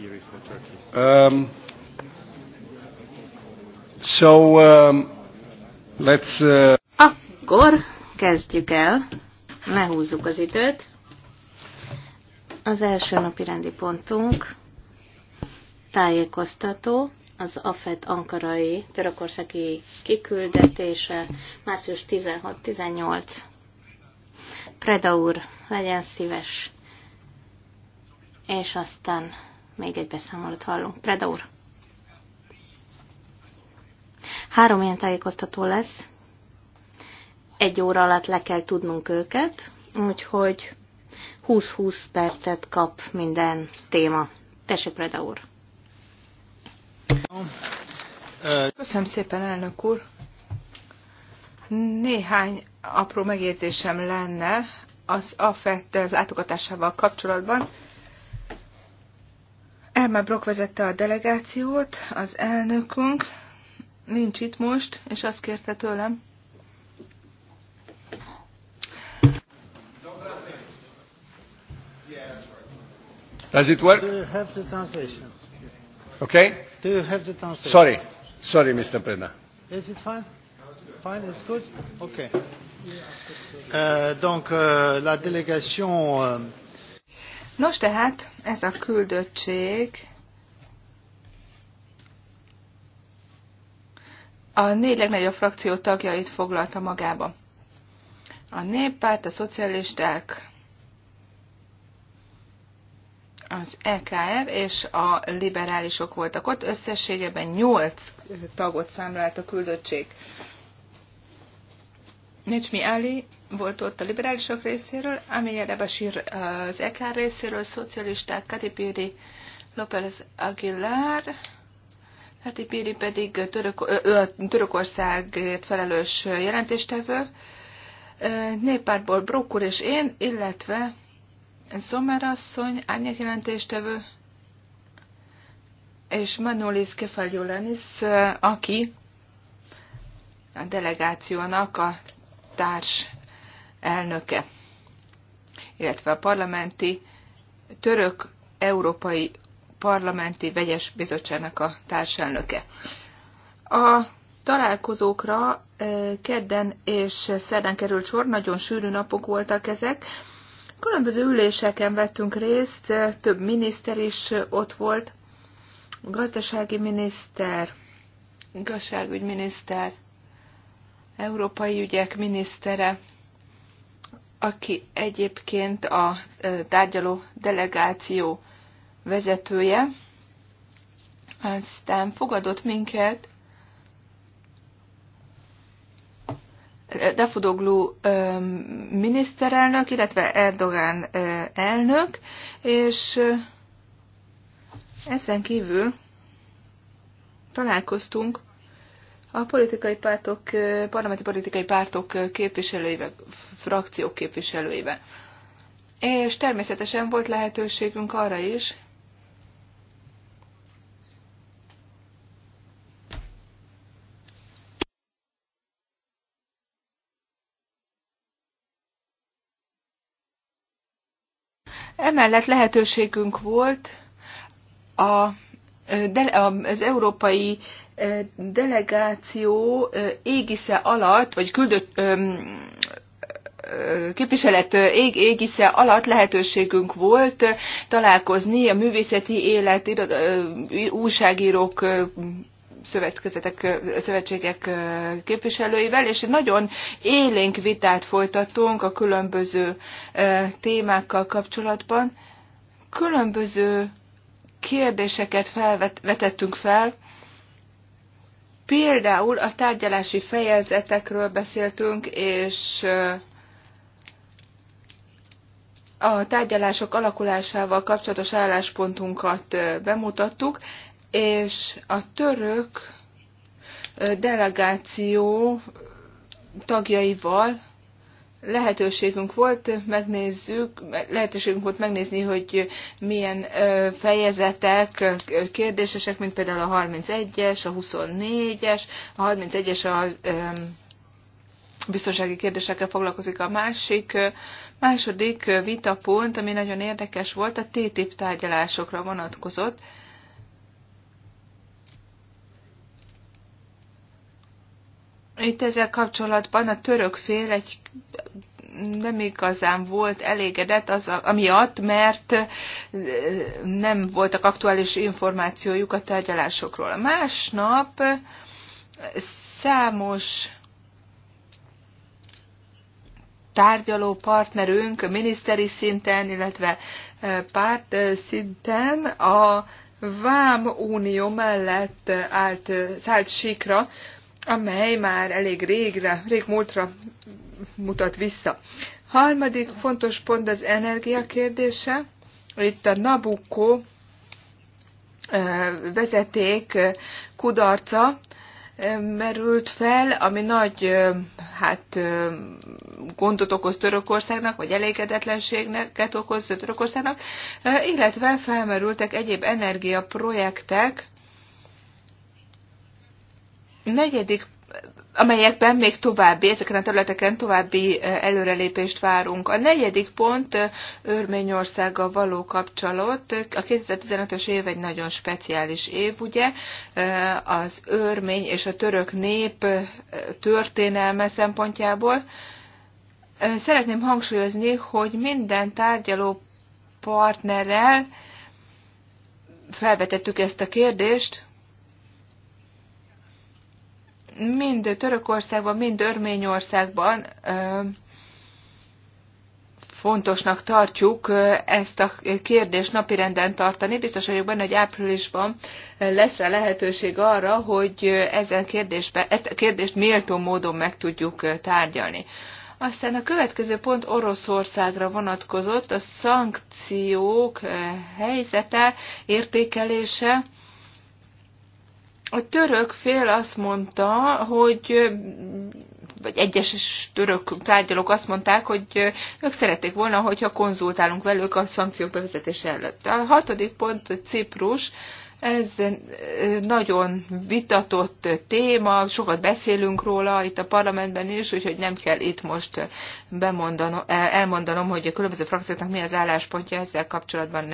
theory for Turkey? Um, so, um, let's... Uh... Akkor kezdjük el. Lehúzzuk az időt. Az első napi rendi pontunk tájékoztató, az AFET ankarai törökországi kiküldetése március 16-18. Preda úr, legyen szíves. És aztán még egy beszámolót hallunk. Preda úr. Három ilyen tájékoztató lesz. Egy óra alatt le kell tudnunk őket, úgyhogy 20-20 percet kap minden téma. Tessék, Preda úr. Köszönöm szépen, elnök úr. Néhány apró megjegyzésem lenne az AFET látogatásával kapcsolatban. Elmer Brock vezette a delegációt, az elnökünk nincs itt most, és azt kérte tőlem, Does it work? Do you have the translation? Okay. Do you have the translation? Sorry. Sorry, Mr. Preda. Is it fine? Fine, it's good? Okay. Euh, donc, euh, la délégation euh, Nos tehát, ez a küldöttség a négy legnagyobb frakció tagjait foglalta magába. A néppárt, a szocialisták, az EKR és a liberálisok voltak ott. Összességében nyolc tagot számlált a küldöttség. Necsmi Ali volt ott a liberálisok részéről, Aminia Debasir az EKR részéről, szocialisták, Piri, López Aguilar, Piri pedig török, ö, a Törökországért felelős jelentéstevő, Néppártból Brokkur és én, illetve Zomer asszony, árnyak jelentéstevő, és Manolis Kefaljulenis, aki a delegációnak a társ elnöke, illetve a parlamenti török európai parlamenti vegyes bizottságnak a társelnöke. A találkozókra kedden és szerdán került sor, nagyon sűrű napok voltak ezek. Különböző üléseken vettünk részt, több miniszter is ott volt, gazdasági miniszter, igazságügyminiszter, európai ügyek minisztere, aki egyébként a tárgyaló delegáció vezetője, aztán fogadott minket Dafodoglu miniszterelnök, illetve Erdogan elnök, és ezen kívül találkoztunk a politikai pártok, parlamenti politikai pártok képviselőivel, frakciók képviselőivel. És természetesen volt lehetőségünk arra is, Emellett lehetőségünk volt a, de, az európai delegáció égisze alatt, vagy küldött képviselet ég, égisze alatt lehetőségünk volt találkozni a művészeti élet, újságírók, szövetkezetek, szövetségek képviselőivel, és nagyon élénk vitát folytattunk a különböző témákkal kapcsolatban. Különböző kérdéseket felvetettünk fel, Például a tárgyalási fejezetekről beszéltünk, és a tárgyalások alakulásával kapcsolatos álláspontunkat bemutattuk, és a török delegáció tagjaival lehetőségünk volt, megnézzük, lehetőségünk volt megnézni, hogy milyen fejezetek kérdésesek, mint például a 31-es, a 24-es, a 31-es a biztonsági kérdésekkel foglalkozik a másik. Második vitapont, ami nagyon érdekes volt, a TTIP tárgyalásokra vonatkozott. Itt ezzel kapcsolatban a török fél egy nem igazán volt elégedett az, amiatt, mert nem voltak aktuális információjuk a tárgyalásokról. Másnap számos tárgyaló partnerünk miniszteri szinten, illetve párt szinten a Vám Unió mellett állt, szállt sikra amely már elég régre, rég múltra mutat vissza. Harmadik fontos pont az energia kérdése. Itt a Nabucco vezeték kudarca merült fel, ami nagy hát, gondot okoz Törökországnak, vagy elégedetlenséget okoz Törökországnak, illetve felmerültek egyéb energiaprojektek, negyedik amelyekben még további, ezeken a területeken további előrelépést várunk. A negyedik pont Örményországgal való kapcsolat. A 2015-ös év egy nagyon speciális év, ugye? Az örmény és a török nép történelme szempontjából. Szeretném hangsúlyozni, hogy minden tárgyaló partnerrel felvetettük ezt a kérdést, mind Törökországban, mind Örményországban fontosnak tartjuk ezt a kérdést napirenden tartani. Biztos vagyok benne, hogy áprilisban lesz rá lehetőség arra, hogy ezen kérdésbe, ezt a kérdést méltó módon meg tudjuk tárgyalni. Aztán a következő pont Oroszországra vonatkozott, a szankciók helyzete, értékelése. A török fél azt mondta, hogy vagy egyes török tárgyalók azt mondták, hogy ők szerették volna, hogyha konzultálunk velük a szankciók bevezetése előtt. A hatodik pont Ciprus. Ez nagyon vitatott téma, sokat beszélünk róla itt a parlamentben is, úgyhogy nem kell itt most bemondanom, e, elmondanom, hogy a különböző frakcióknak mi az álláspontja ezzel kapcsolatban,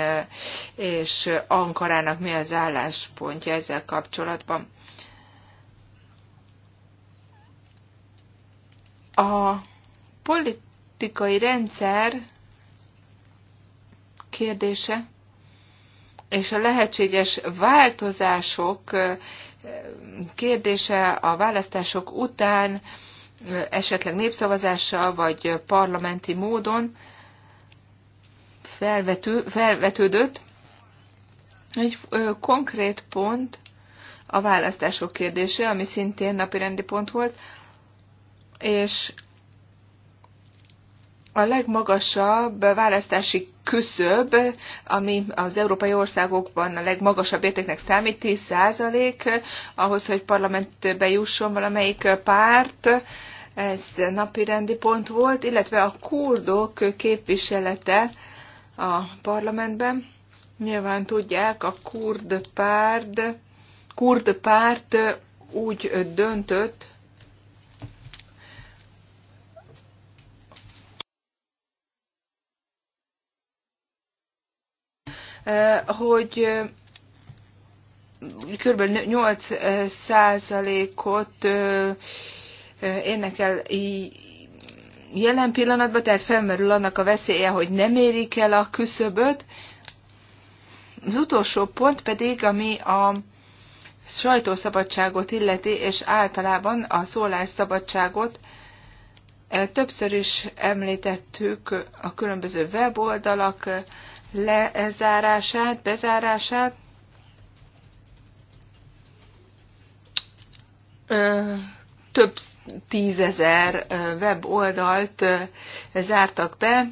és Ankarának mi az álláspontja ezzel kapcsolatban. A politikai rendszer kérdése és a lehetséges változások kérdése a választások után, esetleg népszavazással vagy parlamenti módon felvető, felvetődött. Egy konkrét pont a választások kérdése, ami szintén napirendi pont volt, és a legmagasabb választási küszöb, ami az európai országokban a legmagasabb értéknek számít, 10 százalék, ahhoz, hogy parlamentbe jusson valamelyik párt, ez napi rendi pont volt, illetve a kurdok képviselete a parlamentben. Nyilván tudják, a kurd párt, kurd párt úgy döntött, Eh, hogy eh, kb. 8 eh, százalékot érnek el jelen pillanatban, tehát felmerül annak a veszélye, hogy nem érik el a küszöböt. Az utolsó pont pedig, ami a sajtószabadságot illeti, és általában a szólásszabadságot, Többször is említettük a különböző weboldalak lezárását, bezárását. Több tízezer weboldalt zártak be.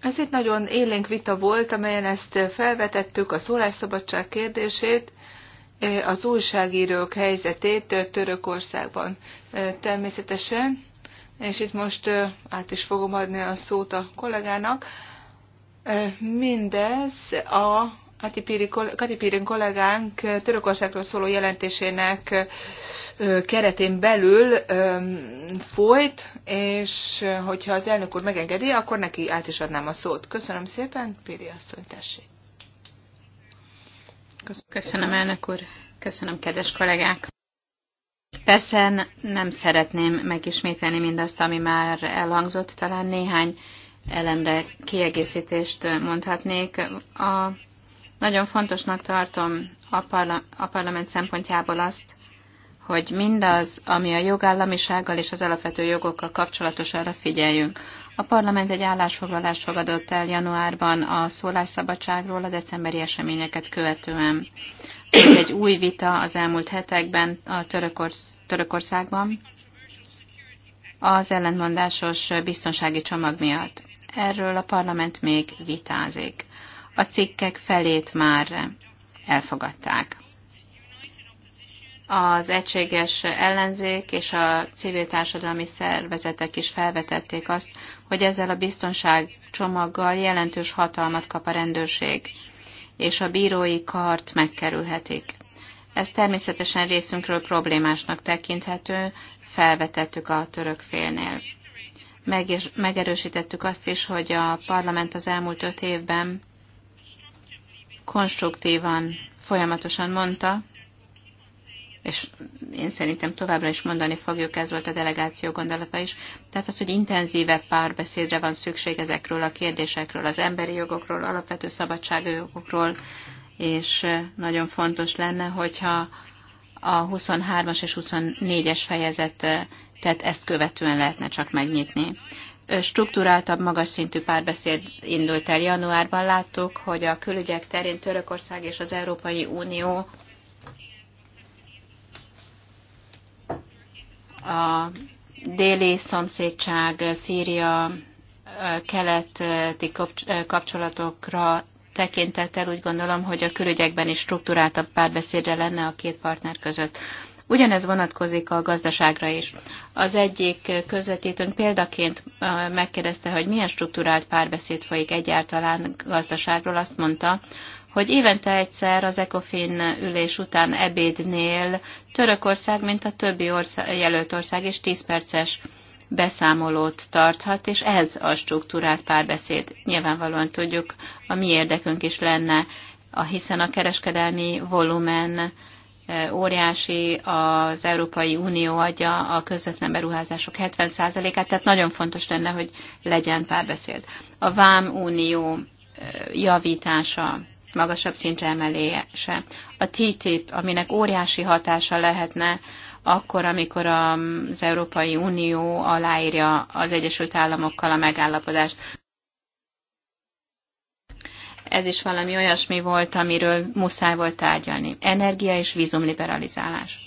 Ez itt nagyon élénk vita volt, amelyen ezt felvetettük, a szólásszabadság kérdését, az újságírók helyzetét Törökországban természetesen, és itt most át is fogom adni a szót a kollégának. Mindez a Katipirin kollégánk Törökországról szóló jelentésének keretén belül folyt, és hogyha az elnök úr megengedi, akkor neki át is adnám a szót. Köszönöm szépen, Péri asszony, tessék. Köszönöm, Köszönöm elnök úr. Köszönöm, kedves kollégák. Persze nem szeretném megismételni mindazt, ami már elhangzott, talán néhány elemre kiegészítést mondhatnék. A, nagyon fontosnak tartom a, parla, a parlament szempontjából azt, hogy mindaz, ami a jogállamisággal és az alapvető jogokkal kapcsolatos, arra figyeljünk. A parlament egy állásfoglalást fogadott el januárban a szólásszabadságról a decemberi eseményeket követően. egy új vita az elmúlt hetekben a Törökorsz- Törökországban az ellentmondásos biztonsági csomag miatt erről a parlament még vitázik. A cikkek felét már elfogadták. Az egységes ellenzék és a civil társadalmi szervezetek is felvetették azt, hogy ezzel a biztonság csomaggal jelentős hatalmat kap a rendőrség, és a bírói kart megkerülhetik. Ez természetesen részünkről problémásnak tekinthető, felvetettük a török félnél meg, megerősítettük azt is, hogy a parlament az elmúlt öt évben konstruktívan, folyamatosan mondta, és én szerintem továbbra is mondani fogjuk, ez volt a delegáció gondolata is. Tehát az, hogy intenzívebb párbeszédre van szükség ezekről a kérdésekről, az emberi jogokról, alapvető szabadságjogokról, és nagyon fontos lenne, hogyha a 23-as és 24-es fejezet tehát ezt követően lehetne csak megnyitni. Struktúráltabb, magas szintű párbeszéd indult el januárban. Láttuk, hogy a külügyek terén Törökország és az Európai Unió a déli szomszédság, Szíria, keleti kapcsolatokra tekintettel úgy gondolom, hogy a külügyekben is struktúráltabb párbeszédre lenne a két partner között. Ugyanez vonatkozik a gazdaságra is. Az egyik közvetítőnk példaként megkérdezte, hogy milyen struktúrált párbeszéd folyik egyáltalán gazdaságról. Azt mondta, hogy évente egyszer az ECOFIN ülés után ebédnél Törökország, mint a többi ország, jelölt ország és 10 perces beszámolót tarthat, és ez a struktúrált párbeszéd. Nyilvánvalóan tudjuk, a mi érdekünk is lenne, hiszen a kereskedelmi volumen Eh, óriási, az Európai Unió adja a közvetlen beruházások 70%-át, tehát nagyon fontos lenne, hogy legyen párbeszéd. A Vám Unió eh, javítása, magasabb szintre emelése. A TTIP, aminek óriási hatása lehetne akkor, amikor az Európai Unió aláírja az Egyesült Államokkal a megállapodást. Ez is valami olyasmi volt, amiről muszáj volt tárgyalni. Energia és vízumliberalizálás.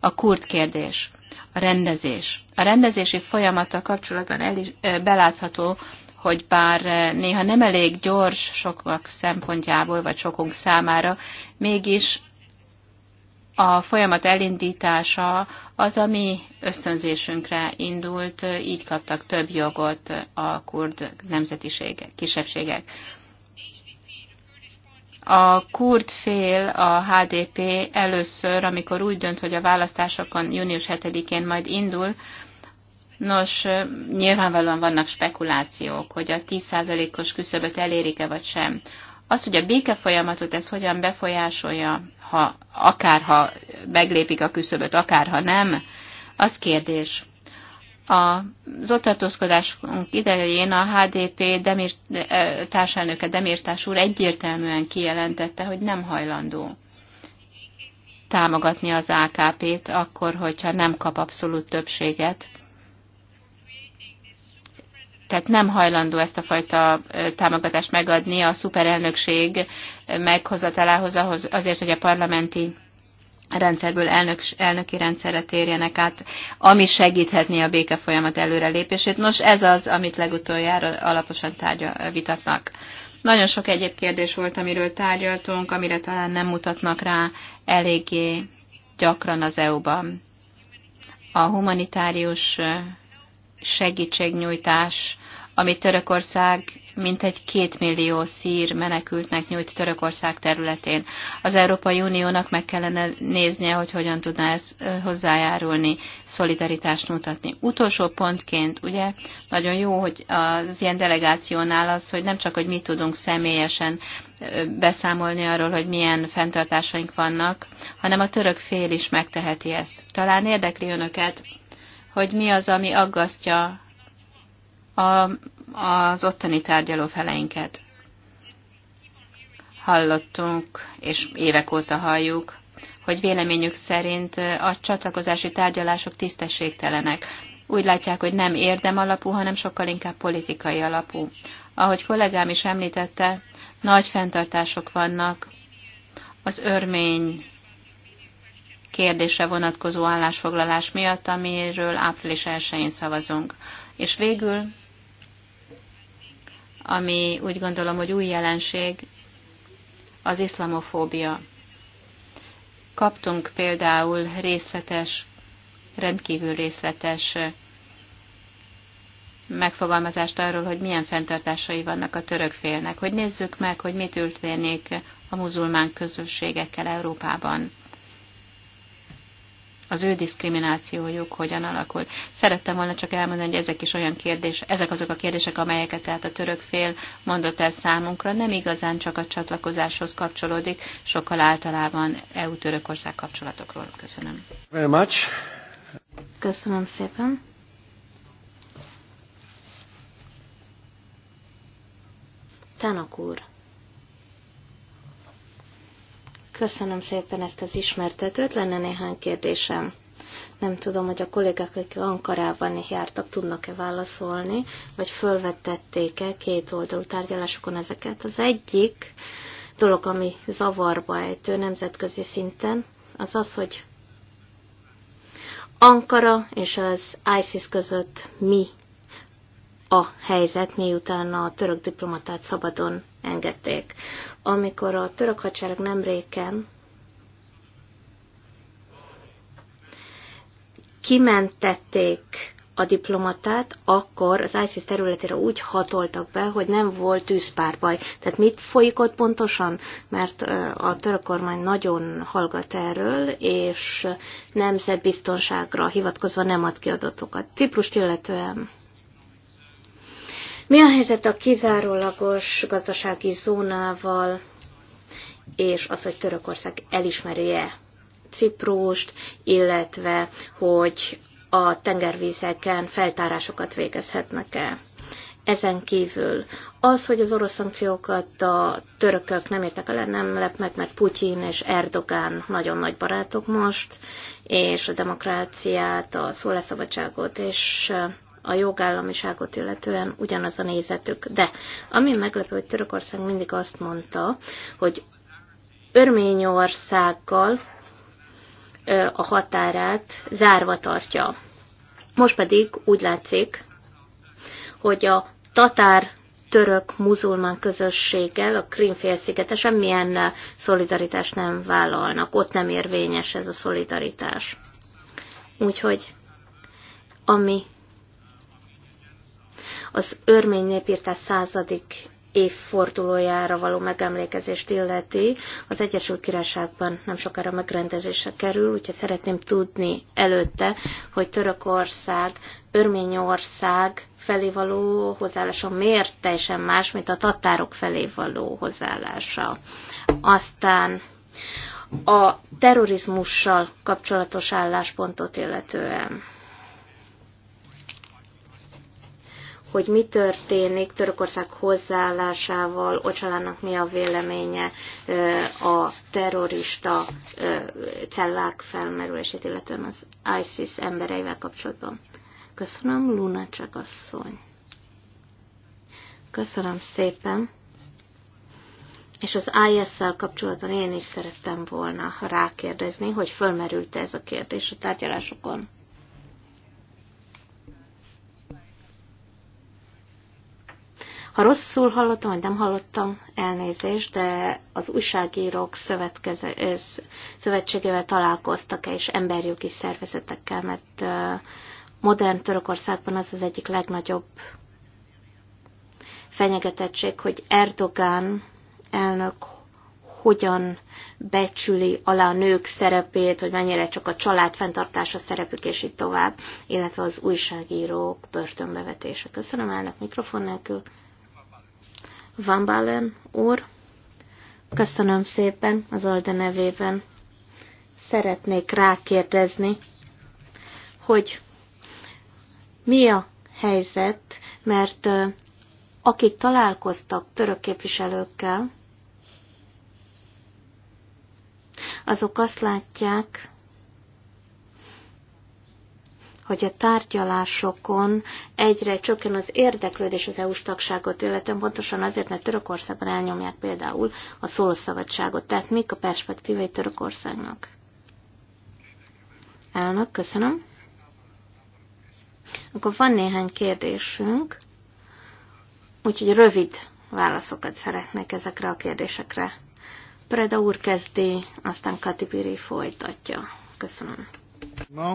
A kurd kérdés. A rendezés. A rendezési folyamattal kapcsolatban el is, belátható, hogy bár néha nem elég gyors sokak szempontjából, vagy sokunk számára, mégis a folyamat elindítása az, ami ösztönzésünkre indult, így kaptak több jogot a kurd nemzetiségek, kisebbségek. A kurd fél a HDP először, amikor úgy dönt, hogy a választásokon június 7-én majd indul, Nos, nyilvánvalóan vannak spekulációk, hogy a 10%-os küszöböt elérik-e vagy sem. Az, hogy a béke folyamatot ez hogyan befolyásolja, ha, akárha meglépik a küszöböt, akárha nem, az kérdés az ott tartózkodásunk idején a HDP Demir, társelnöke Demirtás úr egyértelműen kijelentette, hogy nem hajlandó támogatni az AKP-t akkor, hogyha nem kap abszolút többséget. Tehát nem hajlandó ezt a fajta támogatást megadni a szuperelnökség meghozatalához azért, hogy a parlamenti rendszerből elnök, elnöki rendszerre térjenek át, ami segíthetné a béke folyamat előrelépését. Nos, ez az, amit legutoljára alaposan tárgyal, vitatnak. Nagyon sok egyéb kérdés volt, amiről tárgyaltunk, amire talán nem mutatnak rá eléggé gyakran az EU-ban. A humanitárius segítségnyújtás amit Törökország mintegy két millió szír menekültnek nyújt Törökország területén. Az Európai Uniónak meg kellene néznie, hogy hogyan tudná ezt hozzájárulni, szolidaritást mutatni. Utolsó pontként, ugye, nagyon jó, hogy az ilyen delegációnál az, hogy nem csak, hogy mi tudunk személyesen beszámolni arról, hogy milyen fenntartásaink vannak, hanem a török fél is megteheti ezt. Talán érdekli önöket, hogy mi az, ami aggasztja a, az ottani tárgyaló feleinket. Hallottunk, és évek óta halljuk, hogy véleményük szerint a csatlakozási tárgyalások tisztességtelenek. Úgy látják, hogy nem érdem alapú, hanem sokkal inkább politikai alapú. Ahogy kollégám is említette, nagy fenntartások vannak az örmény kérdésre vonatkozó állásfoglalás miatt, amiről április 1-én szavazunk. És végül ami úgy gondolom, hogy új jelenség, az iszlamofóbia. Kaptunk például részletes, rendkívül részletes megfogalmazást arról, hogy milyen fenntartásai vannak a török félnek, hogy nézzük meg, hogy mi történik a muzulmán közösségekkel Európában az ő diszkriminációjuk hogyan alakult. Szerettem volna csak elmondani, hogy ezek is olyan kérdés, ezek azok a kérdések, amelyeket tehát a török fél mondott el számunkra, nem igazán csak a csatlakozáshoz kapcsolódik, sokkal általában EU-Törökország kapcsolatokról. Köszönöm. Very much. Köszönöm szépen. Tanok úr. Köszönöm szépen ezt az ismertetőt, lenne néhány kérdésem. Nem tudom, hogy a kollégák, akik Ankarában jártak, tudnak-e válaszolni, vagy fölvetették-e két oldalú tárgyalásokon ezeket. Az egyik dolog, ami zavarba ejtő nemzetközi szinten, az az, hogy Ankara és az ISIS között mi a helyzet, miután a török diplomatát szabadon engedték. Amikor a török hadsereg nem réken kimentették a diplomatát, akkor az ISIS területére úgy hatoltak be, hogy nem volt tűzpárbaj. Tehát mit folyik ott pontosan? Mert a török kormány nagyon hallgat erről, és nemzetbiztonságra hivatkozva nem ad ki adatokat. Ciprust illetően mi a helyzet a kizárólagos gazdasági zónával, és az, hogy Törökország elismerje Ciprust, illetve hogy a tengervízeken feltárásokat végezhetnek el. Ezen kívül az, hogy az orosz szankciókat a törökök nem értek el, nem lep meg, mert Putyin és Erdogán nagyon nagy barátok most, és a demokráciát, a szólásszabadságot és a jogállamiságot illetően ugyanaz a nézetük. De ami meglepő, hogy Törökország mindig azt mondta, hogy Örményországgal a határát zárva tartja. Most pedig úgy látszik, hogy a tatár török muzulmán közösséggel a Krímfélszigete semmilyen szolidaritást nem vállalnak. Ott nem érvényes ez a szolidaritás. Úgyhogy ami az örmény népírtás századik évfordulójára való megemlékezést illeti, az Egyesült Királyságban nem sokára megrendezésre kerül, úgyhogy szeretném tudni előtte, hogy Törökország, Örményország felé való hozzáállása miért teljesen más, mint a tatárok felé való hozzáállása. Aztán a terrorizmussal kapcsolatos álláspontot illetően hogy mi történik Törökország hozzáállásával, Ocsalának mi a véleménye a terrorista cellák felmerülését, illetve az ISIS embereivel kapcsolatban. Köszönöm, Luna csak asszony. Köszönöm szépen. És az IS-szel kapcsolatban én is szerettem volna rákérdezni, hogy fölmerült -e ez a kérdés a tárgyalásokon. Ha rosszul hallottam, vagy nem hallottam, elnézést, de az újságírók szövetségével találkoztak és emberjogi szervezetekkel, mert modern Törökországban az az egyik legnagyobb fenyegetettség, hogy Erdogán elnök hogyan becsüli alá a nők szerepét, hogy mennyire csak a család fenntartása szerepük, és így tovább, illetve az újságírók börtönbevetése. Köszönöm elnök mikrofon nélkül. Van Balen úr, köszönöm szépen az Alde nevében. Szeretnék rákérdezni, hogy mi a helyzet, mert akik találkoztak török képviselőkkel, azok azt látják, hogy a tárgyalásokon egyre csökken az érdeklődés az EU-s tagságot, illetve pontosan azért, mert Törökországban elnyomják például a szólószabadságot. Tehát mik a perspektívai Törökországnak? Elnök, köszönöm. Akkor van néhány kérdésünk, úgyhogy rövid válaszokat szeretnék ezekre a kérdésekre. Preda úr kezdi, aztán Katibiri folytatja. Köszönöm. No.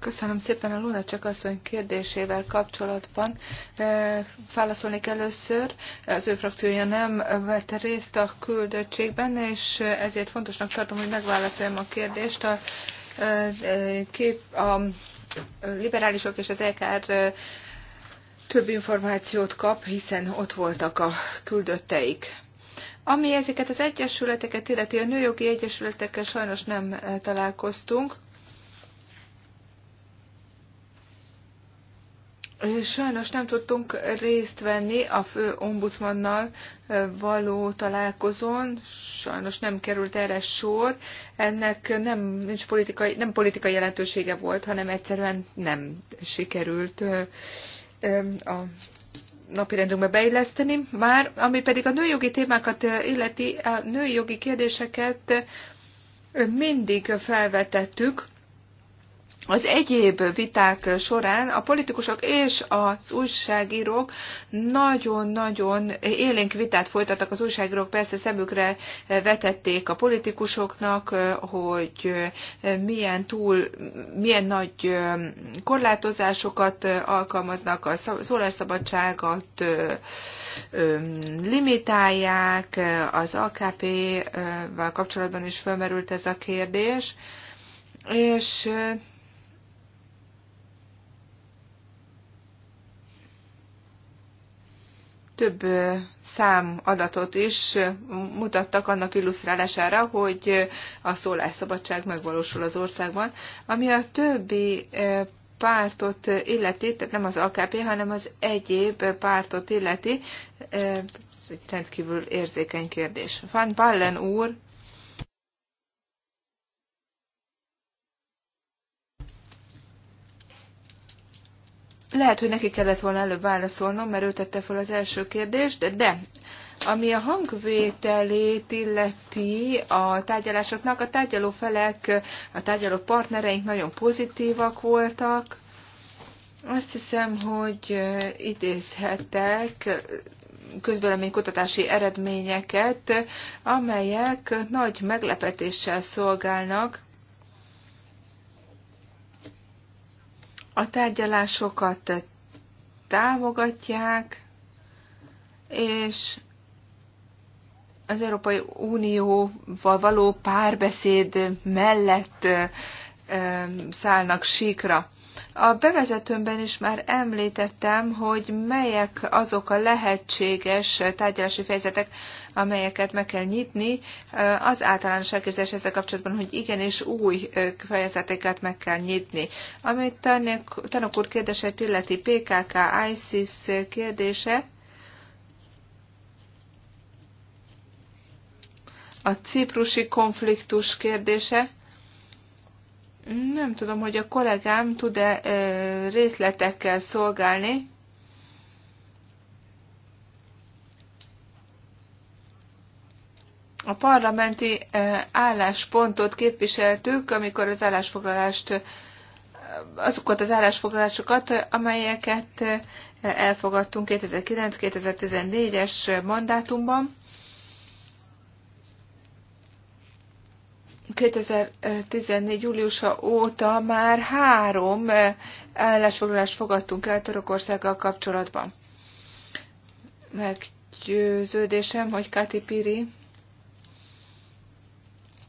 Köszönöm szépen a Lunacek asszony kérdésével kapcsolatban. Válaszolnék először, az ő frakciója nem vette részt a küldöttségben, és ezért fontosnak tartom, hogy megválaszoljam a kérdést. A, kép, a liberálisok és az EKR több információt kap, hiszen ott voltak a küldötteik. Ami ezeket az egyesületeket illeti, a nőjogi egyesületekkel sajnos nem eh, találkoztunk. Eh, sajnos nem tudtunk részt venni a fő ombudsmannal eh, való találkozón, sajnos nem került erre sor, ennek nem, nincs politikai, nem politikai jelentősége volt, hanem egyszerűen nem sikerült a napirendünkbe beilleszteni már, ami pedig a nőjogi témákat eh, illeti, a nőjogi kérdéseket eh, mindig felvetettük, az egyéb viták során a politikusok és az újságírók nagyon-nagyon élénk vitát folytattak. Az újságírók persze szemükre vetették a politikusoknak, hogy milyen túl, milyen nagy korlátozásokat alkalmaznak, a szólásszabadságot limitálják, az AKP-val kapcsolatban is felmerült ez a kérdés, és több szám adatot is mutattak annak illusztrálására, hogy a szólásszabadság megvalósul az országban, ami a többi pártot illeti, tehát nem az AKP, hanem az egyéb pártot illeti, ez egy rendkívül érzékeny kérdés. Van Ballen úr Lehet, hogy neki kellett volna előbb válaszolnom, mert ő tette fel az első kérdést, de ami a hangvételét illeti a tárgyalásoknak, a tárgyaló felek, a tárgyaló partnereink nagyon pozitívak voltak. Azt hiszem, hogy idézhetek közvéleménykutatási eredményeket, amelyek nagy meglepetéssel szolgálnak a tárgyalásokat támogatják, és az Európai Unióval való párbeszéd mellett szállnak síkra. A bevezetőmben is már említettem, hogy melyek azok a lehetséges tárgyalási fejezetek, amelyeket meg kell nyitni. Az általános elképzelés ezzel kapcsolatban, hogy igenis új fejezeteket meg kell nyitni. Amit Tanok úr kérdését illeti PKK, ISIS kérdése, a ciprusi konfliktus kérdése, nem tudom, hogy a kollégám tud-e részletekkel szolgálni. A parlamenti álláspontot képviseltük, amikor az állásfoglalást azokat az állásfoglalásokat, amelyeket elfogadtunk 2009-2014-es mandátumban. 2014. júliusa óta már három eh, állásfoglalást fogadtunk el Törökországgal kapcsolatban. Meggyőződésem, hogy Kati Piri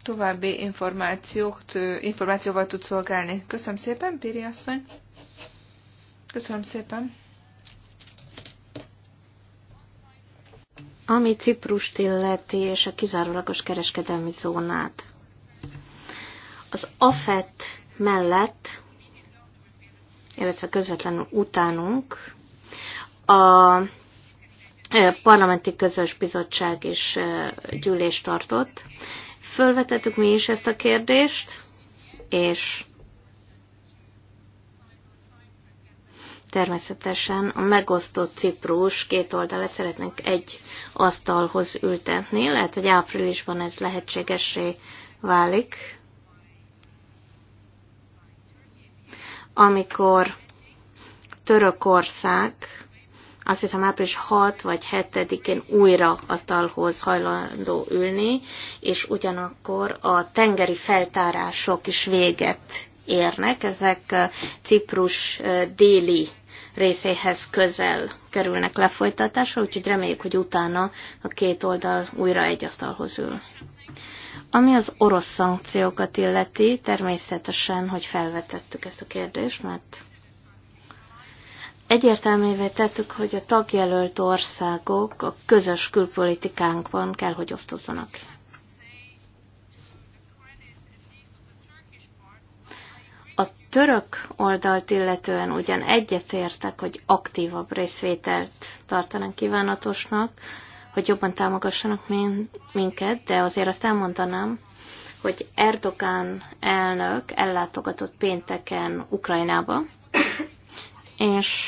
további információt, eh, információval tud szolgálni. Köszönöm szépen, Piri asszony. Köszönöm szépen. Ami Ciprust illeti, és a kizárólagos kereskedelmi zónát az AFET mellett, illetve közvetlenül utánunk a parlamenti közös bizottság is gyűlést tartott. Fölvetettük mi is ezt a kérdést, és természetesen a megosztott Ciprus két oldalát szeretnénk egy asztalhoz ültetni. Lehet, hogy áprilisban ez lehetségesé válik. amikor Törökország azt hiszem április 6 vagy 7-én újra asztalhoz hajlandó ülni, és ugyanakkor a tengeri feltárások is véget érnek, ezek Ciprus déli részéhez közel kerülnek lefolytatásra, úgyhogy reméljük, hogy utána a két oldal újra egy asztalhoz ül. Ami az orosz szankciókat illeti, természetesen, hogy felvetettük ezt a kérdést, mert egyértelművé tettük, hogy a tagjelölt országok a közös külpolitikánkban kell, hogy osztozzanak. A török oldalt illetően ugyan egyetértek, hogy aktívabb részvételt tartanak kívánatosnak, hogy jobban támogassanak minket, de azért azt elmondanám, hogy Erdogan elnök ellátogatott pénteken Ukrajnába, és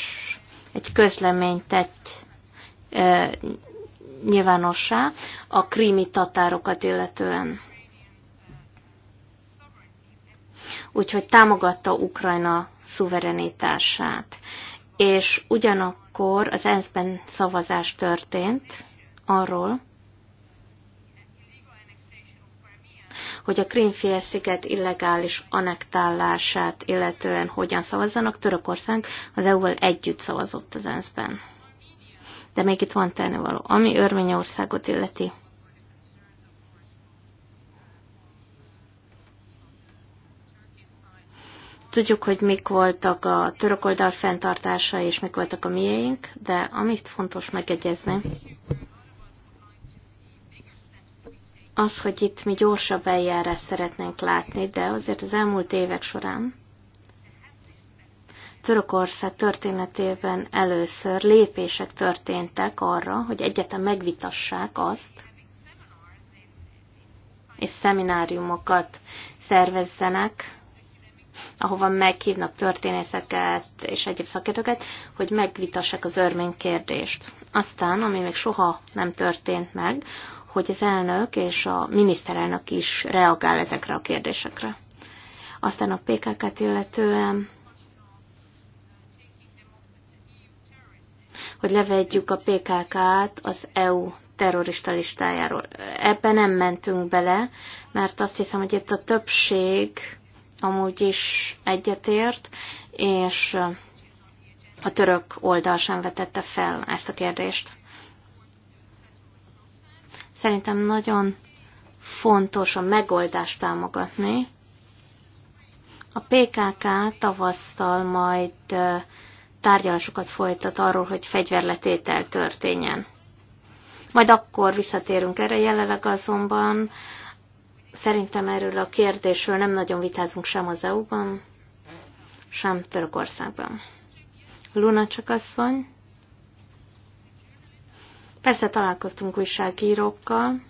egy közleményt tett e, nyilvánossá a krími tatárokat illetően. Úgyhogy támogatta Ukrajna szuverenitását. És ugyanakkor az ENSZ-ben szavazás történt, arról, hogy a Krímfélsziget illegális anektálását illetően hogyan szavazzanak. Törökország az EU-val együtt szavazott az ENSZ-ben. De még itt van tennivaló, ami Örményországot illeti. Tudjuk, hogy mik voltak a török oldal fenntartása, és mik voltak a miénk, de amit fontos megegyezni, az, hogy itt mi gyorsabb eljárás szeretnénk látni, de azért az elmúlt évek során Törökország történetében először lépések történtek arra, hogy egyetem megvitassák azt, és szemináriumokat szervezzenek, ahova meghívnak történészeket és egyéb szakértőket, hogy megvitassák az örmény kérdést. Aztán, ami még soha nem történt meg, hogy az elnök és a miniszterelnök is reagál ezekre a kérdésekre. Aztán a PKK-t illetően, hogy levegyük a PKK-t az EU terrorista listájáról. ebben nem mentünk bele, mert azt hiszem, hogy itt a többség amúgy is egyetért, és a török oldal sem vetette fel ezt a kérdést. Szerintem nagyon fontos a megoldást támogatni. A PKK tavasztal majd tárgyalásokat folytat arról, hogy fegyverletétel történjen. Majd akkor visszatérünk erre, jelenleg azonban szerintem erről a kérdésről nem nagyon vitázunk sem az EU-ban, sem Törökországban. Luna csak asszony. Persze találkoztunk újságírókkal,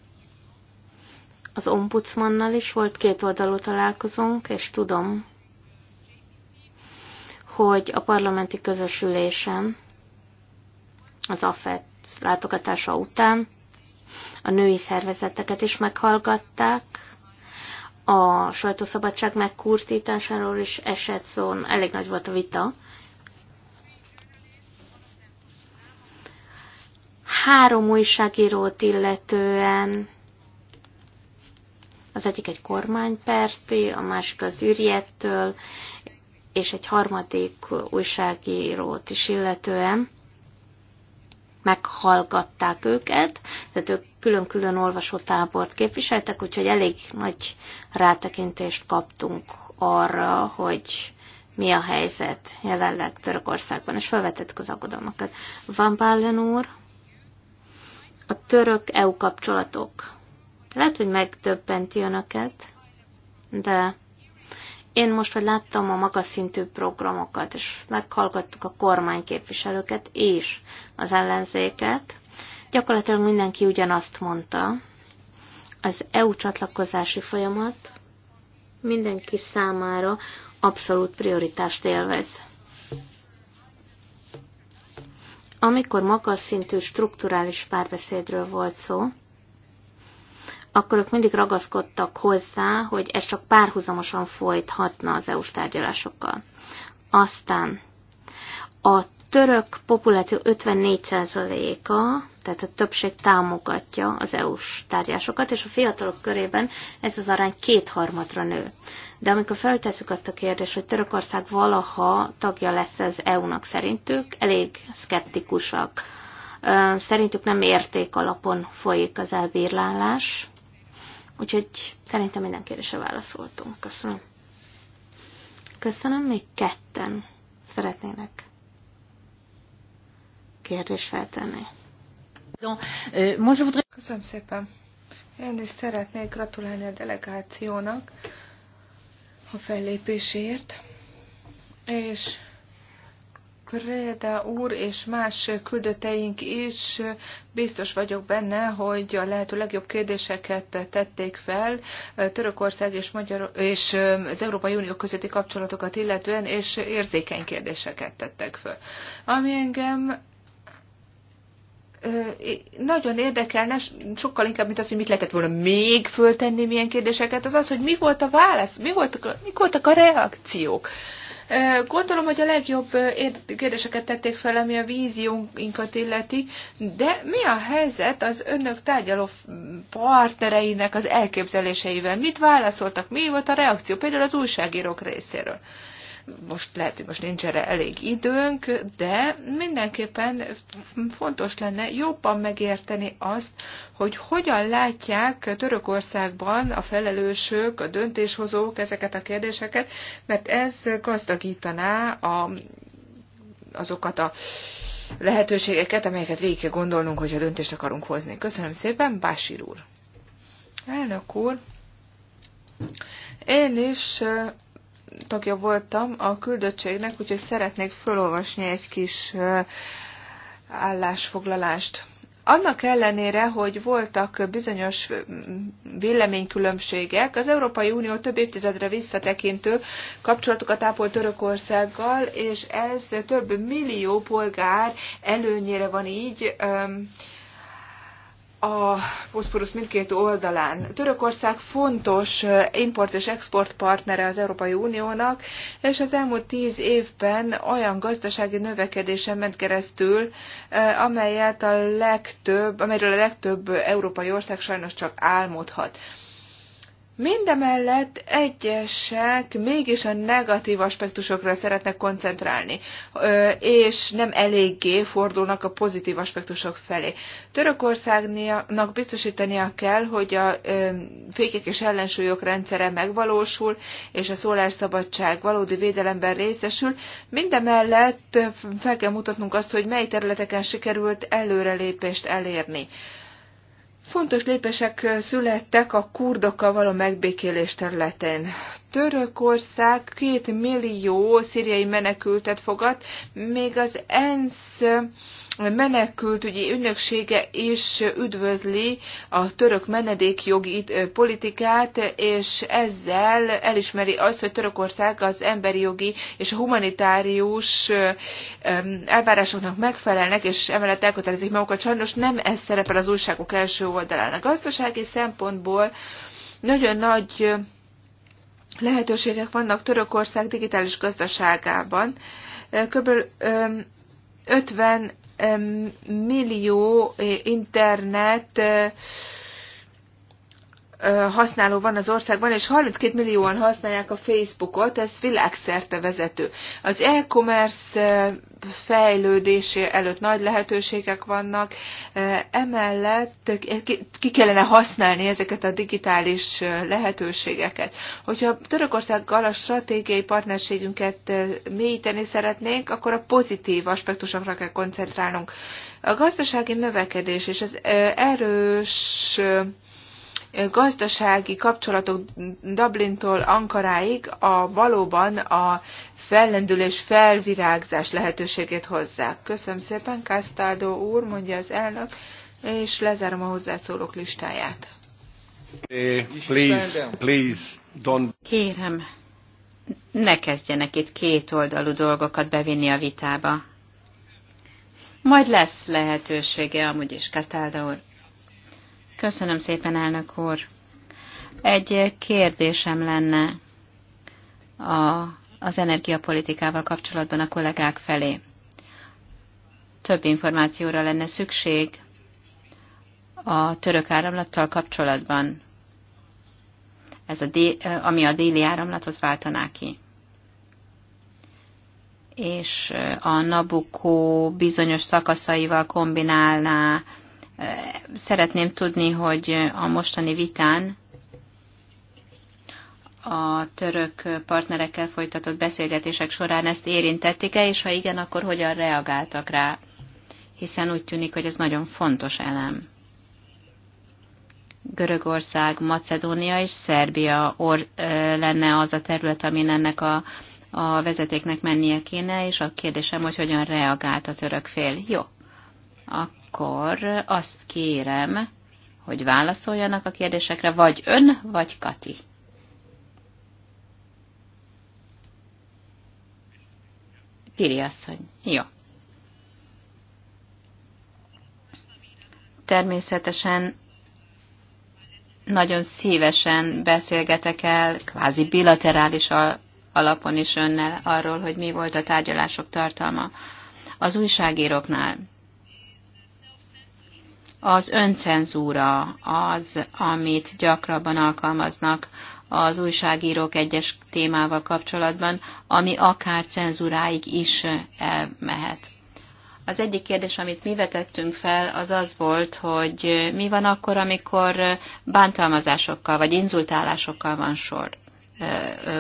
az ombudsmannal is volt két oldalú találkozónk, és tudom, hogy a parlamenti közösülésen az AFET látogatása után a női szervezeteket is meghallgatták, a sajtószabadság megkurtításáról is esett szó, elég nagy volt a vita, három újságírót illetően, az egyik egy kormányperti, a másik az ürjettől, és egy harmadik újságírót is illetően meghallgatták őket, tehát ők külön-külön olvasótábort képviseltek, úgyhogy elég nagy rátekintést kaptunk arra, hogy mi a helyzet jelenleg Törökországban, és felvetettük az aggodalmakat. Van Bálen úr? a török-EU kapcsolatok. Lehet, hogy megtöbbenti önöket, de én most, hogy láttam a magas szintű programokat, és meghallgattuk a kormányképviselőket és az ellenzéket, gyakorlatilag mindenki ugyanazt mondta. Az EU csatlakozási folyamat mindenki számára abszolút prioritást élvez. Amikor magas szintű strukturális párbeszédről volt szó, akkor ők mindig ragaszkodtak hozzá, hogy ez csak párhuzamosan folythatna az EU-s tárgyalásokkal. Aztán a török populáció 54%-a tehát a többség támogatja az EU-s tárgyásokat, és a fiatalok körében ez az arány kétharmadra nő. De amikor feltesszük azt a kérdést, hogy Törökország valaha tagja lesz az EU-nak szerintük, elég szkeptikusak. Szerintük nem érték alapon folyik az elbírálás, úgyhogy szerintem minden kérdésre válaszoltunk. Köszönöm. Köszönöm, még ketten szeretnének kérdést feltenni. Euh, Köszönöm szépen. Én is szeretnék gratulálni a delegációnak a fellépésért, és Préda úr és más küldöteink is biztos vagyok benne, hogy a lehető legjobb kérdéseket tették fel eh, Törökország és, Magyar és eh, az Európai Unió közötti kapcsolatokat illetően, és érzékeny kérdéseket tettek fel. Ami engem nagyon érdekelne, sokkal inkább, mint az, hogy mit lehetett volna még föltenni milyen kérdéseket, az az, hogy mi volt a válasz, mi voltak a, mik voltak a reakciók. Gondolom, hogy a legjobb kérdéseket tették fel, ami a víziónkat illeti, de mi a helyzet az önök tárgyaló partnereinek az elképzeléseivel? Mit válaszoltak? Mi volt a reakció? Például az újságírók részéről. Most lehet, hogy most nincs erre elég időnk, de mindenképpen fontos lenne jobban megérteni azt, hogy hogyan látják Törökországban a felelősök, a döntéshozók ezeket a kérdéseket, mert ez gazdagítaná a, azokat a lehetőségeket, amelyeket végig kell gondolnunk, hogyha döntést akarunk hozni. Köszönöm szépen, Básir úr! Elnök úr, én is tagja voltam a küldöttségnek, úgyhogy szeretnék felolvasni egy kis állásfoglalást. Annak ellenére, hogy voltak bizonyos véleménykülönbségek, az Európai Unió több évtizedre visszatekintő kapcsolatokat ápol Törökországgal, és ez több millió polgár előnyére van így. Öm, a Boszporusz mindkét oldalán. Törökország fontos import és export partnere az Európai Uniónak, és az elmúlt tíz évben olyan gazdasági növekedésen ment keresztül, amelyet a legtöbb, amelyről a legtöbb európai ország sajnos csak álmodhat. Mindemellett egyesek mégis a negatív aspektusokra szeretnek koncentrálni, és nem eléggé fordulnak a pozitív aspektusok felé. Törökországnak biztosítania kell, hogy a fékek és ellensúlyok rendszere megvalósul, és a szólásszabadság valódi védelemben részesül. Mindemellett fel kell mutatnunk azt, hogy mely területeken sikerült előrelépést elérni Fontos lépések születtek a kurdokkal való megbékélés területén. Törökország két millió szíriai menekültet fogad, még az ENSZ menekültügyi ügynöksége is üdvözli a török menedékjogi eh, politikát, és ezzel elismeri azt, hogy Törökország az emberi jogi és a humanitárius eh, elvárásoknak megfelelnek, és emellett elkötelezik magukat. Sajnos nem ez szerepel az újságok első oldalán. A gazdasági szempontból nagyon nagy eh, lehetőségek vannak Törökország digitális gazdaságában. Kb. 50 millió internet használó van az országban, és 32 millióan használják a Facebookot, ez világszerte vezető. Az e-commerce fejlődésé előtt nagy lehetőségek vannak, emellett ki kellene használni ezeket a digitális lehetőségeket. Hogyha Törökországgal a stratégiai partnerségünket mélyíteni szeretnénk, akkor a pozitív aspektusokra kell koncentrálnunk. A gazdasági növekedés és az erős gazdasági kapcsolatok Dublintól Ankaráig a valóban a fellendülés, felvirágzás lehetőségét hozzák. Köszönöm szépen, Kásztádó úr, mondja az elnök, és lezárom a hozzászólók listáját. Eh, please, please, don't... Kérem, ne kezdjenek itt kétoldalú dolgokat bevinni a vitába. Majd lesz lehetősége amúgy is, Kasztálda úr. Köszönöm szépen, elnök úr. Egy kérdésem lenne a, az energiapolitikával kapcsolatban a kollégák felé. Több információra lenne szükség a török áramlattal kapcsolatban, ez a dél, ami a déli áramlatot váltaná ki. És a Nabucco bizonyos szakaszaival kombinálná Szeretném tudni, hogy a mostani vitán a török partnerekkel folytatott beszélgetések során ezt érintették-e, és ha igen, akkor hogyan reagáltak rá? Hiszen úgy tűnik, hogy ez nagyon fontos elem. Görögország, Macedónia és Szerbia or, ö, lenne az a terület, amin ennek a, a vezetéknek mennie kéne, és a kérdésem, hogy hogyan reagált a török fél. Jó. Akkor akkor azt kérem, hogy válaszoljanak a kérdésekre, vagy ön, vagy Kati. Piri asszony. Jó. Természetesen nagyon szívesen beszélgetek el, kvázi bilaterális alapon is önnel arról, hogy mi volt a tárgyalások tartalma. Az újságíróknál az öncenzúra az, amit gyakrabban alkalmaznak az újságírók egyes témával kapcsolatban, ami akár cenzúráig is eh, elmehet. Az egyik kérdés, amit mi vetettünk fel, az az volt, hogy eh, mi van akkor, amikor eh, bántalmazásokkal vagy inzultálásokkal van sor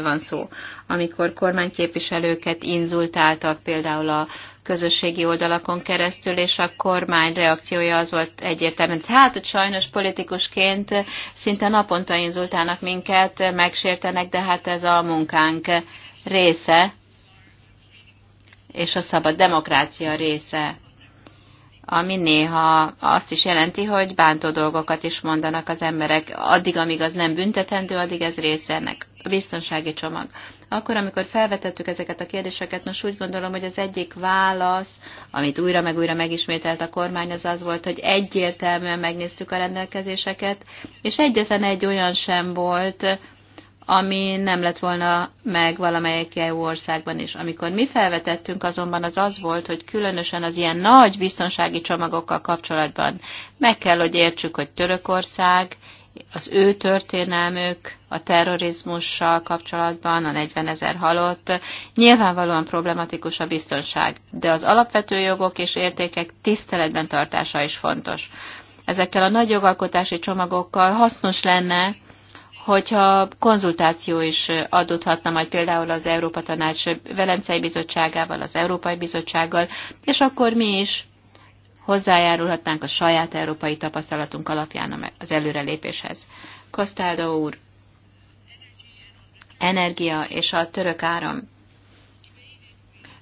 van szó. Amikor kormányképviselőket inzultáltak például a közösségi oldalakon keresztül, és a kormány reakciója az volt egyértelmű. Hát, hogy sajnos politikusként szinte naponta inzultálnak minket, megsértenek, de hát ez a munkánk része, és a szabad demokrácia része ami néha azt is jelenti, hogy bántó dolgokat is mondanak az emberek. Addig, amíg az nem büntetendő, addig ez része ennek biztonsági csomag. Akkor, amikor felvetettük ezeket a kérdéseket, most úgy gondolom, hogy az egyik válasz, amit újra meg újra megismételt a kormány, az az volt, hogy egyértelműen megnéztük a rendelkezéseket, és egyetlen egy olyan sem volt, ami nem lett volna meg valamelyik EU országban is. Amikor mi felvetettünk, azonban az az volt, hogy különösen az ilyen nagy biztonsági csomagokkal kapcsolatban meg kell, hogy értsük, hogy Törökország az ő történelmük a terrorizmussal kapcsolatban, a 40 ezer halott, nyilvánvalóan problematikus a biztonság, de az alapvető jogok és értékek tiszteletben tartása is fontos. Ezekkel a nagy jogalkotási csomagokkal hasznos lenne, hogyha konzultáció is adódhatna majd például az Európa Tanács Velencei Bizottságával, az Európai Bizottsággal, és akkor mi is hozzájárulhatnánk a saját európai tapasztalatunk alapján az előrelépéshez. Kostáldó úr, energia és a török áram.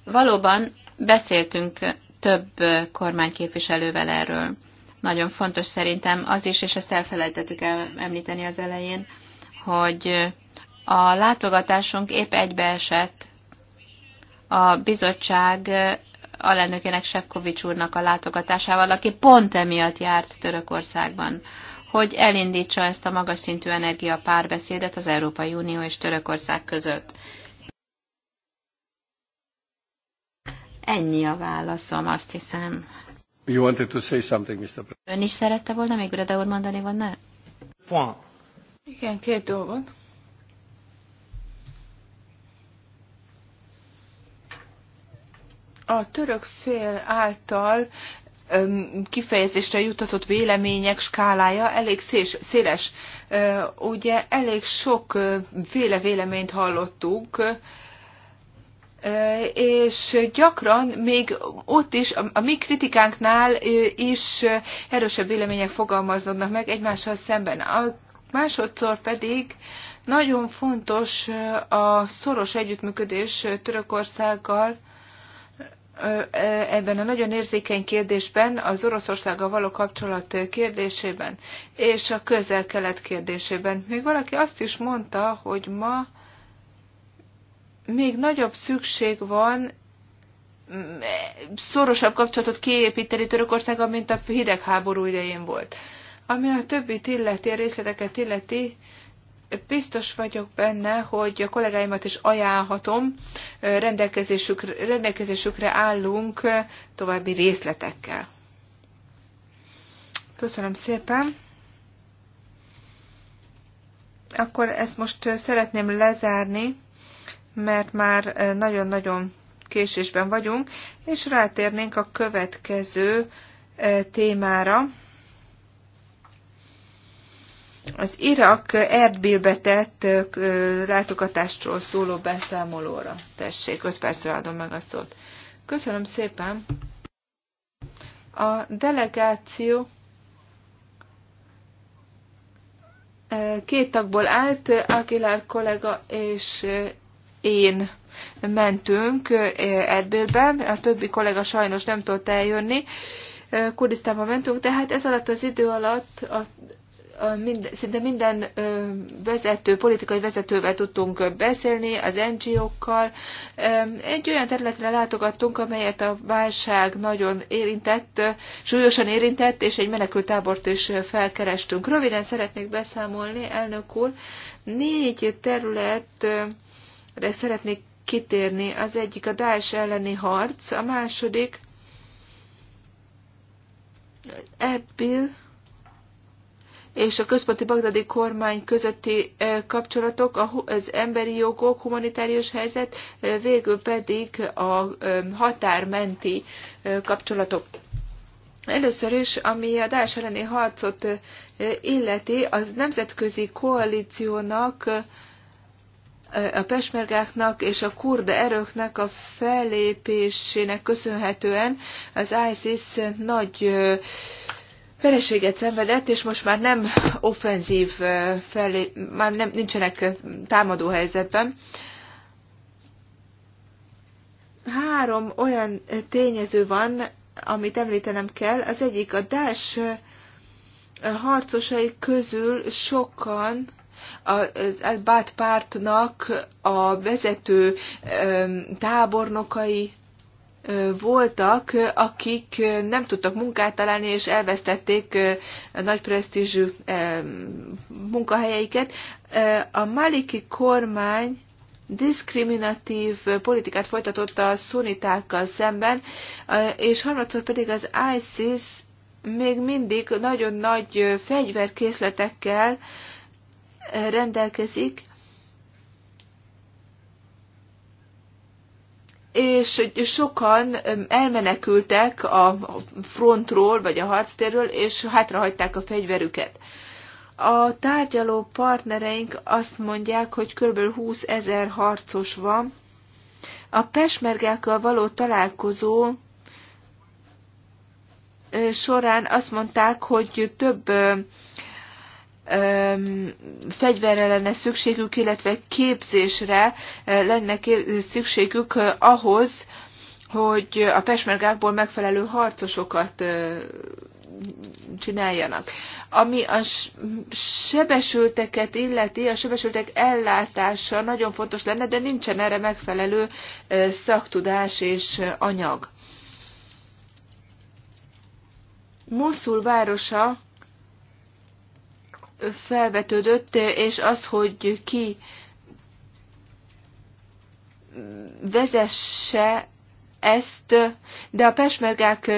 Valóban beszéltünk több kormányképviselővel erről. Nagyon fontos szerintem az is, és ezt elfelejtettük el említeni az elején, hogy a látogatásunk épp egybeesett a bizottság alelnökének Sefkovics úrnak a látogatásával, aki pont emiatt járt Törökországban, hogy elindítsa ezt a magas szintű energia párbeszédet az Európai Unió és Törökország között. Ennyi a válaszom, azt hiszem. You wanted to say something, Mr. President. Ön is szerette volna még Breda úr mondani, van ne? Point. Igen, két dolgot. A török fél által kifejezésre juttatott vélemények skálája elég szés, széles. Ugye elég sok féle véleményt hallottuk, és gyakran még ott is, a, a mi kritikánknál is erősebb vélemények fogalmazódnak meg egymással szemben. A másodszor pedig nagyon fontos a szoros együttműködés Törökországgal, ebben a nagyon érzékeny kérdésben, az Oroszországgal való kapcsolat kérdésében és a közel-kelet kérdésében. Még valaki azt is mondta, hogy ma még nagyobb szükség van mm, szorosabb kapcsolatot kiépíteni Törökországgal, mint a hidegháború idején volt. Ami a többit illeti, a részleteket illeti, biztos vagyok benne, hogy a kollégáimat is ajánlhatom, rendelkezésükre, rendelkezésükre állunk további részletekkel. Köszönöm szépen! Akkor ezt most szeretném lezárni, mert már nagyon-nagyon késésben vagyunk, és rátérnénk a következő eh, témára az Irak Erdbilbe tett látogatástról szóló beszámolóra. Tessék, 5 percre adom meg a szót. Köszönöm szépen. A delegáció két tagból állt, Aguilar kollega és én mentünk Erdbilbe, a többi kollega sajnos nem tudott eljönni, Kurdisztánba mentünk, tehát ez alatt az idő alatt a mind, szinte minden vezető, politikai vezetővel tudtunk beszélni, az NGO-kkal. Egy olyan területre látogattunk, amelyet a válság nagyon érintett, súlyosan érintett, és egy menekültábort is felkerestünk. Röviden szeretnék beszámolni, elnök úr. Négy területre szeretnék kitérni. Az egyik a Dás elleni harc, a második Erbil, és a központi bagdadi kormány közötti kapcsolatok, az emberi jogok, humanitárius helyzet, végül pedig a határmenti kapcsolatok. Először is, ami a Dás elleni harcot illeti, az nemzetközi koalíciónak, a pesmergáknak és a kurda erőknek a fellépésének köszönhetően az ISIS nagy vereséget szenvedett, és most már nem offenzív felé, már nem, nincsenek támadó helyzetben. Három olyan tényező van, amit említenem kell. Az egyik a Daesh harcosai közül sokan az Elbát pártnak a vezető tábornokai voltak, akik nem tudtak munkát találni, és elvesztették a nagy presztízsű munkahelyeiket. A maliki kormány diszkriminatív politikát folytatott a szunitákkal szemben, és harmadszor pedig az ISIS még mindig nagyon nagy fegyverkészletekkel rendelkezik, és sokan elmenekültek a frontról, vagy a harctérről, és hátrahagyták a fegyverüket. A tárgyaló partnereink azt mondják, hogy kb. 20 ezer harcos van. A pesmergákkal való találkozó során azt mondták, hogy több fegyverre lenne szükségük, illetve képzésre lenne szükségük ahhoz, hogy a pesmergákból megfelelő harcosokat csináljanak. Ami a sebesülteket illeti, a sebesültek ellátása nagyon fontos lenne, de nincsen erre megfelelő szaktudás és anyag. Moszul városa felvetődött, és az, hogy ki vezesse ezt, de a pesmergák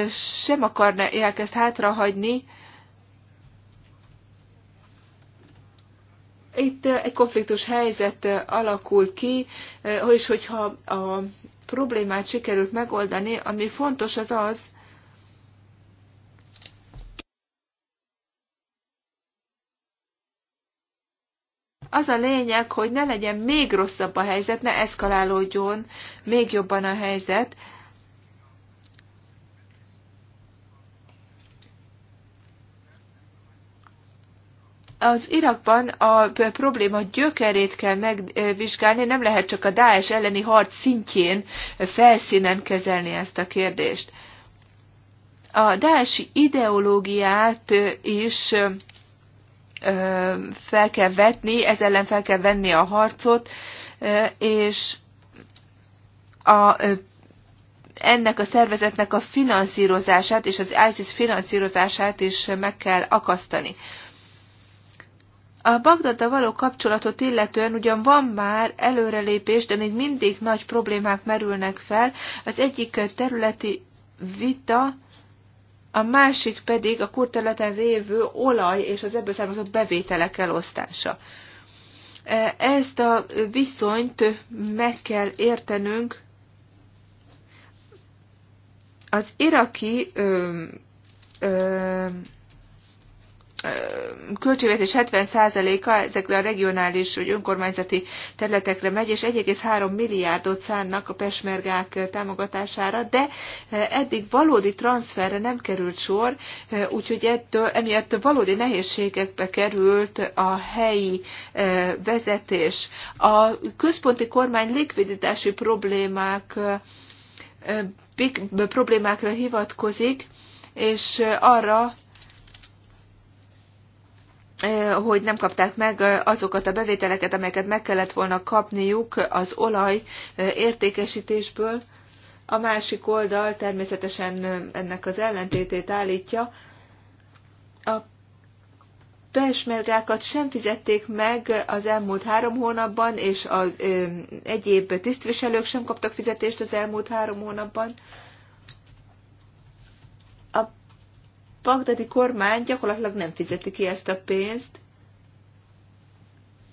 sem akarják ezt hátrahagyni. Itt egy konfliktus helyzet alakul ki, és hogyha a problémát sikerült megoldani, ami fontos az az, Az a lényeg, hogy ne legyen még rosszabb a helyzet, ne eszkalálódjon még jobban a helyzet. az Irakban a probléma gyökerét kell megvizsgálni, nem lehet csak a Daesh elleni harc szintjén, felszínen kezelni ezt a kérdést. A Daesh ideológiát is fel kell vetni, ez ellen fel kell venni a harcot, és a ennek a szervezetnek a finanszírozását és az ISIS finanszírozását is meg kell akasztani. A Bagdadda való kapcsolatot illetően ugyan van már előrelépés, de még mindig nagy problémák merülnek fel. Az egyik területi vita a másik pedig a kurterületen lévő olaj és az ebből származó bevételek elosztása. E, ezt a viszonyt meg kell értenünk. Az iraki ö, ö, költségvetés 70%-a ezekre a regionális vagy önkormányzati területekre megy, és 1,3 milliárdot szánnak a pesmergák támogatására, de eddig valódi transferre nem került sor, úgyhogy ettől, emiatt valódi nehézségekbe került a helyi vezetés. A központi kormány likviditási problémák problémákra hivatkozik, és arra hogy nem kapták meg azokat a bevételeket, amelyeket meg kellett volna kapniuk az olaj értékesítésből. A másik oldal természetesen ennek az ellentétét állítja. A persmergákat sem fizették meg az elmúlt három hónapban, és az egyéb tisztviselők sem kaptak fizetést az elmúlt három hónapban. bagdadi kormány gyakorlatilag nem fizeti ki ezt a pénzt,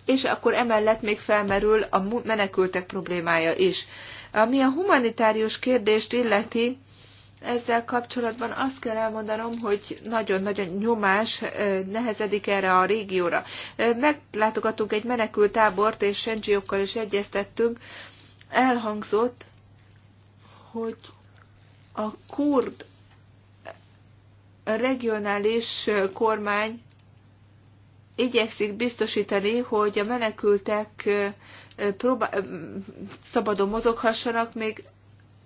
és akkor emellett még felmerül a menekültek problémája is. Ami a humanitárius kérdést illeti, ezzel kapcsolatban azt kell elmondanom, hogy nagyon-nagyon nyomás nehezedik erre a régióra. Meglátogatunk egy menekült tábort, és Sengyiokkal is egyeztettünk. Elhangzott, hogy a kurd regionális kormány igyekszik biztosítani, hogy a menekültek szabadon mozoghassanak, még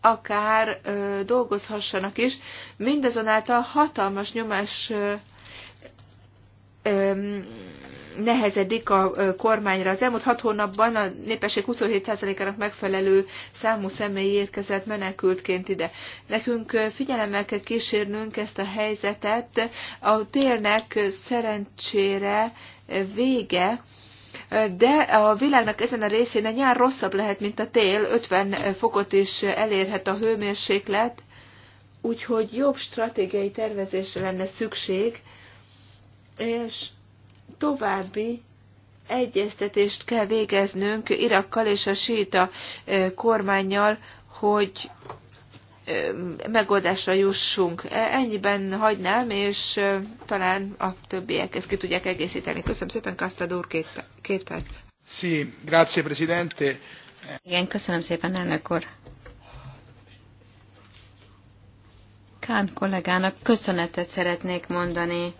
akár dolgozhassanak is. Mindazonáltal hatalmas nyomás nehezedik a kormányra. Az elmúlt hat hónapban a népesség 27%-ának megfelelő számú személy érkezett menekültként ide. Nekünk figyelemmel kell kísérnünk ezt a helyzetet. A télnek szerencsére vége, de a világnak ezen a részén a nyár rosszabb lehet, mint a tél, 50 fokot is elérhet a hőmérséklet, úgyhogy jobb stratégiai tervezésre lenne szükség, és további egyeztetést kell végeznünk Irakkal és a síta kormányjal, hogy megoldásra jussunk. E, ennyiben hagynám, és talán a többiek ezt ki tudják egészíteni. Köszönöm szépen, Kasztad úr, két, két perc. Sí, grazie, presidente. Igen, köszönöm szépen, elnök úr. Kán kollégának köszönetet szeretnék mondani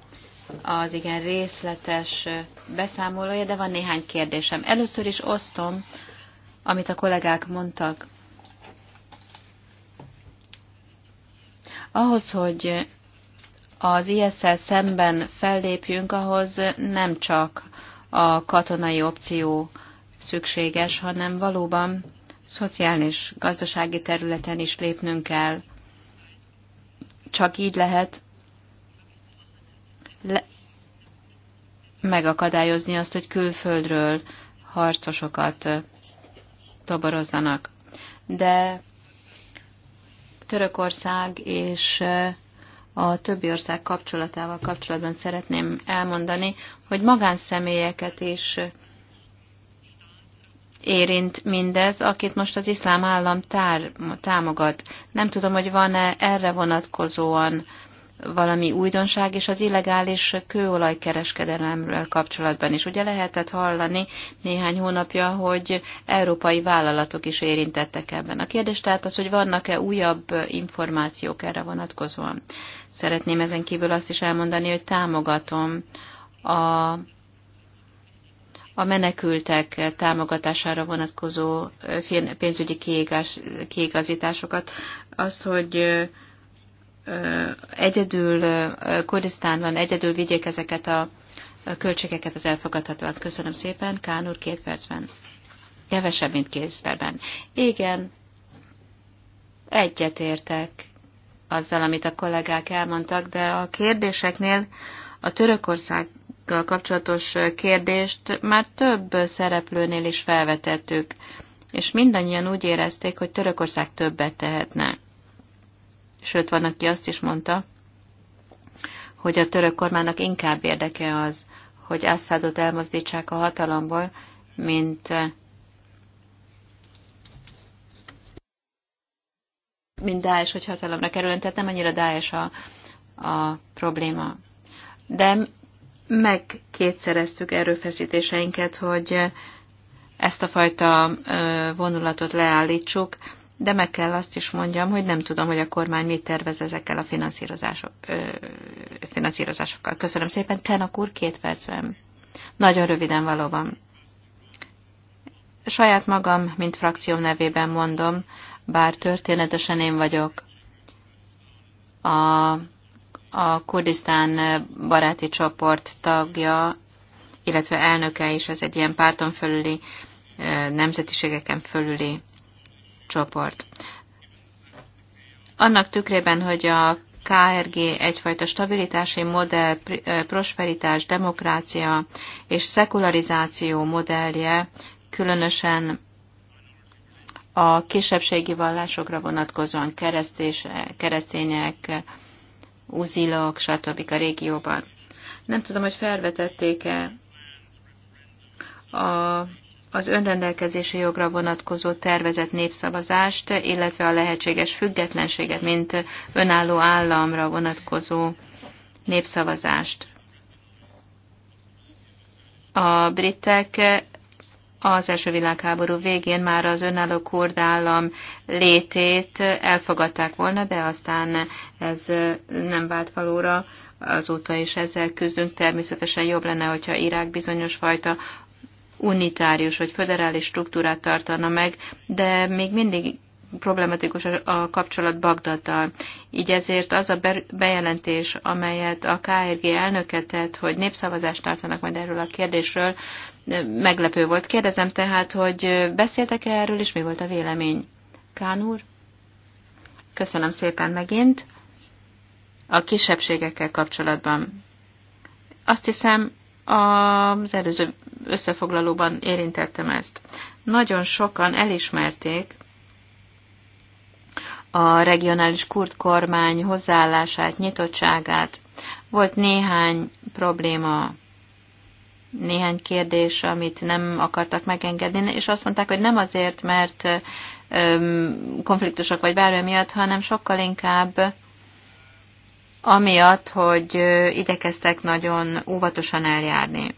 az igen részletes beszámolója, de van néhány kérdésem. Először is osztom, amit a kollégák mondtak. Ahhoz, hogy az ISZ-szel szemben fellépjünk, ahhoz nem csak a katonai opció szükséges, hanem valóban szociális, gazdasági területen is lépnünk kell. Csak így lehet megakadályozni azt, hogy külföldről harcosokat toborozzanak. De Törökország és a többi ország kapcsolatával kapcsolatban szeretném elmondani, hogy magánszemélyeket is érint mindez, akit most az iszlám állam tár, támogat. Nem tudom, hogy van-e erre vonatkozóan valami újdonság, és az illegális kőolajkereskedelemről kapcsolatban is. Ugye lehetett hallani néhány hónapja, hogy európai vállalatok is érintettek ebben. A kérdés tehát az, hogy vannak-e újabb információk erre vonatkozóan. Szeretném ezen kívül azt is elmondani, hogy támogatom a, a menekültek támogatására vonatkozó pénzügyi kiigazításokat, azt, hogy egyedül Kurdisztánban egyedül vigyék ezeket a költségeket, az elfogadhatóan. Köszönöm szépen, Kán úr, két percben. Kevesebb, mint kézben. Igen, Igen, egyetértek azzal, amit a kollégák elmondtak, de a kérdéseknél a a kapcsolatos kérdést már több szereplőnél is felvetettük, és mindannyian úgy érezték, hogy Törökország többet tehetne. Sőt, van, aki azt is mondta, hogy a török kormánynak inkább érdeke az, hogy Assadot elmozdítsák a hatalomból, mint mint Daesh, hogy hatalomra kerüljön, tehát nem annyira Daesh a, a probléma. De megkétszereztük erőfeszítéseinket, hogy ezt a fajta vonulatot leállítsuk, de meg kell azt is mondjam, hogy nem tudom, hogy a kormány mit tervez ezekkel a finanszírozások, ö, finanszírozásokkal. Köszönöm szépen. Tenak úr, két percben. Nagyon röviden valóban. Saját magam, mint frakció nevében mondom, bár történetesen én vagyok a, a Kurdisztán baráti csoport tagja, illetve elnöke is, ez egy ilyen párton fölüli, nemzetiségeken fölüli csoport. Annak tükrében, hogy a KRG egyfajta stabilitási modell, eh, prosperitás, demokrácia és szekularizáció modellje, különösen a kisebbségi vallásokra vonatkozóan keresztények, uzilok, stb. a régióban. Nem tudom, hogy felvetették-e a az önrendelkezési jogra vonatkozó tervezett népszavazást, illetve a lehetséges függetlenséget, mint önálló államra vonatkozó népszavazást. A britek az első világháború végén már az önálló kurd állam létét elfogadták volna, de aztán ez nem vált valóra azóta is ezzel küzdünk. Természetesen jobb lenne, hogyha Irák bizonyos fajta unitárius vagy föderális struktúrát tartana meg, de még mindig problematikus a kapcsolat Bagdaddal. Így ezért az a bejelentés, amelyet a KRG elnöke tett, hogy népszavazást tartanak majd erről a kérdésről, meglepő volt. Kérdezem tehát, hogy beszéltek-e erről, és mi volt a vélemény? Kán úr? Köszönöm szépen megint. A kisebbségekkel kapcsolatban. Azt hiszem, az előző összefoglalóban érintettem ezt. Nagyon sokan elismerték a regionális kurd kormány hozzáállását, nyitottságát. Volt néhány probléma néhány kérdés, amit nem akartak megengedni, és azt mondták, hogy nem azért, mert konfliktusok vagy bármi miatt, hanem sokkal inkább amiatt, hogy idekeztek nagyon óvatosan eljárni.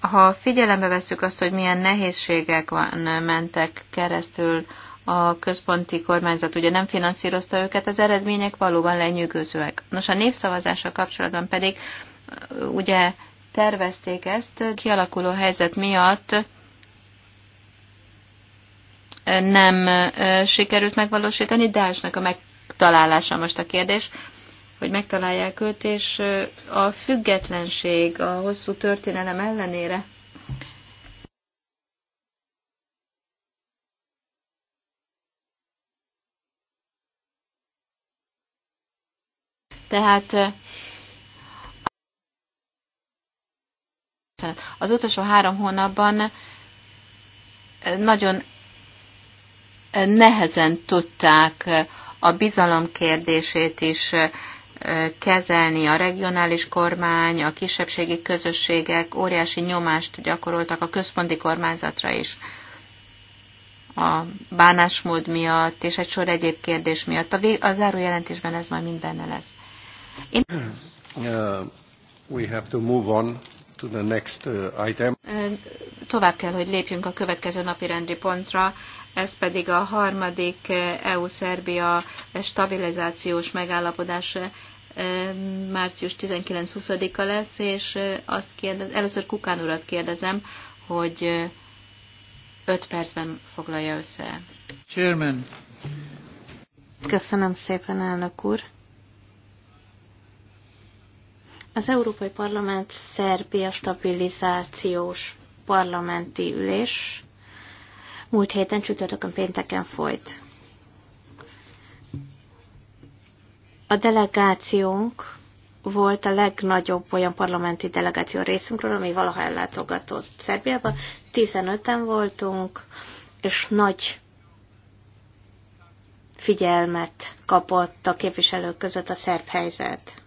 Ha figyelembe veszük azt, hogy milyen nehézségek van, mentek keresztül a központi kormányzat ugye nem finanszírozta őket, az eredmények valóban lenyűgözőek. Nos, a népszavazással kapcsolatban pedig ugye tervezték ezt, kialakuló helyzet miatt nem sikerült megvalósítani, de a meg megtalálása most a kérdés, hogy megtalálják őt, és a függetlenség a hosszú történelem ellenére Tehát az utolsó három hónapban nagyon nehezen tudták a bizalom kérdését is kezelni a regionális kormány, a kisebbségi közösségek óriási nyomást gyakoroltak a központi kormányzatra is a bánásmód miatt, és egy sor egyéb kérdés miatt. A, vég, a záró jelentésben ez majd mind benne lesz. Én... Uh, we have to move on to the next uh, item. Tovább kell, hogy lépjünk a következő napi rendi pontra ez pedig a harmadik eh, EU-Szerbia stabilizációs megállapodás eh, március 19-20-a lesz, és eh, azt kérdez, először Kukán urat kérdezem, hogy 5 percben foglalja össze. Chairman. Köszönöm szépen, elnök úr. Az Európai Parlament Szerbia stabilizációs parlamenti ülés múlt héten csütörtökön pénteken folyt. A delegációnk volt a legnagyobb olyan parlamenti delegáció részünkről, ami valaha ellátogatott Szerbiába. 15-en voltunk, és nagy figyelmet kapott a képviselők között a szerb helyzet.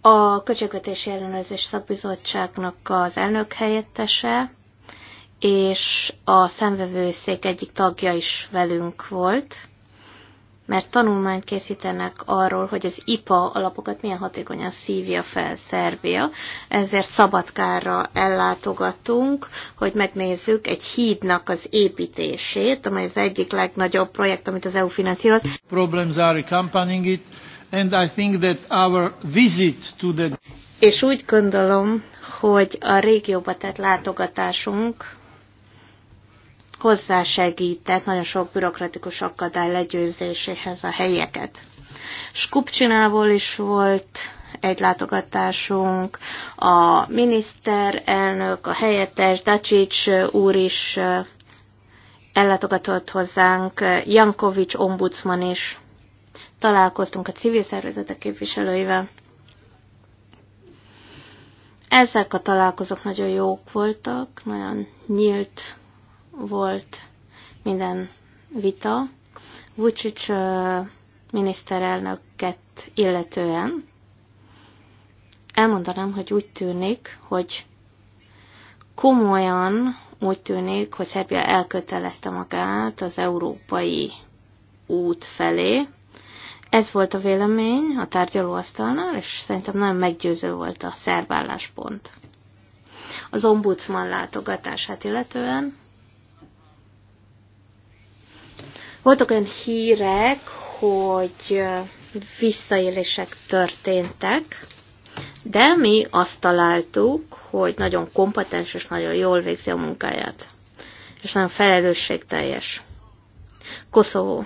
A Költségvetési Ellenőrzés Szakbizottságnak az elnök helyettese és a szemvevőszék egyik tagja is velünk volt, mert tanulmányt készítenek arról, hogy az IPA alapokat milyen hatékonyan szívja fel Szerbia, ezért Szabadkára ellátogatunk, hogy megnézzük egy hídnak az építését, amely az egyik legnagyobb projekt, amit az EU finanszíroz. Problems are accompanying it, and I think that our visit to the... És úgy gondolom, hogy a régióba tett látogatásunk hozzásegített nagyon sok bürokratikus akadály legyőzéséhez a helyeket. Skupcsinából is volt egy látogatásunk, a miniszterelnök, a helyettes Dacsics úr is ellátogatott hozzánk, Jankovics ombudsman is. Találkoztunk a civil szervezetek képviselőivel. Ezek a találkozók nagyon jók voltak, nagyon nyílt volt minden vita Vucic miniszterelnöket illetően. Elmondanám, hogy úgy tűnik, hogy komolyan úgy tűnik, hogy Szerbia elkötelezte magát az európai út felé. Ez volt a vélemény a tárgyalóasztalnál, és szerintem nagyon meggyőző volt a szerb álláspont. Az ombudsman látogatását illetően Voltak olyan hírek, hogy visszaélések történtek, de mi azt találtuk, hogy nagyon kompetens és nagyon jól végzi a munkáját, és nagyon felelősségteljes. Koszovó.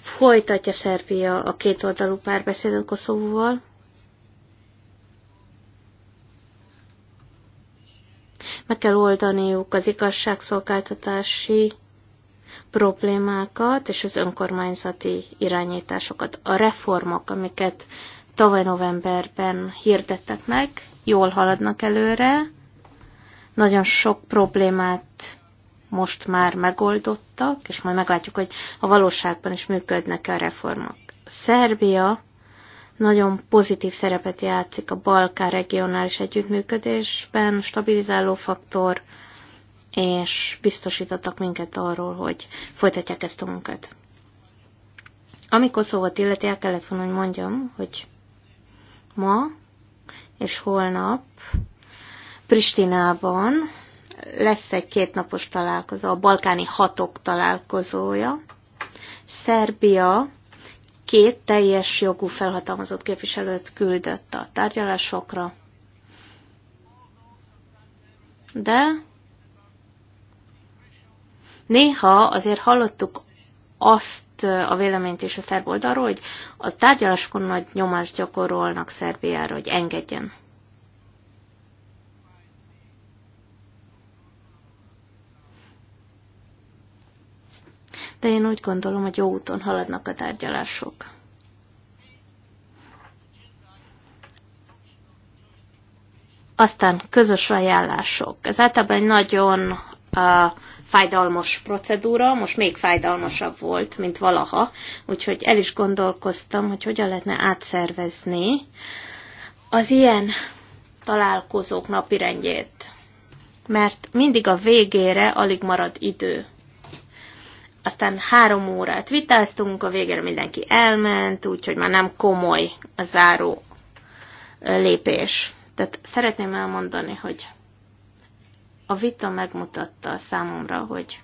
Folytatja Szerbia a kétoldalú párbeszédet Koszovóval, meg kell oldaniuk az igazságszolgáltatási problémákat és az önkormányzati irányításokat. A reformok, amiket tavaly novemberben hirdettek meg, jól haladnak előre, nagyon sok problémát most már megoldottak, és majd meglátjuk, hogy a valóságban is működnek -e a reformok. Szerbia nagyon pozitív szerepet játszik a Balkán regionális együttműködésben, stabilizáló faktor, és biztosítottak minket arról, hogy folytatják ezt a munkát. Ami Koszovot illeti, el kellett volna, hogy mondjam, hogy ma és holnap Pristinában lesz egy kétnapos találkozó, a balkáni hatok találkozója. Szerbia két teljes jogú felhatalmazott képviselőt küldött a tárgyalásokra, de néha azért hallottuk azt a véleményt is a szerb oldalról, hogy a tárgyalásokon nagy nyomást gyakorolnak Szerbiára, hogy engedjen. de hát én úgy gondolom, hogy jó úton haladnak a tárgyalások. Aztán közös ajánlások. Ez általában egy nagyon uh, fájdalmas procedúra, most még fájdalmasabb volt, mint valaha, úgyhogy el is gondolkoztam, hogy hogyan lehetne átszervezni az ilyen találkozók napirendjét. Mert mindig a végére alig marad idő. Aztán három órát vitáztunk, a végére mindenki elment, úgyhogy már nem komoly a záró lépés. Tehát szeretném elmondani, hogy a vita megmutatta számomra, hogy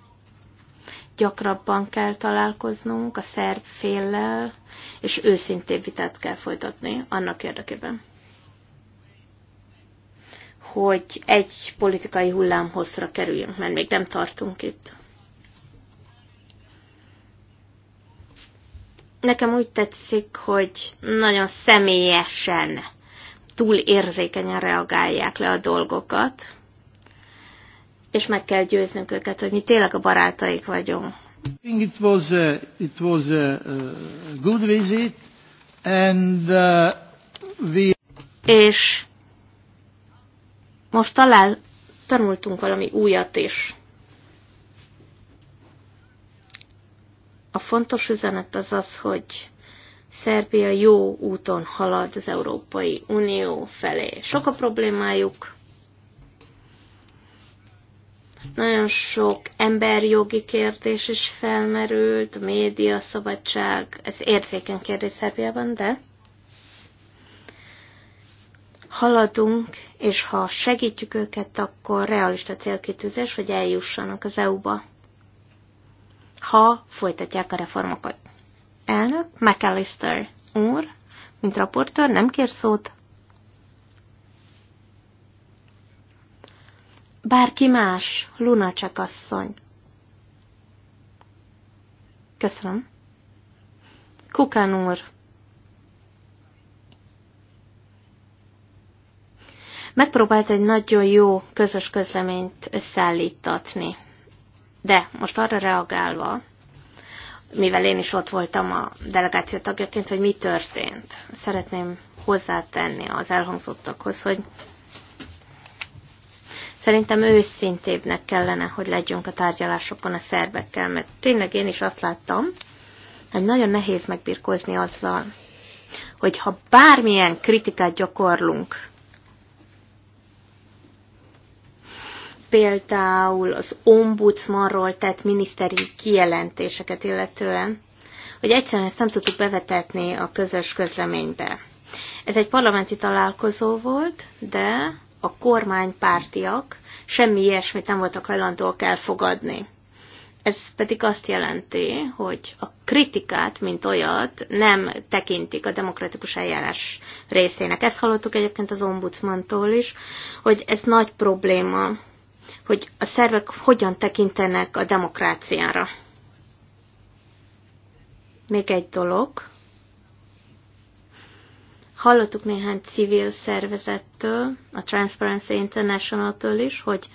gyakrabban kell találkoznunk a szerb féllel, és őszintén vitát kell folytatni annak érdekében, hogy egy politikai hullámhozra kerüljünk, mert még nem tartunk itt. nekem úgy tetszik, hogy nagyon személyesen, túl érzékenyen reagálják le a dolgokat, és meg kell győznünk őket, hogy mi tényleg a barátaik vagyunk. It was a, it was a good visit, and uh, we... És most talán tanultunk valami újat is. A fontos üzenet az az, hogy Szerbia jó úton halad az Európai Unió felé. Sok a problémájuk, nagyon sok emberjogi kérdés is felmerült, média szabadság, ez érzékeny kérdés Szerbiában, de haladunk, és ha segítjük őket, akkor realista célkitűzés, hogy eljussanak az EU-ba ha folytatják a reformokat. Elnök McAllister úr, mint raportőr, nem kér szót. Bárki más, Luna csak asszony. Köszönöm. Kukán úr. Megpróbált egy nagyon jó közös közleményt összeállítatni de most arra reagálva, mivel én is ott voltam a delegáció tagjaként, hogy mi történt, szeretném hozzátenni az elhangzottakhoz, hogy szerintem őszintébbnek kellene, hogy legyünk a tárgyalásokon a szerbekkel, mert tényleg én is azt láttam, hogy nagyon nehéz megbirkózni azzal, hogy ha bármilyen kritikát gyakorlunk például az ombudsmanról tett miniszteri kijelentéseket illetően, hogy egyszerűen ezt nem tudtuk bevetetni a közös közleménybe. Ez egy parlamenti találkozó volt, de a kormánypártiak semmi ilyesmit nem voltak hajlandóak elfogadni. Ez pedig azt jelenti, hogy a kritikát, mint olyat nem tekintik a demokratikus eljárás részének. Ezt hallottuk egyébként az ombudsmantól is, hogy ez nagy probléma hogy a szervek hogyan tekintenek a demokráciára. Még egy dolog. Hallottuk néhány civil szervezettől, a Transparency International-től is, hogy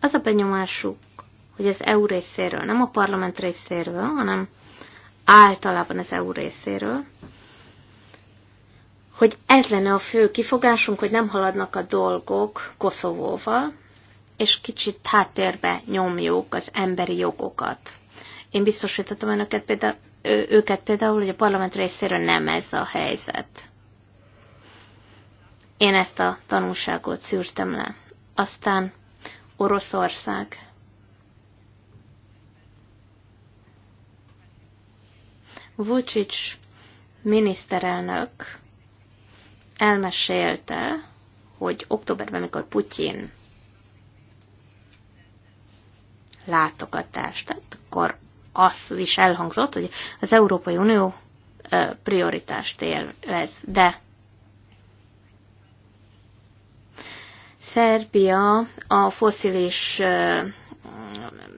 az a benyomásuk, hogy az EU részéről, nem a parlament részéről, hanem általában az EU részéről, hogy ez lenne a fő kifogásunk, hogy nem haladnak a dolgok Koszovóval, és kicsit háttérbe nyomjuk az emberi jogokat. Én biztosítottam önöket például, őket például, hogy a parlament részéről nem ez a helyzet. Én ezt a tanulságot szűrtem le. Aztán Oroszország. Vucic miniszterelnök elmesélte, hogy októberben, mikor Putyin látogatást tett, akkor az is elhangzott, hogy az Európai Unió prioritást élvez, de Szerbia a foszilis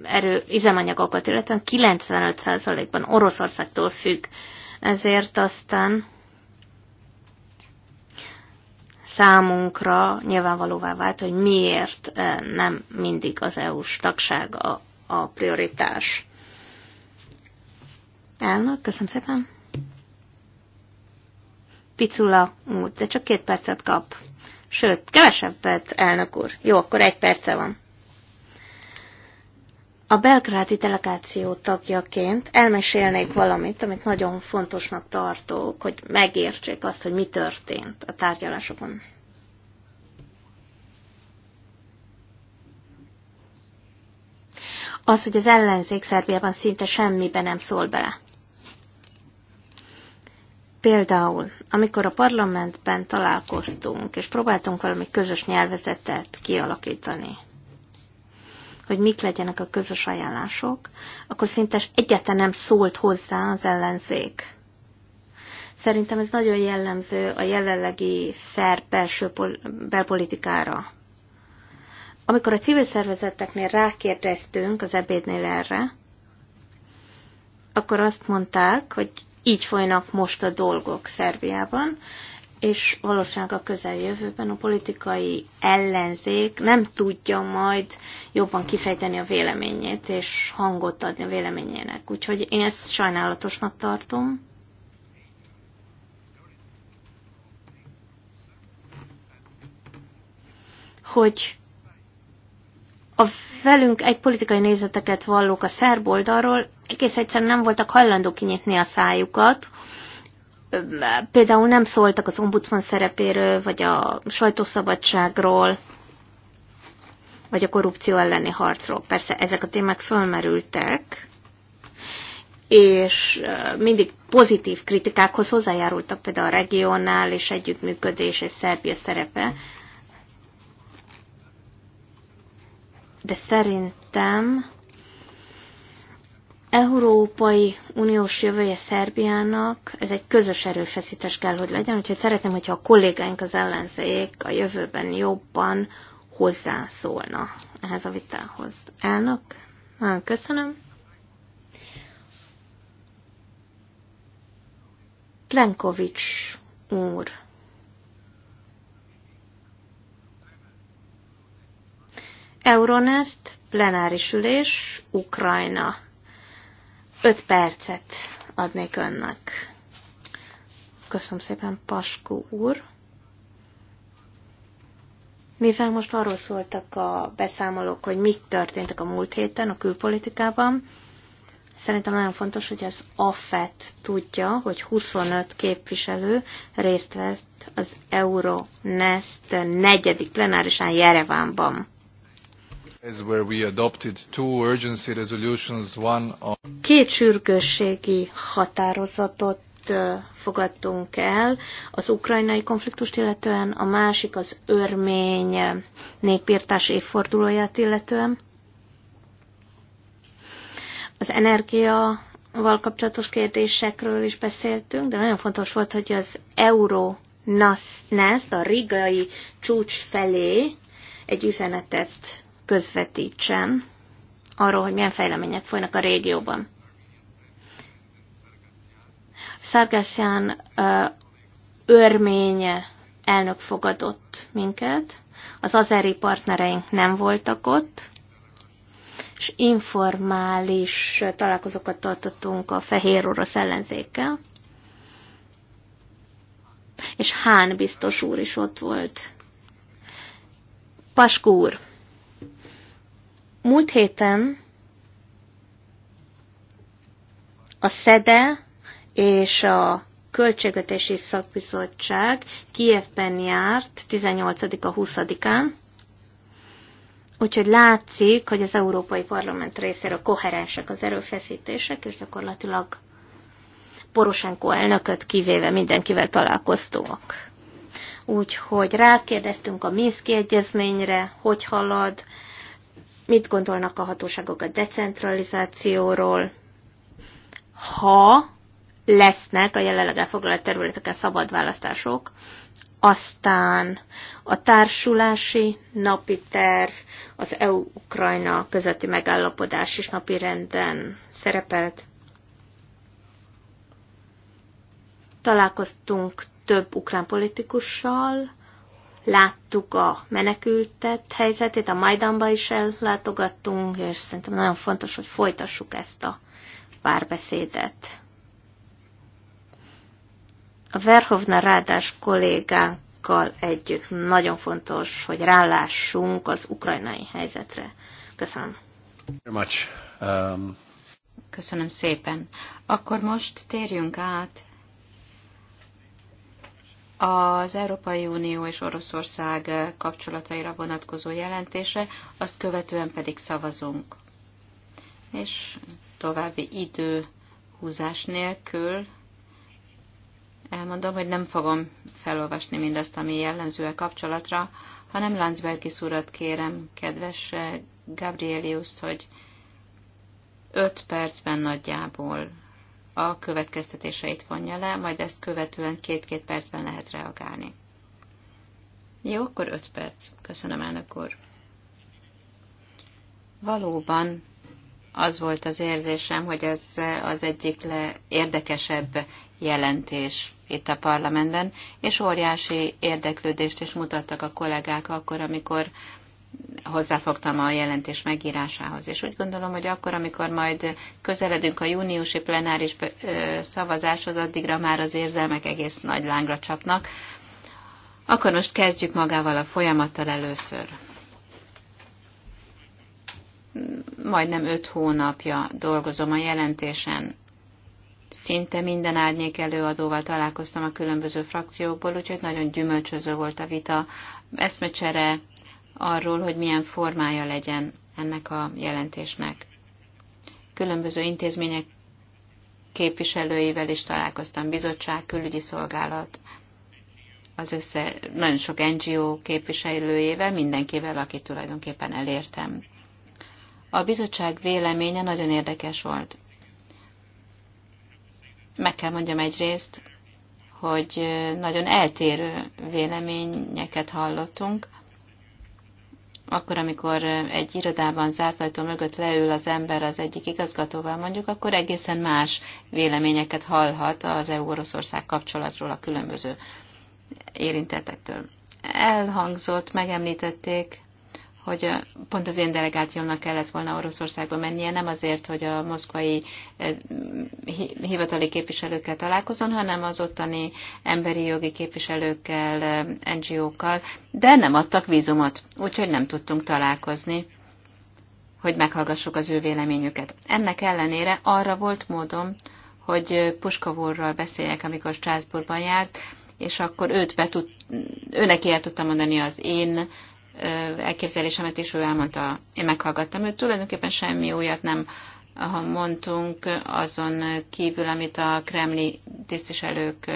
erő üzemanyagokat, illetve 95%-ban Oroszországtól függ. Ezért aztán számunkra nyilvánvalóvá vált, hogy miért eh, nem mindig az EU-s tagság a, a prioritás. Elnök, köszönöm szépen. Picula úr, de csak két percet kap. Sőt, kevesebbet, elnök úr. Jó, akkor egy perce van a belgrádi delegáció tagjaként elmesélnék valamit, amit nagyon fontosnak tartok, hogy megértsék azt, hogy mi történt a tárgyalásokon. Az, hogy az ellenzék Szerbiában szinte semmibe nem szól bele. Például, amikor a parlamentben találkoztunk, és próbáltunk valami közös nyelvezetet kialakítani, hogy mik legyenek a közös ajánlások, akkor szinte egyáltalán nem szólt hozzá az ellenzék. Szerintem ez nagyon jellemző a jelenlegi szerb belső belpolitikára. Amikor a civil szervezeteknél rákérdeztünk az ebédnél erre, akkor azt mondták, hogy így folynak most a dolgok Szerbiában, és valószínűleg a közeljövőben a politikai ellenzék nem tudja majd jobban kifejteni a véleményét, és hangot adni a véleményének. Úgyhogy én ezt sajnálatosnak tartom. hogy a velünk egy politikai nézeteket vallók a szerb oldalról egész egyszerűen nem voltak hajlandó kinyitni a szájukat, például nem szóltak az ombudsman szerepéről, vagy a sajtószabadságról, vagy a korrupció elleni harcról. Persze ezek a témák fölmerültek, és mindig pozitív kritikákhoz hozzájárultak például a regionál és együttműködés és Szerbia szerepe. De szerintem Európai Uniós jövője Szerbiának, ez egy közös erőfeszítés kell, hogy legyen, úgyhogy szeretném, hogyha a kollégáink az ellenzék a jövőben jobban hozzászólna ehhez a vitához. Elnök, nagyon köszönöm. Plenkovics úr. Euronest, plenáris ülés, Ukrajna. Öt percet adnék önnek. Köszönöm szépen, Paskó úr. Mivel most arról szóltak a beszámolók, hogy mit történtek a múlt héten a külpolitikában, szerintem nagyon fontos, hogy az AFET tudja, hogy 25 képviselő részt vett az Euronest negyedik plenárisán Jerevánban. Két sürgősségi határozatot fogadtunk el, az ukrajnai konfliktust illetően, a másik az örmény népírtás évfordulóját illetően. Az energiaval kapcsolatos kérdésekről is beszéltünk, de nagyon fontos volt, hogy az euró NASZ, a rigai csúcs felé egy üzenetet közvetítsen arról, hogy milyen fejlemények folynak a régióban. uh, örménye elnök fogadott minket, az azeri partnereink nem voltak ott, és informális találkozókat tartottunk a fehér orosz ellenzékkel, és Hán biztos úr is ott volt. Paskúr! Múlt héten a SZEDE és a Költségvetési Szakbizottság Kievben járt 18-a 20-án, úgyhogy látszik, hogy az Európai Parlament részéről koherensek az erőfeszítések, és gyakorlatilag Poroshenko elnököt kivéve mindenkivel találkoztunk. Úgyhogy rákérdeztünk a Minszki egyezményre, hogy halad, Mit gondolnak a hatóságok a decentralizációról? Ha lesznek a jelenleg elfoglalt területeken szabad választások, aztán a társulási napi terv, az EU-Ukrajna közötti megállapodás is napi renden szerepelt. Találkoztunk több ukrán politikussal, láttuk a menekültet helyzetét, a Majdanba is ellátogattunk, és szerintem nagyon fontos, hogy folytassuk ezt a párbeszédet. A Verhovna Rádás kollégánkkal együtt nagyon fontos, hogy rálássunk az ukrajnai helyzetre. Köszönöm. Very much. Um... Köszönöm szépen. Akkor most térjünk át az Európai Unió és Oroszország kapcsolataira vonatkozó jelentése, azt követően pedig szavazunk. És további időhúzás nélkül elmondom, hogy nem fogom felolvasni mindazt, ami jellemző a kapcsolatra, hanem Landsbergis szurat kérem, kedves Gabrieliuszt, hogy 5 percben nagyjából a következtetéseit vonja le, majd ezt követően két-két percben lehet reagálni. Jó, akkor öt perc. Köszönöm, elnök úr. Valóban az volt az érzésem, hogy ez az egyik érdekesebb jelentés itt a parlamentben, és óriási érdeklődést is mutattak a kollégák akkor, amikor hozzáfogtam a jelentés megírásához. És úgy gondolom, hogy akkor, amikor majd közeledünk a júniusi plenáris szavazáshoz, addigra már az érzelmek egész nagy lángra csapnak. Akkor most kezdjük magával a folyamattal először. Majdnem öt hónapja dolgozom a jelentésen. Szinte minden árnyék előadóval találkoztam a különböző frakciókból, úgyhogy nagyon gyümölcsöző volt a vita, eszmecsere, arról, hogy milyen formája legyen ennek a jelentésnek. Különböző intézmények képviselőivel is találkoztam, bizottság, külügyi szolgálat, az össze, nagyon sok NGO képviselőjével, mindenkivel, akit tulajdonképpen elértem. A bizottság véleménye nagyon érdekes volt. Meg kell mondjam egyrészt, hogy nagyon eltérő véleményeket hallottunk, akkor, amikor egy irodában zárt ajtó mögött leül az ember az egyik igazgatóval mondjuk, akkor egészen más véleményeket hallhat az EU-Oroszország kapcsolatról a különböző érintettektől. Elhangzott, megemlítették hogy eh, pont az én delegációmnak kellett volna Oroszországba mennie, nem azért, hogy a moszkvai eh, hivatali képviselőkkel találkozon, hanem az ottani emberi jogi képviselőkkel, eh, NGO-kkal, de nem adtak vízumot, úgyhogy nem tudtunk találkozni, hogy meghallgassuk az ő véleményüket. Ennek ellenére arra volt módom, hogy Puskavorral beszéljek, amikor Strasbourgban járt, és akkor őt be tud, őnek el tudtam mondani az én elképzelésemet, és ő elmondta, én meghallgattam őt. Tulajdonképpen semmi újat nem ha mondtunk, azon kívül, amit a kremli tisztviselők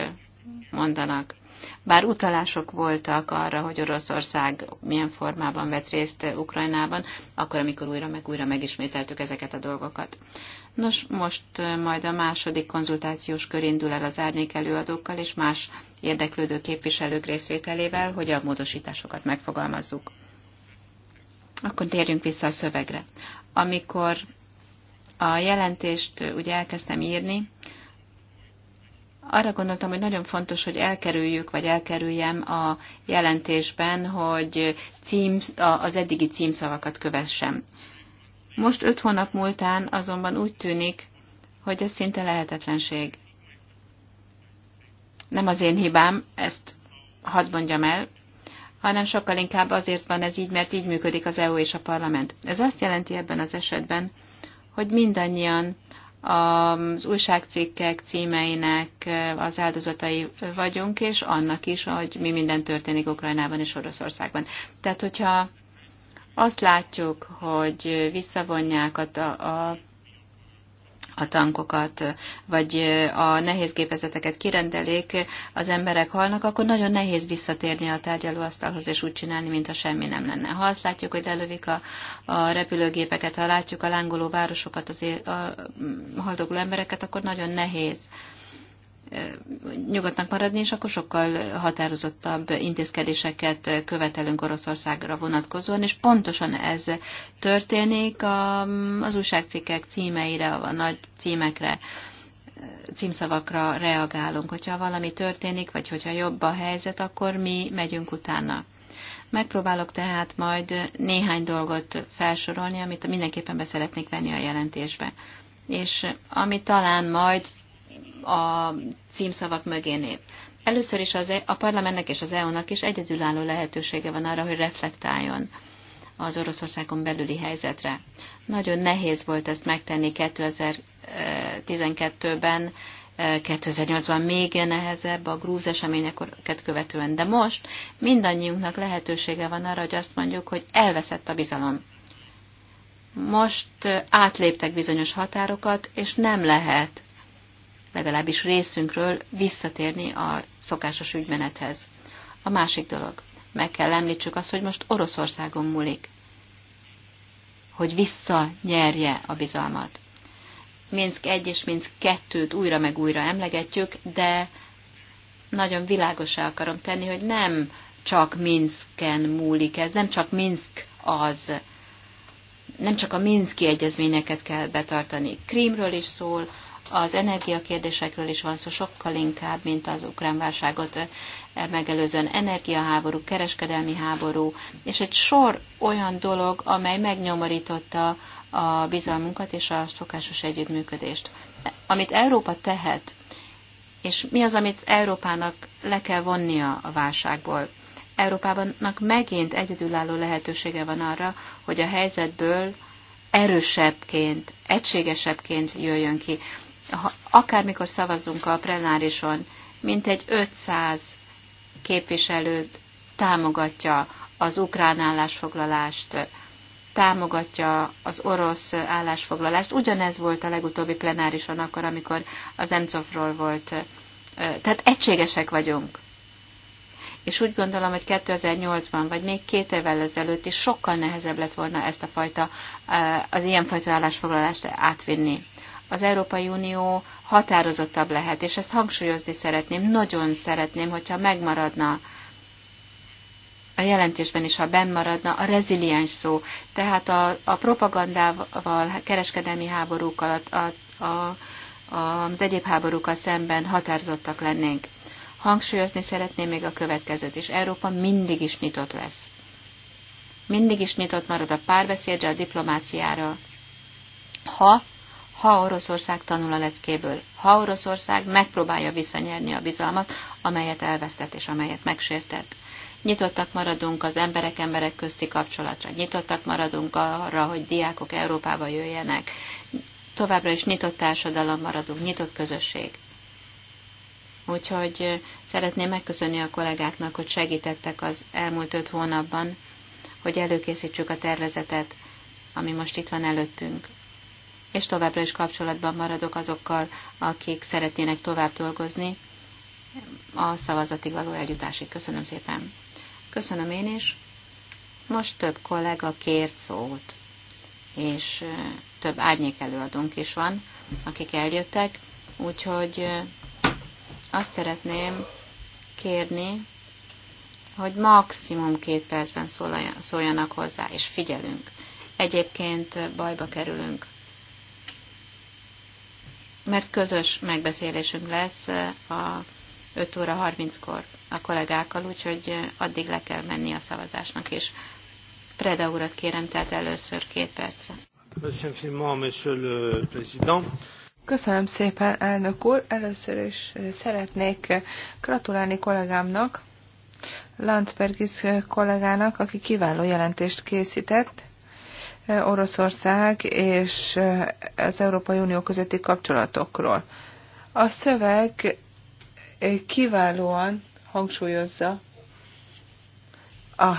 mondanak. Bár utalások voltak arra, hogy Oroszország milyen formában vett részt Ukrajnában, akkor, amikor újra meg újra megismételtük ezeket a dolgokat. Nos, most majd a második konzultációs kör indul el az árnyék előadókkal és más érdeklődő képviselők részvételével, hogy a módosításokat megfogalmazzuk. Akkor térjünk vissza a szövegre. Amikor a jelentést uh, ugye elkezdtem írni, arra gondoltam, hogy nagyon fontos, hogy elkerüljük, vagy elkerüljem a jelentésben, hogy cím, az eddigi címszavakat kövessem. Most öt hónap múltán azonban úgy tűnik, hogy ez szinte lehetetlenség. Nem az én hibám, ezt hadd mondjam el, hanem sokkal inkább azért van ez így, mert így működik az EU és a parlament. Ez azt jelenti ebben az esetben, hogy mindannyian az újságcikkek címeinek az áldozatai vagyunk, és annak is, hogy mi minden történik Ukrajnában és Oroszországban. Tehát, hogyha azt látjuk, hogy visszavonják a, a a tankokat, vagy a nehéz gépezeteket kirendelik, az emberek halnak, akkor nagyon nehéz visszatérni a tárgyalóasztalhoz, és úgy csinálni, mintha semmi nem lenne. Ha azt látjuk, hogy lelövik a, a repülőgépeket, ha látjuk a lángoló városokat, az é, a haldogló embereket, akkor nagyon nehéz nyugodtnak maradni, és akkor sokkal határozottabb intézkedéseket követelünk Oroszországra vonatkozóan, és pontosan ez történik a, az újságcikkek címeire, a nagy címekre címszavakra reagálunk. Hogyha valami történik, vagy hogyha jobb a helyzet, akkor mi megyünk utána. Megpróbálok tehát majd néhány dolgot felsorolni, amit mindenképpen be szeretnék venni a jelentésbe. És ami talán majd a címszavak mögé nép. Először is az, e- a parlamentnek és az EU-nak is egyedülálló lehetősége van arra, hogy reflektáljon az Oroszországon belüli helyzetre. Nagyon nehéz volt ezt megtenni 2012-ben, 2008-ban még nehezebb a grúz eseményeket követően, de most mindannyiunknak lehetősége van arra, hogy azt mondjuk, hogy elveszett a bizalom. Most átléptek bizonyos határokat, és nem lehet legalábbis részünkről visszatérni a szokásos ügymenethez. A másik dolog. Meg kell említsük azt, hogy most Oroszországon múlik, hogy visszanyerje a bizalmat. Minsk 1 és Minsk 2-t újra meg újra emlegetjük, de nagyon világosá akarom tenni, hogy nem csak Minsken múlik ez, nem csak Minsk az, nem csak a Minszki egyezményeket kell betartani. Krímről is szól, az energiakérdésekről is van szó sokkal inkább, mint az ukrán válságot e, megelőzően energiaháború, kereskedelmi háború, és egy sor olyan dolog, amely megnyomorította a bizalmunkat és a szokásos együttműködést. Amit Európa tehet, és mi az, amit Európának le kell vonnia a válságból? Európának megint egyedülálló lehetősége van arra, hogy a helyzetből erősebbként, egységesebbként jöjjön ki akármikor szavazunk a plenárison, mintegy 500 képviselőt támogatja az ukrán állásfoglalást, támogatja az orosz állásfoglalást. Ugyanez volt a legutóbbi plenárison akkor, amikor az Emcovról volt. Tehát egységesek vagyunk. És úgy gondolom, hogy 2008-ban, vagy még két évvel ezelőtt is sokkal nehezebb lett volna ezt a fajta, az ilyenfajta állásfoglalást átvinni az Európai Unió határozottabb lehet, és ezt hangsúlyozni szeretném, nagyon szeretném, hogyha megmaradna a jelentésben is, ha benn maradna, a reziliens szó. Tehát a, a propagandával, kereskedelmi háborúkkal, a, a, a, az egyéb háborúkkal szemben határozottak lennénk. Hangsúlyozni szeretném még a következőt, és Európa mindig is nyitott lesz. Mindig is nyitott marad a párbeszédre, a diplomáciára, ha ha Oroszország tanul a leckéből, ha Oroszország megpróbálja visszanyerni a bizalmat, amelyet elvesztett és amelyet megsértett. Nyitottak maradunk az emberek emberek közti kapcsolatra, nyitottak maradunk arra, hogy diákok Európába jöjjenek, továbbra is nyitott társadalom maradunk, nyitott közösség. Úgyhogy szeretném megköszönni a kollégáknak, hogy segítettek az elmúlt öt hónapban, hogy előkészítsük a tervezetet, ami most itt van előttünk és továbbra is kapcsolatban maradok azokkal, akik szeretnének tovább dolgozni a szavazatig való eljutásig. Köszönöm szépen. Köszönöm én is. Most több kollega kért szót, és több árnyék előadónk is van, akik eljöttek, úgyhogy azt szeretném kérni, hogy maximum két percben szóljanak hozzá, és figyelünk. Egyébként bajba kerülünk mert közös megbeszélésünk lesz eh, a 5 óra 30-kor a kollégákkal, úgyhogy eh, addig le kell menni a szavazásnak is. Preda urat kérem tehát először két percre. Köszönöm szépen, elnök úr. Először is eh, szeretnék gratulálni kollégámnak, Landsbergis kollégának, aki kiváló jelentést készített Oroszország és az Európai Unió közötti kapcsolatokról. A szöveg kiválóan hangsúlyozza a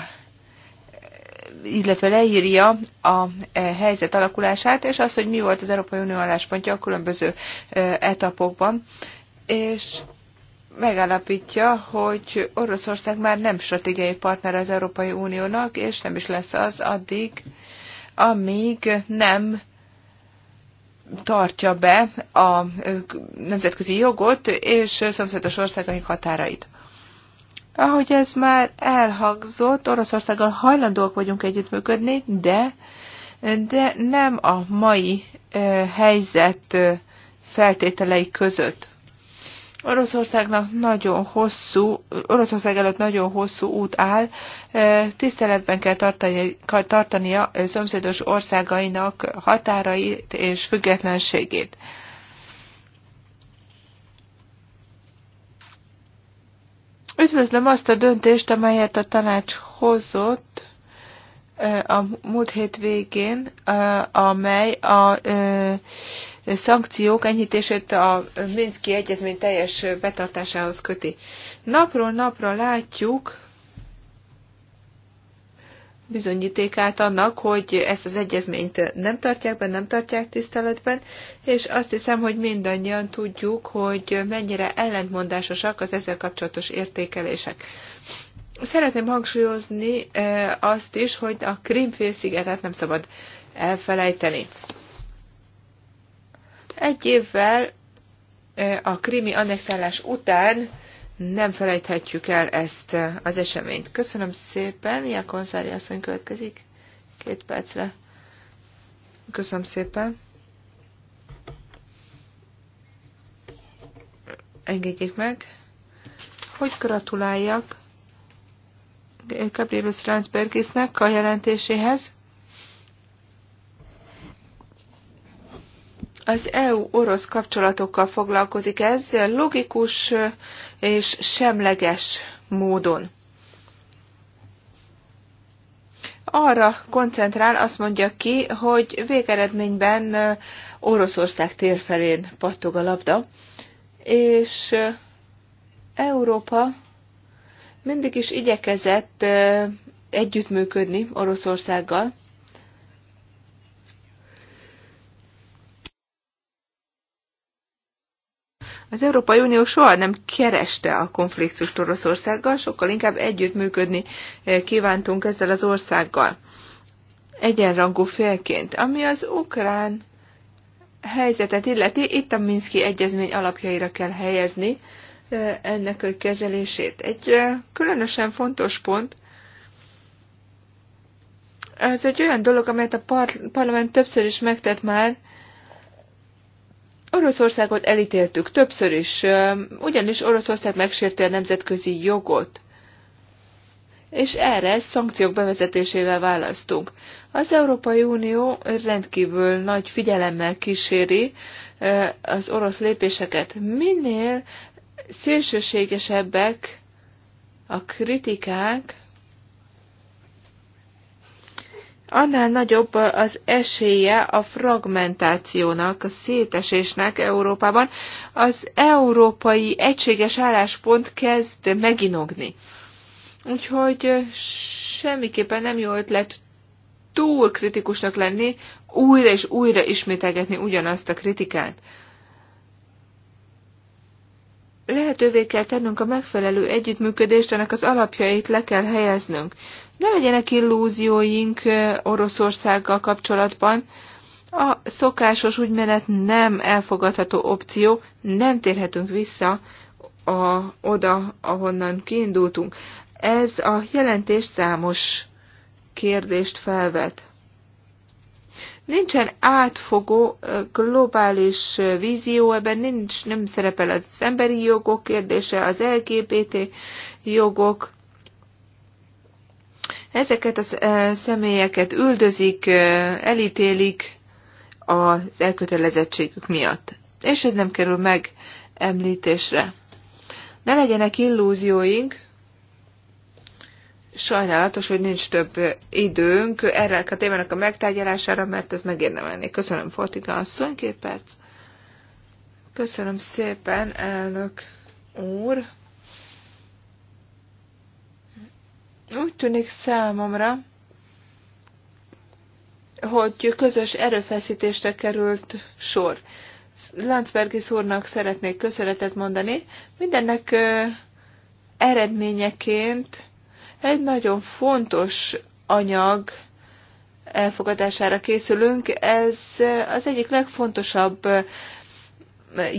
illetve leírja a helyzet alakulását, és az, hogy mi volt az Európai Unió álláspontja a különböző etapokban, és megállapítja, hogy Oroszország már nem stratégiai partner az Európai Uniónak, és nem is lesz az addig, amíg nem tartja be a nemzetközi jogot és szomszédos országaink határait. Ahogy ez már elhangzott, Oroszországgal hajlandóak vagyunk együttműködni, de, de nem a mai helyzet feltételei között. Oroszországnak nagyon hosszú, Oroszország előtt nagyon hosszú út áll, tiszteletben kell tartani, a tartania szomszédos országainak határait és függetlenségét. Üdvözlöm azt a döntést, amelyet a tanács hozott a múlt hét végén, amely a szankciók enyhítését a Minszki Egyezmény teljes betartásához köti. Napról napra látjuk bizonyítékát annak, hogy ezt az egyezményt nem tartják be, nem tartják tiszteletben, és azt hiszem, hogy mindannyian tudjuk, hogy mennyire ellentmondásosak az ezzel kapcsolatos értékelések. Szeretném hangsúlyozni eh, azt is, hogy a Krimfélszigetet nem szabad elfelejteni. Egy évvel a krimi annektálás után nem felejthetjük el ezt az eseményt. Köszönöm szépen, Ilyen Konszári asszony következik két percre. Köszönöm szépen. Engedjék meg, hogy gratuláljak Gabrielus Ranzbergisnek a jelentéséhez. Az EU-orosz kapcsolatokkal foglalkozik ez logikus és semleges módon. Arra koncentrál, azt mondja ki, hogy végeredményben Oroszország térfelén pattog a labda, és Európa mindig is igyekezett együttműködni Oroszországgal, Az Európai Unió soha nem kereste a konfliktust Oroszországgal, sokkal inkább együttműködni eh, kívántunk ezzel az országgal egyenrangú félként, ami az ukrán helyzetet illeti, itt a Minszki egyezmény alapjaira kell helyezni eh, ennek a kezelését. Egy eh, különösen fontos pont, ez egy olyan dolog, amelyet a parlament többször is megtett már, Oroszországot elítéltük többször is, ugyanis Oroszország megsérti a nemzetközi jogot és erre szankciók bevezetésével választunk. Az Európai Unió rendkívül nagy figyelemmel kíséri az orosz lépéseket. Minél szélsőségesebbek a kritikák, annál nagyobb az esélye a fragmentációnak, a szétesésnek Európában. Az európai egységes álláspont kezd meginogni. Úgyhogy semmiképpen nem jó ötlet túl kritikusnak lenni, újra és újra ismételgetni ugyanazt a kritikát. Lehetővé kell tennünk a megfelelő együttműködést, ennek az alapjait le kell helyeznünk. Ne legyenek illúzióink Oroszországgal kapcsolatban. A szokásos úgymenet nem elfogadható opció, nem térhetünk vissza a, oda, ahonnan kiindultunk. Ez a jelentés számos kérdést felvet. Nincsen átfogó globális vízió, ebben nincs, nem szerepel az emberi jogok kérdése, az LGBT jogok, Ezeket a e, személyeket üldözik, e, elítélik az elkötelezettségük miatt. És ez nem kerül meg említésre. Ne legyenek illúzióink, sajnálatos, hogy nincs több időnk erre a témának a megtárgyalására, mert ez megérdemelné. Köszönöm, Fortiga asszony, két perc. Köszönöm szépen, elnök úr. Úgy tűnik számomra, hogy közös erőfeszítésre került sor. Landsbergis szúrnak szeretnék köszönetet mondani. Mindennek eredményeként egy nagyon fontos anyag elfogadására készülünk. Ez az egyik legfontosabb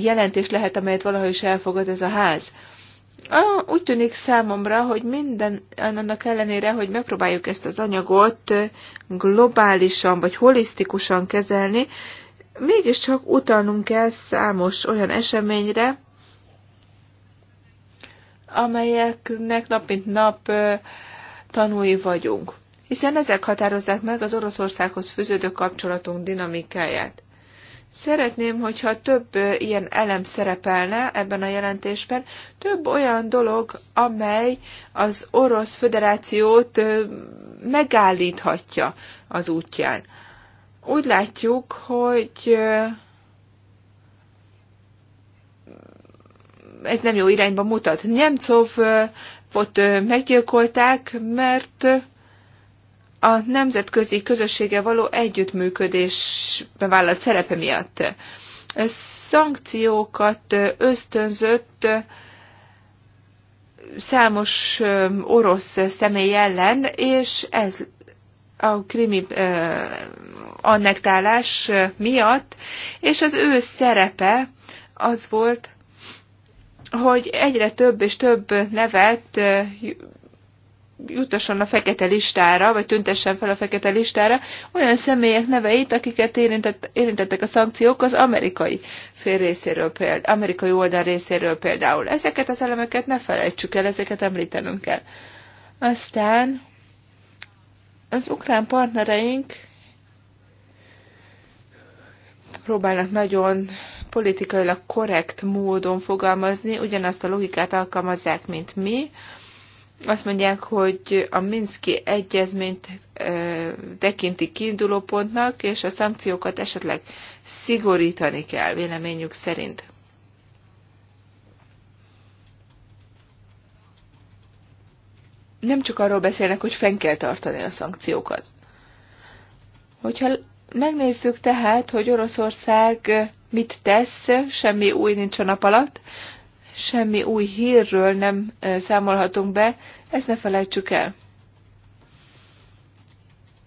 jelentés lehet, amelyet valahogy is elfogad ez a ház úgy tűnik számomra, hogy minden annak ellenére, hogy megpróbáljuk ezt az anyagot globálisan vagy holisztikusan kezelni, mégiscsak utalnunk kell számos olyan eseményre, amelyeknek nap mint nap tanúi vagyunk, hiszen ezek határozzák meg az Oroszországhoz fűződő kapcsolatunk dinamikáját. Szeretném, hogyha több ilyen elem szerepelne ebben a jelentésben, több olyan dolog, amely az Orosz Föderációt megállíthatja az útján. Úgy látjuk, hogy ez nem jó irányba mutat. Nemcov ott meggyilkolták, mert a nemzetközi közössége való együttműködésben vállalt szerepe miatt szankciókat ösztönzött számos orosz személy ellen, és ez a krimi annektálás miatt, és az ő szerepe az volt, hogy egyre több és több nevet jutasson a fekete listára, vagy tüntessen fel a fekete listára olyan személyek neveit, akiket érintett, érintettek a szankciók az amerikai fél részéről például, amerikai oldal részéről például. Ezeket az elemeket ne felejtsük el, ezeket említenünk kell. Aztán az ukrán partnereink próbálnak nagyon politikailag korrekt módon fogalmazni, ugyanazt a logikát alkalmazzák, mint mi, azt mondják, hogy a Minszki egyezményt tekintik kiinduló pontnak, és a szankciókat esetleg szigorítani kell, véleményük szerint. Nem csak arról beszélnek, hogy fenn kell tartani a szankciókat. Hogyha megnézzük tehát, hogy Oroszország mit tesz, semmi új nincs a nap alatt, semmi új hírről nem számolhatunk be, ezt ne felejtsük el.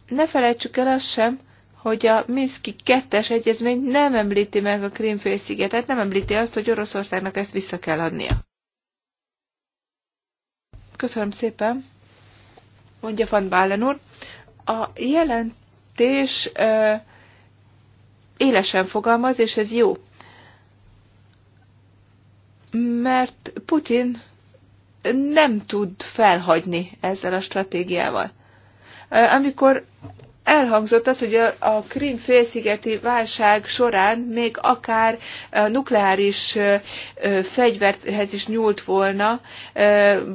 Ne felejtsük el azt sem, hogy a Minszki kettes egyezmény nem említi meg a Krimfélszigetet, nem említi azt, hogy Oroszországnak ezt vissza kell adnia. Köszönöm szépen, mondja Van Bálen úr. A jelentés ö, élesen fogalmaz, és ez jó mert Putin nem tud felhagyni ezzel a stratégiával. Amikor elhangzott az, hogy a, a Krim félszigeti válság során még akár nukleáris fegyverhez is nyúlt volna,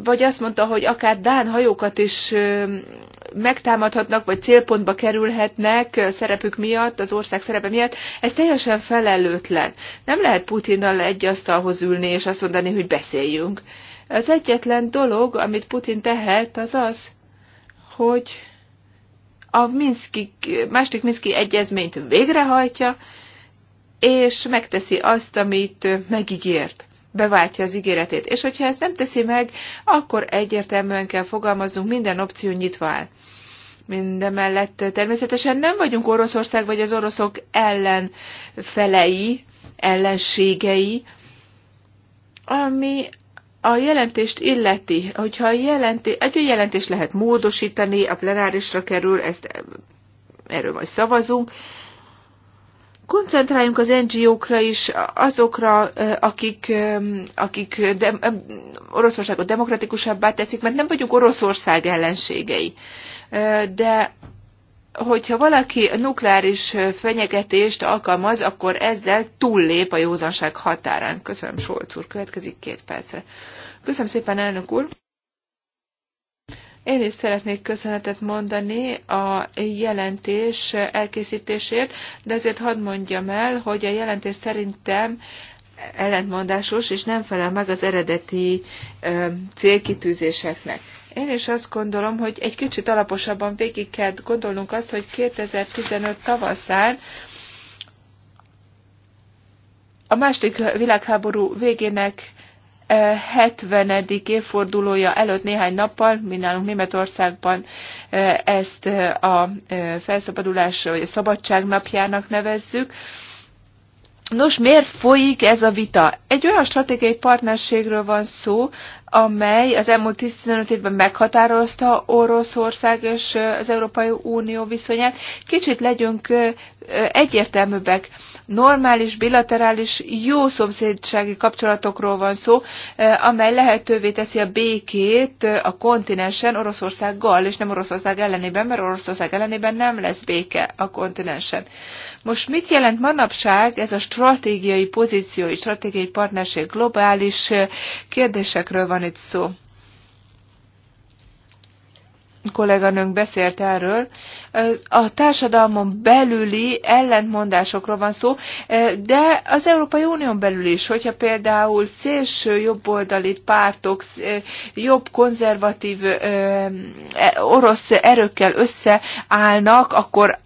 vagy azt mondta, hogy akár Dán hajókat is megtámadhatnak, vagy célpontba kerülhetnek szerepük miatt, az ország szerepe miatt, ez teljesen felelőtlen. Nem lehet Putinnal egy asztalhoz ülni, és azt mondani, hogy beszéljünk. Az egyetlen dolog, amit Putin tehet, az az, hogy a Minszki, második Minszki egyezményt végrehajtja, és megteszi azt, amit megígért beváltja az ígéretét, és hogyha ezt nem teszi meg, akkor egyértelműen kell fogalmaznunk, minden opció nyitva áll. Mindemellett természetesen nem vagyunk Oroszország vagy az oroszok ellenfelei, ellenségei, ami a jelentést illeti, hogyha a jelenté, egy olyan jelentést lehet módosítani, a plenárisra kerül, ezt erről majd szavazunk, koncentráljunk az NGO-kra is, azokra, akik, akik de, Oroszországot demokratikusabbá teszik, mert nem vagyunk Oroszország ellenségei. De hogyha valaki nukleáris fenyegetést alkalmaz, akkor ezzel túllép a józanság határán. Köszönöm, Solc úr. Következik két percre. Köszönöm szépen, elnök úr. Én is szeretnék köszönetet mondani a jelentés elkészítésért, de azért hadd mondjam el, hogy a jelentés szerintem ellentmondásos, és nem felel meg az eredeti célkitűzéseknek. Én is azt gondolom, hogy egy kicsit alaposabban végig kell gondolnunk azt, hogy 2015 tavaszán a második világháború végének 70. Eh, évfordulója előtt néhány nappal, mi nálunk Németországban eh, ezt eh, a felszabadulás vagy a szabadság napjának nevezzük, Nos, miért folyik ez a vita? Egy olyan stratégiai partnerségről van szó, amely az elmúlt 15 évben meghatározta Oroszország és az Európai Unió viszonyát. Kicsit legyünk egyértelműbbek normális, bilaterális, jó szomszédsági kapcsolatokról van szó, eh, amely lehetővé teszi a békét eh, a kontinensen Oroszországgal, és nem Oroszország ellenében, mert Oroszország ellenében nem lesz béke a kontinensen. Most mit jelent manapság ez a stratégiai pozíció, stratégiai partnerség globális eh, kérdésekről van itt szó? kolléganőnk beszélt erről. A társadalmon belüli ellentmondásokról van szó, e, de az Európai Unión belül is, hogyha például szélső jobboldali pártok, e, jobb konzervatív e, orosz erőkkel összeállnak, akkor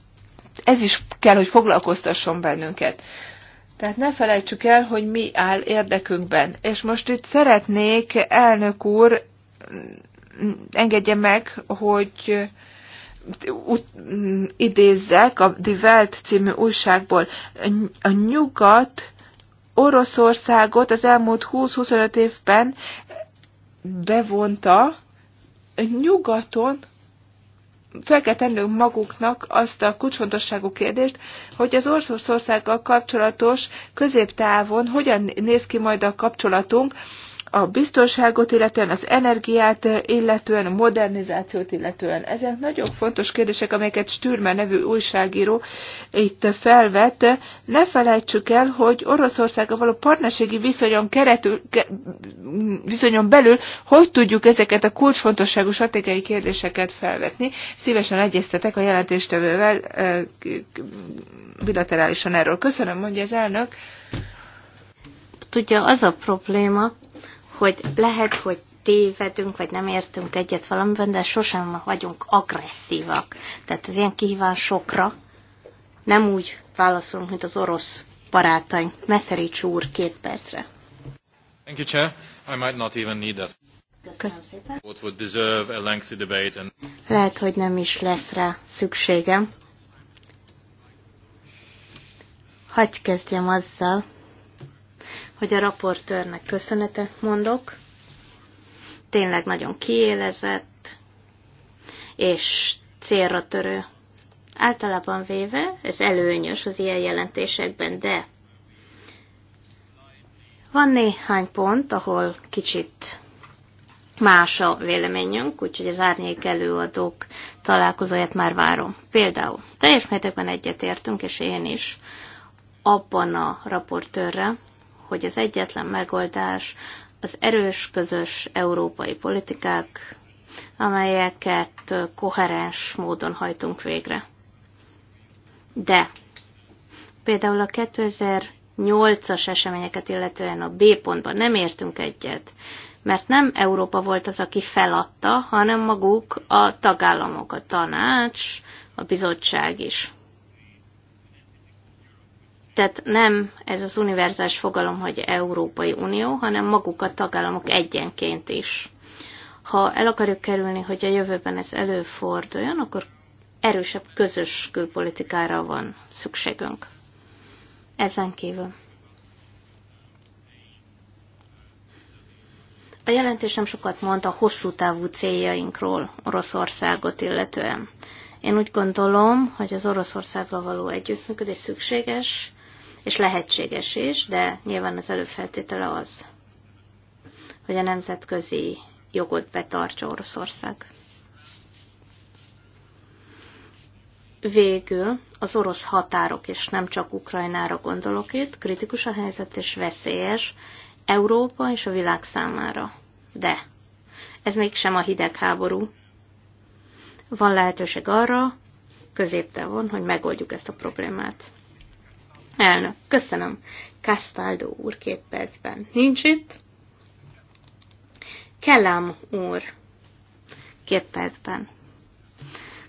ez is kell, hogy foglalkoztasson bennünket. Tehát ne felejtsük el, hogy mi áll érdekünkben. És most itt szeretnék, elnök úr, engedje meg, hogy idézzek a Die Welt című újságból. A nyugat Oroszországot az elmúlt 20-25 évben bevonta, nyugaton fel kell tennünk maguknak azt a kulcsfontosságú kérdést, hogy az Oroszországgal kapcsolatos középtávon hogyan néz ki majd a kapcsolatunk, a biztonságot illetően, az energiát illetően, a modernizációt illetően. Ezek nagyon fontos kérdések, amelyeket Stürmer nevű újságíró itt felvett. Ne felejtsük el, hogy Oroszországgal való partnerségi viszonyon, keretül, ke, viszonyon belül hogy tudjuk ezeket a kulcsfontosságú stratégiai kérdéseket felvetni. Szívesen egyeztetek a jelentéstevővel eh, bilaterálisan erről. Köszönöm, mondja az elnök. Tudja, az a probléma, hogy lehet, hogy tévedünk, vagy nem értünk egyet valamiben, de sosem vagyunk agresszívak. Tehát az ilyen kihívásokra nem úgy válaszolunk, mint az orosz barátaink. Meszerics úr, két percre. Thank you, Chair. I might not even need that. What would deserve a lengthy debate and... Lehet, hogy nem is lesz rá szükségem. Hagyj kezdjem azzal, hogy a raportőrnek köszönetet mondok. Tényleg nagyon kiélezett és célra törő. Általában véve ez előnyös az ilyen jelentésekben, de van néhány pont, ahol kicsit más a véleményünk, úgyhogy az árnyék előadók találkozóját már várom. Például teljes mértékben egyetértünk, és én is, abban a raportőrre, hogy az egyetlen megoldás az erős közös európai politikák, amelyeket koherens módon hajtunk végre. De például a 2008-as eseményeket illetően a B pontban nem értünk egyet, mert nem Európa volt az, aki feladta, hanem maguk a tagállamok, a tanács, a bizottság is. Tehát nem ez az univerzális fogalom, hogy Európai Unió, hanem maguk a tagállamok egyenként is. Ha el akarjuk kerülni, hogy a jövőben ez előforduljon, akkor erősebb közös külpolitikára van szükségünk. Ezen kívül. A jelentés nem sokat mond a hosszú távú céljainkról Oroszországot illetően. Én úgy gondolom, hogy az Oroszországgal való együttműködés szükséges, és lehetséges is, de nyilván az előfeltétele az, hogy a nemzetközi jogot betartsa Oroszország. Végül az orosz határok, és nem csak Ukrajnára gondolok itt, kritikus a helyzet és veszélyes Európa és a világ számára. De ez mégsem a hidegháború. Van lehetőség arra, középtávon, hogy megoldjuk ezt a problémát. Elnök, köszönöm. Castaldo úr két percben. Nincs itt. Kellem úr két percben.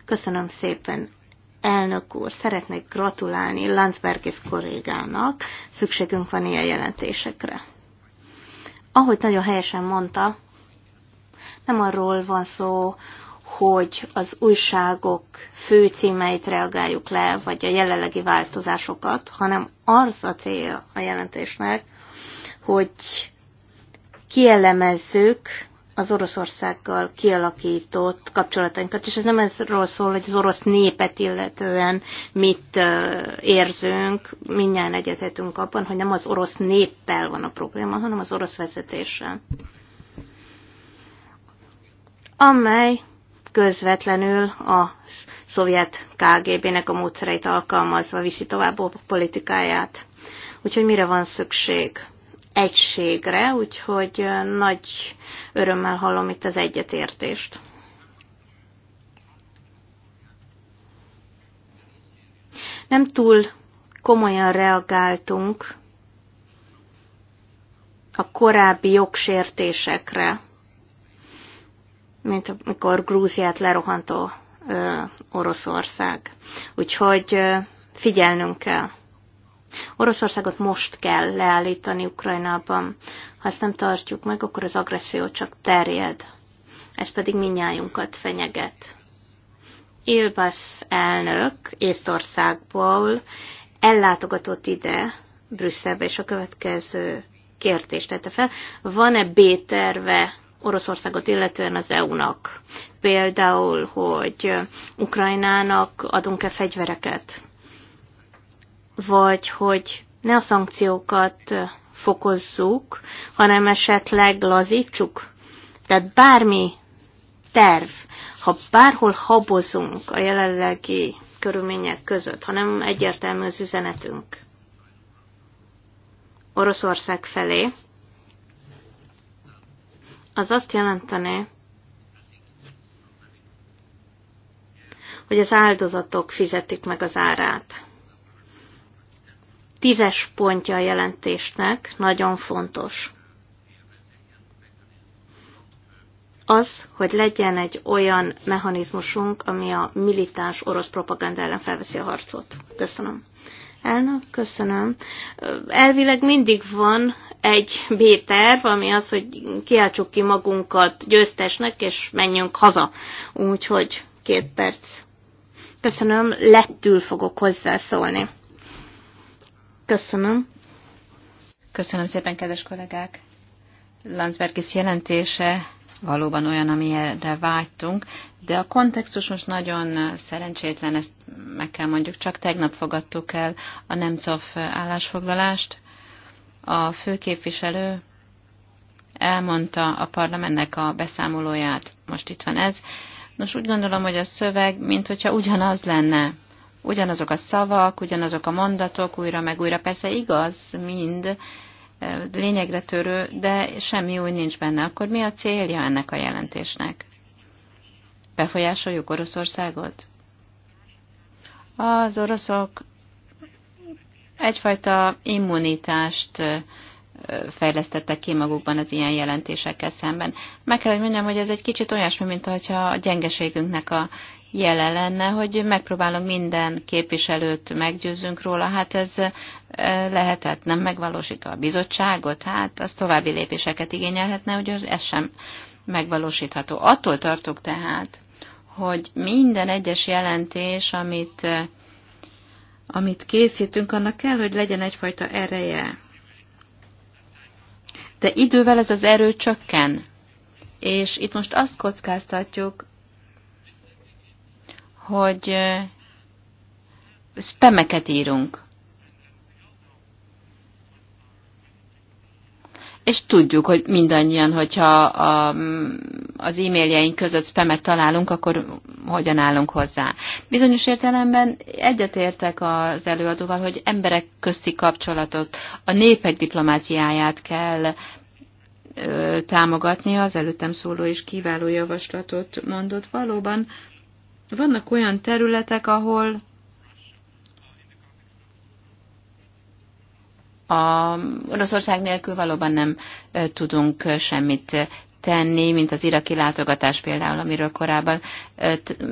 Köszönöm szépen. Elnök úr, szeretnék gratulálni Landsbergis kollégának. Szükségünk van ilyen jelentésekre. Ahogy nagyon helyesen mondta, nem arról van szó, hogy az újságok főcímeit reagáljuk le, vagy a jelenlegi változásokat, hanem az a cél a jelentésnek, hogy kielemezzük az Oroszországgal kialakított kapcsolatainkat, és ez nem arról szól, hogy az orosz népet illetően mit érzünk, mindjárt egyetetünk abban, hogy nem az orosz néppel van a probléma, hanem az orosz vezetéssel. Amely közvetlenül a szovjet KGB-nek a módszereit alkalmazva viszi tovább a politikáját. Úgyhogy mire van szükség? Egységre, úgyhogy nagy örömmel hallom itt az egyetértést. Nem túl komolyan reagáltunk a korábbi jogsértésekre, mint amikor Grúziát lerohantó ö, Oroszország. Úgyhogy ö, figyelnünk kell. Oroszországot most kell leállítani Ukrajnában. Ha ezt nem tartjuk meg, akkor az agresszió csak terjed. Ez pedig minnyájunkat fenyeget. Ilbas elnök Észtországból ellátogatott ide, Brüsszelbe, és a következő kérdést tette fel. Van-e B-terve Oroszországot illetően az EU-nak. Például, hogy Ukrajnának adunk-e fegyvereket, vagy hogy ne a szankciókat fokozzuk, hanem esetleg lazítsuk. Tehát bármi terv, ha bárhol habozunk a jelenlegi körülmények között, hanem egyértelmű az üzenetünk Oroszország felé, az azt jelenteni, hogy az áldozatok fizetik meg az árát. Tízes pontja a jelentésnek nagyon fontos. Az, hogy legyen egy olyan mechanizmusunk, ami a militáns orosz propaganda ellen felveszi a harcot. Köszönöm. Elnök, köszönöm. Elvileg mindig van egy B-terv, ami az, hogy kiáltsuk ki magunkat győztesnek, és menjünk haza. Úgyhogy két perc. Köszönöm, lettül fogok hozzászólni. Köszönöm. Köszönöm szépen, kedves kollégák. Landsbergis jelentése valóban olyan, amire vágytunk, de a kontextus most nagyon szerencsétlen, ezt meg kell mondjuk, csak tegnap fogadtuk el a Nemcov állásfoglalást. A főképviselő elmondta a parlamentnek a beszámolóját, most itt van ez. Nos, úgy gondolom, hogy a szöveg, mint hogyha ugyanaz lenne, ugyanazok a szavak, ugyanazok a mondatok, újra meg újra, persze igaz, mind, lényegre törő, de semmi új nincs benne. Akkor mi a célja ennek a jelentésnek? Befolyásoljuk Oroszországot? Az oroszok egyfajta immunitást fejlesztettek ki magukban az ilyen jelentésekkel szemben. Meg kell, hogy mondjam, hogy ez egy kicsit olyasmi, mint hogyha a gyengeségünknek a jele lenne, hogy megpróbálunk minden képviselőt meggyőzünk róla, hát ez e, lehetett nem megvalósító a bizottságot, hát az további lépéseket igényelhetne, hogy ez sem megvalósítható. Attól tartok tehát, hogy minden egyes jelentés, amit, e, amit készítünk, annak kell, hogy legyen egyfajta ereje. De idővel ez az erő csökken. És itt most azt kockáztatjuk, hogy spemeket írunk. És tudjuk, hogy mindannyian, hogyha a, az e-mailjeink között spemet találunk, akkor hogyan állunk hozzá. Bizonyos értelemben egyetértek az előadóval, hogy emberek közti kapcsolatot, a népek diplomáciáját kell támogatnia, az előttem szóló is kiváló javaslatot mondott. Valóban vannak olyan területek, ahol a Oroszország nélkül valóban nem tudunk semmit tenni, mint az iraki látogatás például, amiről korábban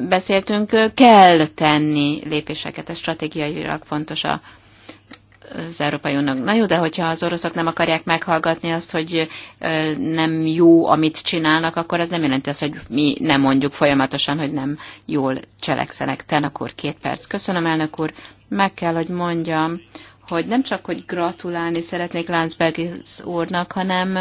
beszéltünk, kell tenni lépéseket, ez stratégiailag fontos a az Európai Uniónak. Na jó, de hogyha az oroszok nem akarják meghallgatni azt, hogy nem jó, amit csinálnak, akkor ez nem jelenti azt, hogy mi nem mondjuk folyamatosan, hogy nem jól cselekszenek. Ten akkor két perc. Köszönöm, elnök úr. Meg kell, hogy mondjam, hogy nem csak, hogy gratulálni szeretnék Láncberg úrnak, hanem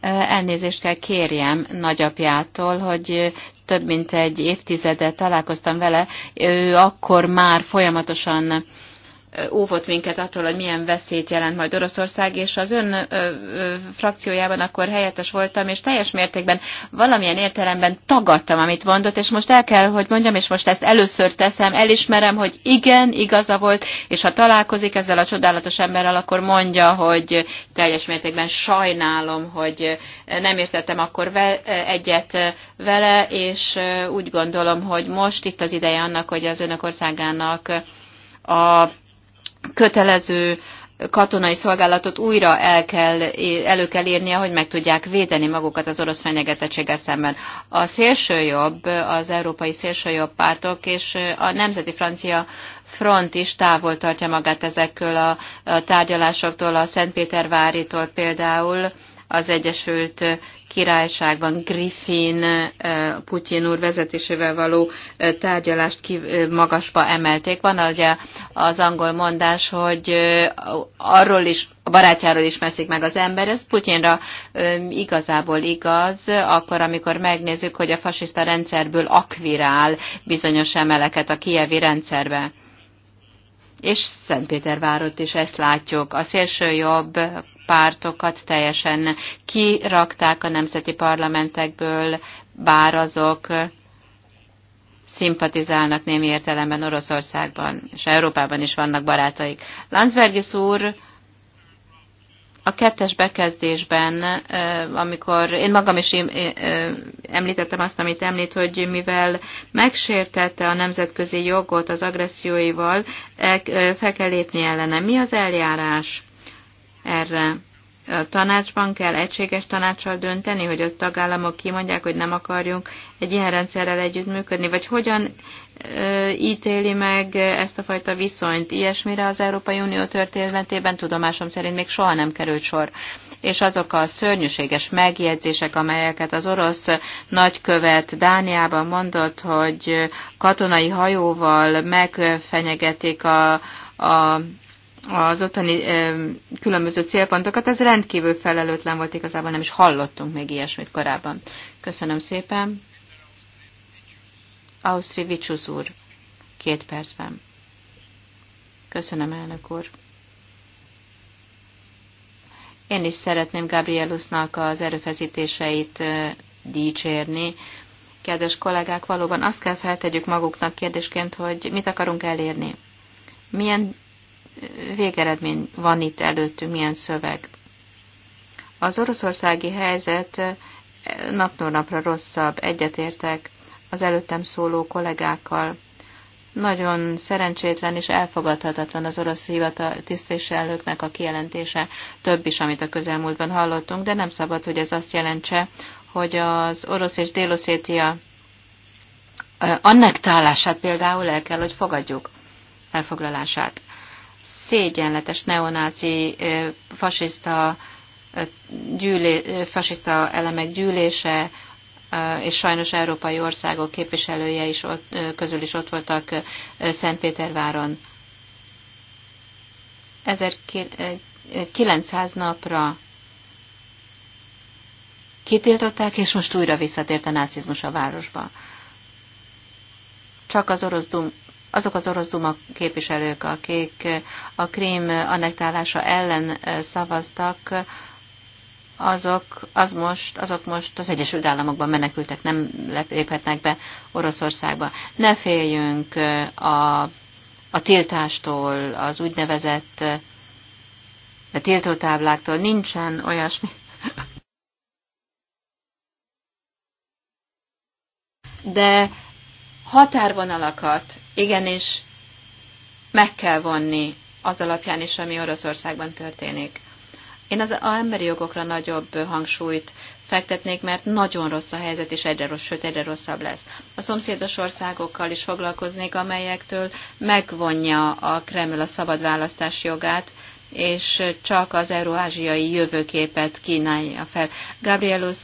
elnézést kell kérjem nagyapjától, hogy több mint egy évtizedet találkoztam vele, ő akkor már folyamatosan óvott minket attól, hogy milyen veszélyt jelent majd Oroszország, és az ön ö, ö, frakciójában akkor helyettes voltam, és teljes mértékben valamilyen értelemben tagadtam, amit mondott, és most el kell, hogy mondjam, és most ezt először teszem, elismerem, hogy igen, igaza volt, és ha találkozik ezzel a csodálatos emberrel, akkor mondja, hogy teljes mértékben sajnálom, hogy nem értettem akkor ve, egyet vele, és úgy gondolom, hogy most itt az ideje annak, hogy az önök országának a kötelező katonai szolgálatot újra el kell, elő kell írnia, hogy meg tudják védeni magukat az orosz fenyegetettséggel szemben. A szélsőjobb, az európai szélsőjobb pártok és a Nemzeti Francia Front is távol tartja magát ezekről a, a tárgyalásoktól, a Szentpétervári-tól például, az Egyesült királyságban Griffin Putyin úr vezetésével való tárgyalást magasba emelték. Van ugye az angol mondás, hogy arról is a barátjáról ismerszik meg az ember, ez Putyinra igazából igaz, akkor, amikor megnézzük, hogy a fasiszta rendszerből akvirál bizonyos emeleket a kievi rendszerbe és Szentpétervárot is ezt látjuk. A szélső jobb pártokat teljesen kirakták a nemzeti parlamentekből, bár azok szimpatizálnak némi értelemben Oroszországban, és Európában is vannak barátaik. Landsbergis úr a kettes bekezdésben, amikor én magam is említettem azt, amit említ, hogy mivel megsértette a nemzetközi jogot az agresszióival, fel kell lépni ellene. Mi az eljárás? erre. A tanácsban kell egységes tanácssal dönteni, hogy a tagállamok kimondják, hogy nem akarjunk egy ilyen rendszerrel együttműködni, vagy hogyan ö, ítéli meg ezt a fajta viszonyt. Ilyesmire az Európai Unió történetében tudomásom szerint még soha nem került sor. És azok a szörnyűséges megjegyzések, amelyeket az orosz nagykövet Dániában mondott, hogy katonai hajóval megfenyegetik a, a az ottani különböző célpontokat, ez rendkívül felelőtlen volt igazából, nem is hallottunk még ilyesmit korábban. Köszönöm szépen. Ausztri Vicsusz úr, két percben. Köszönöm, elnök úr. Én is szeretném Gabrielusnak az erőfeszítéseit dicsérni. Kedves kollégák, valóban azt kell feltegyük maguknak kérdésként, hogy mit akarunk elérni. Milyen végeredmény van itt előttünk, milyen szöveg. Az oroszországi helyzet eh, napról napra rosszabb, egyetértek az előttem szóló kollégákkal. Nagyon szerencsétlen és elfogadhatatlan az orosz hivatal tisztviselőknek a kijelentése, több is, amit a közelmúltban hallottunk, de nem szabad, hogy ez azt jelentse, hogy az orosz és déloszétia eh, annektálását például el kell, hogy fogadjuk elfoglalását szégyenletes neonáci fasiszta, gyűlé, fasiszta elemek gyűlése, és sajnos európai országok képviselője is ott, közül is ott voltak Szentpéterváron. 1900 napra kitiltották, és most újra visszatért a nácizmus a városba. Csak az orosz azok az orosz duma képviselők, akik a krím annektálása ellen eh, szavaztak, azok, az most, azok most az Egyesült Államokban menekültek, nem léphetnek be Oroszországba. Ne féljünk eh, a, a tiltástól, az úgynevezett a eh, tiltótábláktól. Nincsen olyasmi. De határvonalakat igenis meg kell vonni az alapján is, ami Oroszországban történik. Én az, a emberi jogokra nagyobb hangsúlyt fektetnék, mert nagyon rossz a helyzet, és egyre rossz, sőt, egyre rosszabb lesz. A szomszédos országokkal is foglalkoznék, amelyektől megvonja a Kreml a szabad választás jogát, és csak az euróázsiai jövőképet kínálja fel. Gabrielus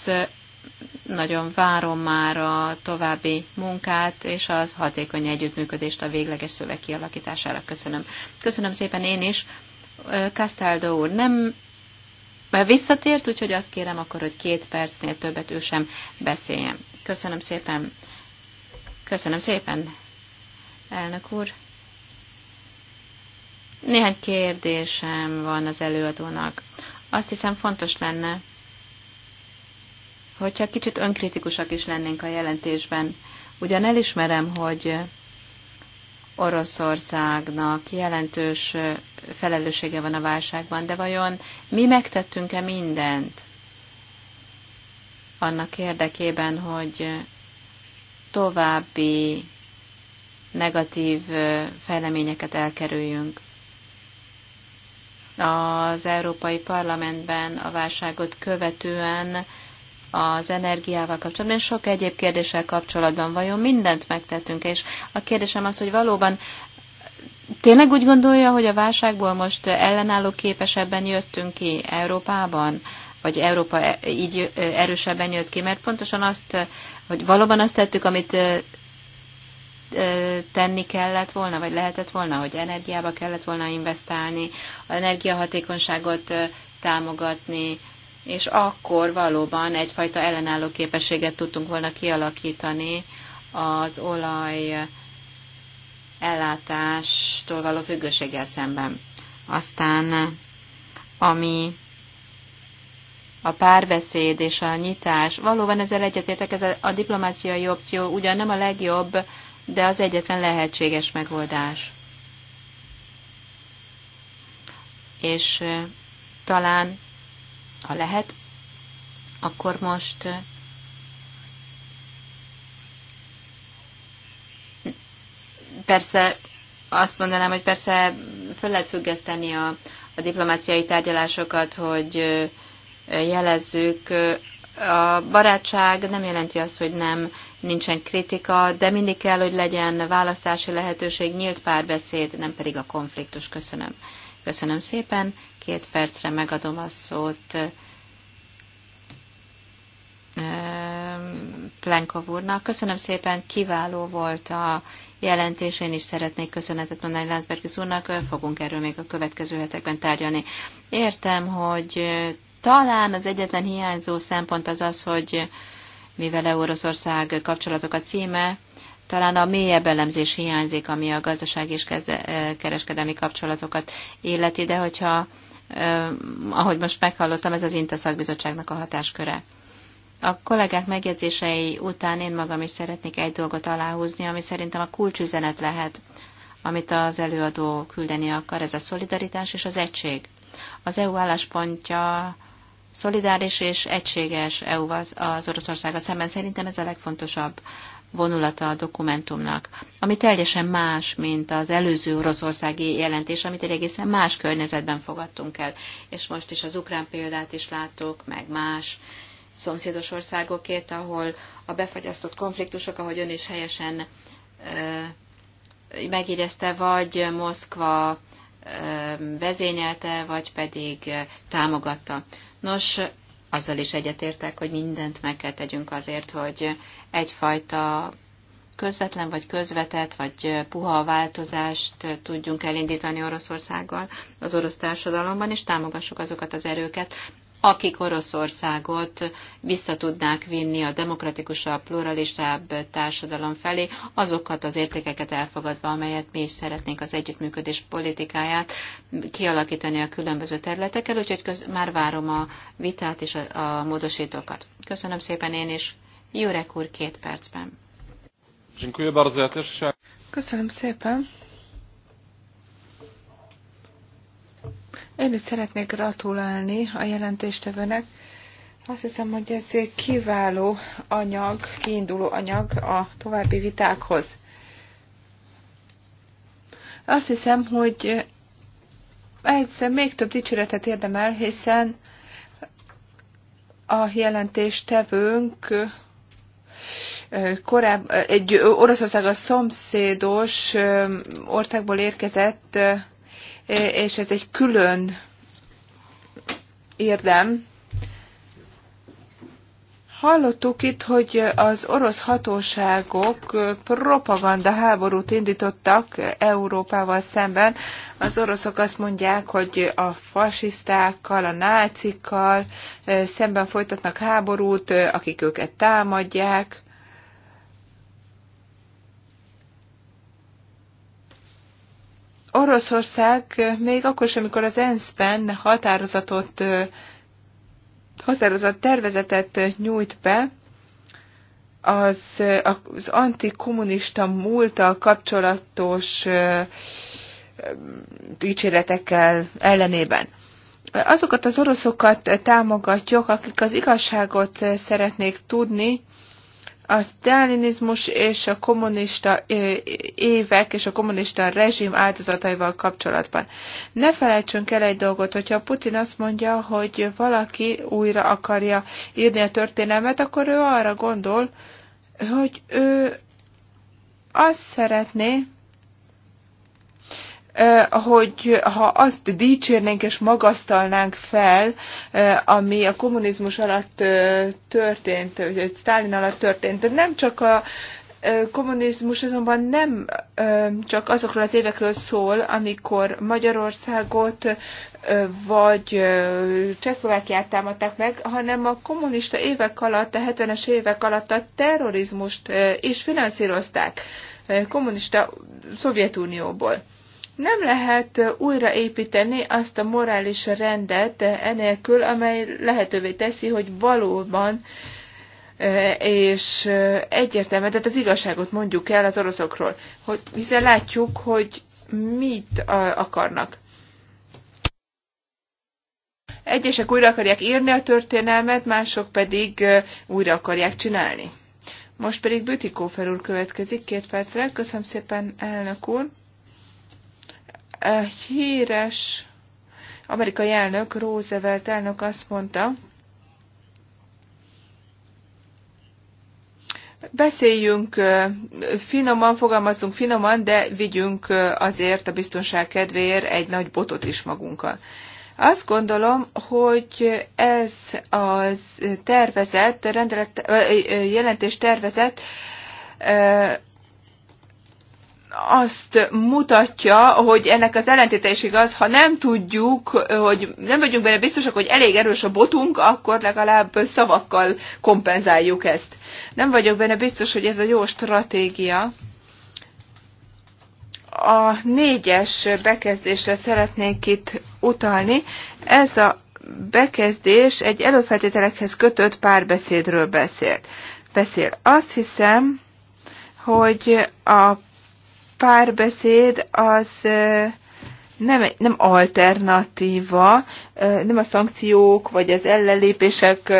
nagyon várom már a további munkát és az hatékony együttműködést a végleges szöveg kialakítására. Köszönöm. Köszönöm szépen én is. Castaldo úr, nem mert visszatért, úgyhogy azt kérem akkor, hogy két percnél többet ő sem beszéljen. Köszönöm szépen. Köszönöm szépen, elnök úr. Néhány kérdésem van az előadónak. Azt hiszem fontos lenne, hogyha kicsit önkritikusak is lennénk a jelentésben. Ugyan elismerem, hogy Oroszországnak jelentős felelőssége van a válságban, de vajon mi megtettünk-e mindent annak érdekében, hogy további negatív fejleményeket elkerüljünk? Az Európai Parlamentben a válságot követően az energiával kapcsolatban, és sok egyéb kérdéssel kapcsolatban vajon mindent megtettünk, és a kérdésem az, hogy valóban tényleg úgy gondolja, hogy a válságból most ellenálló képesebben jöttünk ki Európában, vagy Európa e- így erősebben jött ki, mert pontosan azt, hogy valóban azt tettük, amit tenni kellett volna, vagy lehetett volna, hogy energiába kellett volna investálni, energiahatékonyságot támogatni, és akkor valóban egyfajta ellenálló képességet tudtunk volna kialakítani az olaj ellátástól való függőséggel szemben. Aztán, ami a párbeszéd és a nyitás, valóban ezzel egyetértek, ez a diplomáciai opció ugyan nem a legjobb, de az egyetlen lehetséges megoldás. És talán ha lehet, akkor most persze azt mondanám, hogy persze föl lehet függeszteni a, a diplomáciai tárgyalásokat, hogy jelezzük. A barátság nem jelenti azt, hogy nem nincsen kritika, de mindig kell, hogy legyen választási lehetőség, nyílt párbeszéd, nem pedig a konfliktus. Köszönöm. Köszönöm szépen két percre megadom a szót Plenkov úrnak. Köszönöm szépen, kiváló volt a jelentés, én is szeretnék köszönetet mondani Lázbergis úrnak, fogunk erről még a következő hetekben tárgyalni. Értem, hogy talán az egyetlen hiányzó szempont az az, hogy mivel Oroszország kapcsolatok a címe, talán a mélyebb elemzés hiányzik, ami a gazdaság és kereskedelmi kapcsolatokat illeti, de hogyha ahogy most meghallottam, ez az INTA a hatásköre. A kollégák megjegyzései után én magam is szeretnék egy dolgot aláhúzni, ami szerintem a kulcsüzenet lehet, amit az előadó küldeni akar, ez a szolidaritás és az egység. Az EU álláspontja szolidáris és egységes EU az, az Oroszországa szemben. Szerintem ez a legfontosabb vonulata a dokumentumnak, ami teljesen más, mint az előző oroszországi jelentés, amit egy egészen más környezetben fogadtunk el. És most is az ukrán példát is látok, meg más szomszédos országokét, ahol a befagyasztott konfliktusok, ahogy ön is helyesen ö, megírezte, vagy Moszkva ö, vezényelte, vagy pedig támogatta. Nos, azzal is egyetértek, hogy mindent meg kell tegyünk azért, hogy egyfajta közvetlen vagy közvetett, vagy puha változást tudjunk elindítani Oroszországgal az orosz társadalomban, és támogassuk azokat az erőket, akik Oroszországot vissza tudnák vinni a demokratikusabb, pluralistább társadalom felé, azokat az értékeket elfogadva, amelyet mi is szeretnénk az együttműködés politikáját kialakítani a különböző területekkel, úgyhogy köz, már várom a vitát és a, a módosítókat. Köszönöm szépen én is. Jurek úr két percben. Köszönöm szépen. Én is szeretnék gratulálni a jelentéstevőnek. Azt hiszem, hogy ez egy kiváló anyag, kiinduló anyag a további vitákhoz. Azt hiszem, hogy ez még több dicséretet érdemel, hiszen a jelentéstevőnk korább, egy Oroszország a szomszédos országból érkezett és ez egy külön érdem. Hallottuk itt, hogy az orosz hatóságok propaganda háborút indítottak Európával szemben. Az oroszok azt mondják, hogy a fasisztákkal, a nácikkal szemben folytatnak háborút, akik őket támadják Oroszország még akkor sem, amikor az ENSZ-ben határozatot, határozat tervezetet nyújt be, az, az antikommunista múltal kapcsolatos dicséretekkel ellenében. Azokat az oroszokat támogatjuk, akik az igazságot szeretnék tudni, a sztálinizmus és a kommunista évek és a kommunista rezsim áldozataival kapcsolatban. Ne felejtsünk el egy dolgot, hogyha Putin azt mondja, hogy valaki újra akarja írni a történelmet, akkor ő arra gondol, hogy ő azt szeretné, hogy ha azt dicsérnénk és magasztalnánk fel, ami a kommunizmus alatt történt, vagy Sztálin alatt történt. de nem csak a kommunizmus azonban nem csak azokról az évekről szól, amikor Magyarországot vagy Csehszlovákiát támadták meg, hanem a kommunista évek alatt, a 70-es évek alatt a terrorizmust is finanszírozták kommunista Szovjetunióból. Nem lehet újraépíteni azt a morális rendet enélkül, amely lehetővé teszi, hogy valóban e, és egyértelmű, tehát az igazságot mondjuk el az oroszokról, hogy hiszen látjuk, hogy mit akarnak. Egyesek újra akarják írni a történelmet, mások pedig e, újra akarják csinálni. Most pedig Bütikófer úr következik két percre. Köszönöm szépen, elnök úr híres amerikai elnök, Roosevelt elnök azt mondta, beszéljünk finoman, fogalmazzunk finoman, de vigyünk azért a biztonság kedvéért egy nagy botot is magunkkal. Azt gondolom, hogy ez az tervezet, rendelet, jelentés tervezet azt mutatja, hogy ennek az ellentéteség az, ha nem tudjuk, hogy nem vagyunk benne biztosak, hogy elég erős a botunk, akkor legalább szavakkal kompenzáljuk ezt. Nem vagyok benne biztos, hogy ez a jó stratégia. A négyes bekezdésre szeretnék itt utalni. Ez a bekezdés egy előfeltételekhez kötött párbeszédről beszélt. beszél. Azt hiszem, hogy a párbeszéd az nem, nem alternatíva, nem a szankciók vagy az ellenlépések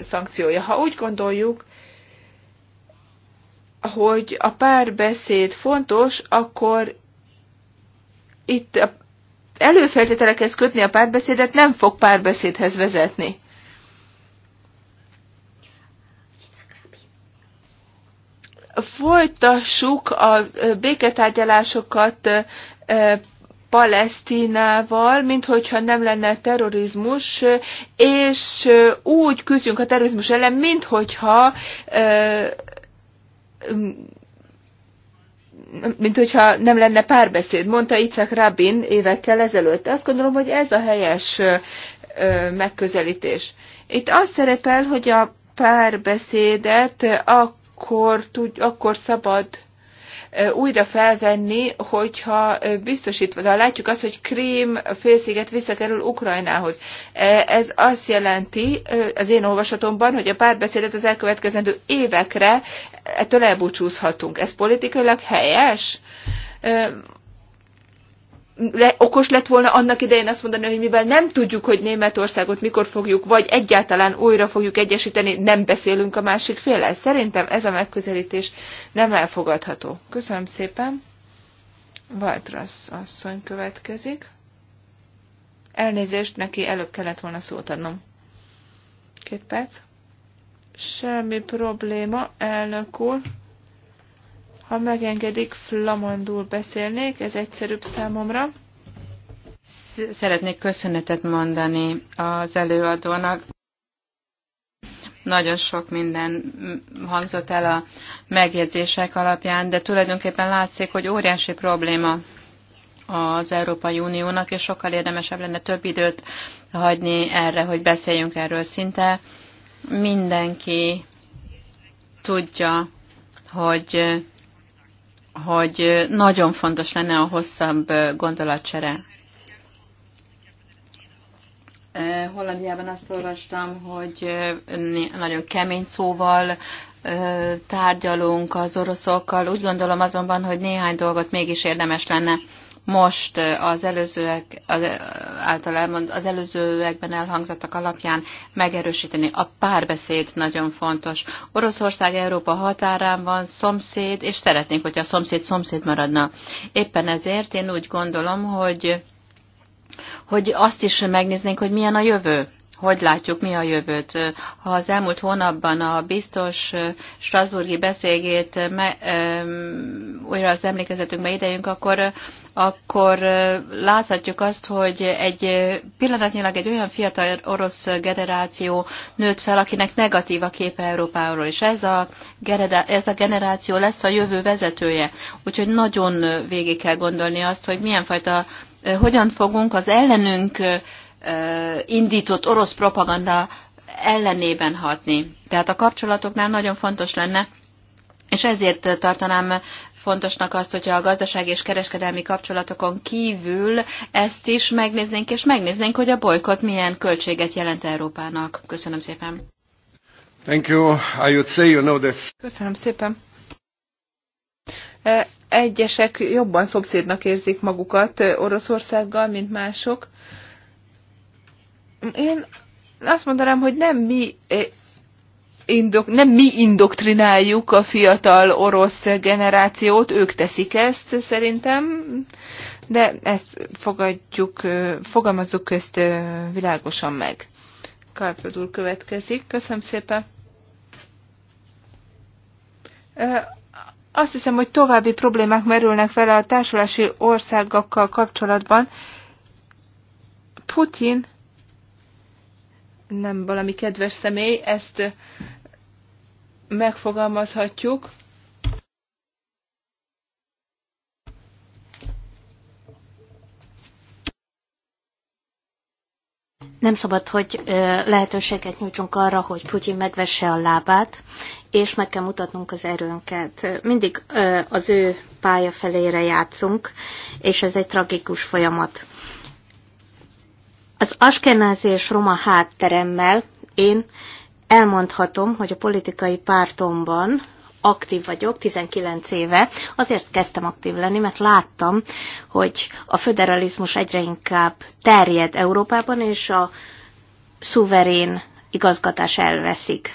szankciója. Ha úgy gondoljuk, hogy a párbeszéd fontos, akkor itt előfeltételekhez kötni a párbeszédet nem fog párbeszédhez vezetni. folytassuk a béketárgyalásokat Palesztinával, mint hogyha nem lenne terrorizmus, és úgy küzdjünk a terrorizmus ellen, mint hogyha mint hogyha nem lenne párbeszéd, mondta Itzak Rabin évekkel ezelőtt. Azt gondolom, hogy ez a helyes megközelítés. Itt az szerepel, hogy a párbeszédet a akkor, tud, akkor szabad újra felvenni, hogyha biztosítva látjuk azt, hogy Krím félsziget visszakerül Ukrajnához. Ez azt jelenti az én olvasatomban, hogy a párbeszédet az elkövetkezendő évekre ettől elbúcsúzhatunk. Ez politikailag helyes? le, okos lett volna annak idején azt mondani, hogy mivel nem tudjuk, hogy Németországot mikor fogjuk, vagy egyáltalán újra fogjuk egyesíteni, nem beszélünk a másik féllel. Szerintem ez a megközelítés nem elfogadható. Köszönöm szépen. Valtrasz asszony következik. Elnézést, neki előbb kellett volna szót adnom. Két perc. Semmi probléma, elnök úr. Ha megengedik, flamandul beszélnék, ez egyszerűbb számomra. Szeretnék köszönetet mondani az előadónak. Nagyon sok minden hangzott el a megjegyzések alapján, de tulajdonképpen látszik, hogy óriási probléma az Európai Uniónak, és sokkal érdemesebb lenne több időt hagyni erre, hogy beszéljünk erről szinte. Mindenki tudja, hogy hogy nagyon fontos lenne a hosszabb gondolatcsere. Eh, Hollandiában azt olvastam, hogy eh, nagyon kemény szóval eh, tárgyalunk az oroszokkal. Úgy gondolom azonban, hogy néhány dolgot mégis érdemes lenne most az előzőek az, által elmond, az előzőekben elhangzottak alapján megerősíteni. A párbeszéd nagyon fontos. Oroszország Európa határán van, szomszéd, és szeretnénk, hogyha a szomszéd szomszéd maradna. Éppen ezért én úgy gondolom, hogy hogy azt is megnéznénk, hogy milyen a jövő hogy látjuk, mi a jövőt. Ha az elmúlt hónapban a biztos Strasburgi beszélgét me, újra az emlékezetünkbe idejünk, akkor, akkor láthatjuk azt, hogy egy pillanatnyilag egy olyan fiatal orosz generáció nőtt fel, akinek negatív a képe Európáról, és ez a, ez a generáció lesz a jövő vezetője. Úgyhogy nagyon végig kell gondolni azt, hogy milyen fajta, hogyan fogunk az ellenünk indított orosz propaganda ellenében hatni. Tehát a kapcsolatoknál nagyon fontos lenne, és ezért tartanám fontosnak azt, hogyha a gazdasági és kereskedelmi kapcsolatokon kívül ezt is megnéznénk, és megnéznénk, hogy a bolykot milyen költséget jelent Európának. Köszönöm szépen. Thank you. I would say you know this. Köszönöm szépen. E, egyesek jobban szomszédnak érzik magukat e, Oroszországgal, mint mások. Én azt mondanám, hogy nem mi eh, indok, nem mi indoktrináljuk a fiatal orosz generációt, ők teszik ezt szerintem, de ezt fogadjuk, eh, fogalmazzuk ezt eh, világosan meg. Kárpöd úr következik. Köszönöm szépen. Azt hiszem, hogy további problémák merülnek fel a társulási országokkal kapcsolatban. Putin nem valami kedves személy, ezt megfogalmazhatjuk. Nem szabad, hogy lehetőséget nyújtsunk arra, hogy Putyin megvesse a lábát, és meg kell mutatnunk az erőnket. Mindig az ő pálya felére játszunk, és ez egy tragikus folyamat. Az askenázi és roma hátteremmel én elmondhatom, hogy a politikai pártomban aktív vagyok, 19 éve. Azért kezdtem aktív lenni, mert láttam, hogy a föderalizmus egyre inkább terjed Európában, és a szuverén igazgatás elveszik.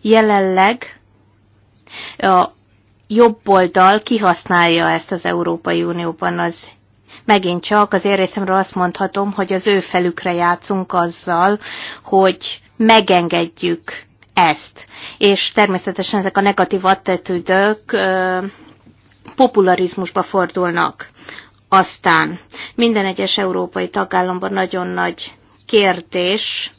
Jelenleg a jobb oldal kihasználja ezt az Európai Unióban az megint csak az én részemről azt mondhatom, hogy az ő felükre játszunk azzal, hogy megengedjük ezt. És természetesen ezek a negatív attitűdök popularizmusba fordulnak. Aztán minden egyes európai tagállamban nagyon nagy kérdés,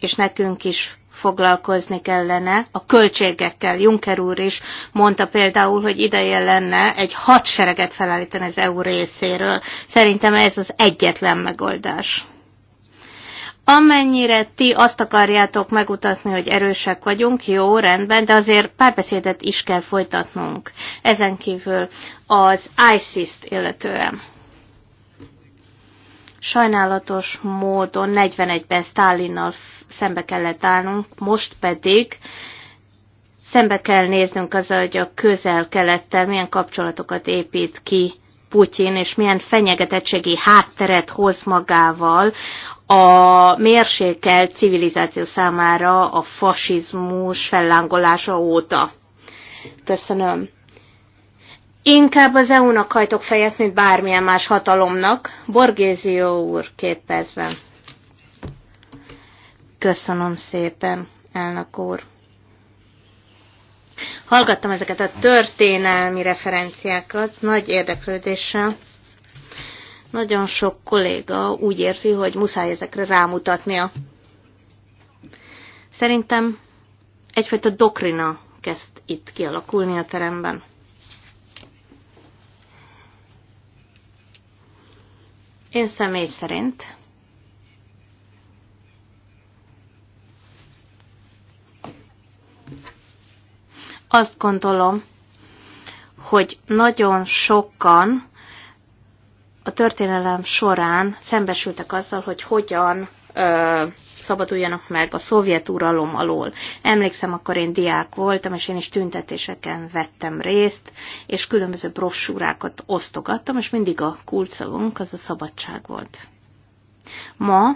és nekünk is foglalkozni kellene a költségekkel. Juncker úr is mondta például, hogy ideje lenne egy hadsereget felállítani az EU részéről. Szerintem ez az egyetlen megoldás. Amennyire ti azt akarjátok megutatni, hogy erősek vagyunk, jó, rendben, de azért párbeszédet is kell folytatnunk. Ezen kívül az ISIS-t illetően. Sajnálatos módon 41-ben Stalinnal szembe kellett állnunk, most pedig szembe kell néznünk az, hogy a közel-kelettel milyen kapcsolatokat épít ki Putyin, és milyen fenyegetettségi hátteret hoz magával a mérsékelt civilizáció számára a fasizmus fellángolása óta. Köszönöm. Inkább az EU-nak hajtok fejet, mint bármilyen más hatalomnak. Borgézió úr, két percben. Köszönöm szépen, elnök úr. Hallgattam ezeket a történelmi referenciákat nagy érdeklődéssel. Nagyon sok kolléga úgy érzi, hogy muszáj ezekre rámutatnia. Szerintem egyfajta dokrina kezd itt kialakulni a teremben. Én személy szerint azt gondolom, hogy nagyon sokan a történelem során szembesültek azzal, hogy hogyan ö, szabaduljanak meg a szovjet uralom alól. Emlékszem, akkor én diák voltam, és én is tüntetéseken vettem részt, és különböző brossúrákat osztogattam, és mindig a kulcsavunk az a szabadság volt. Ma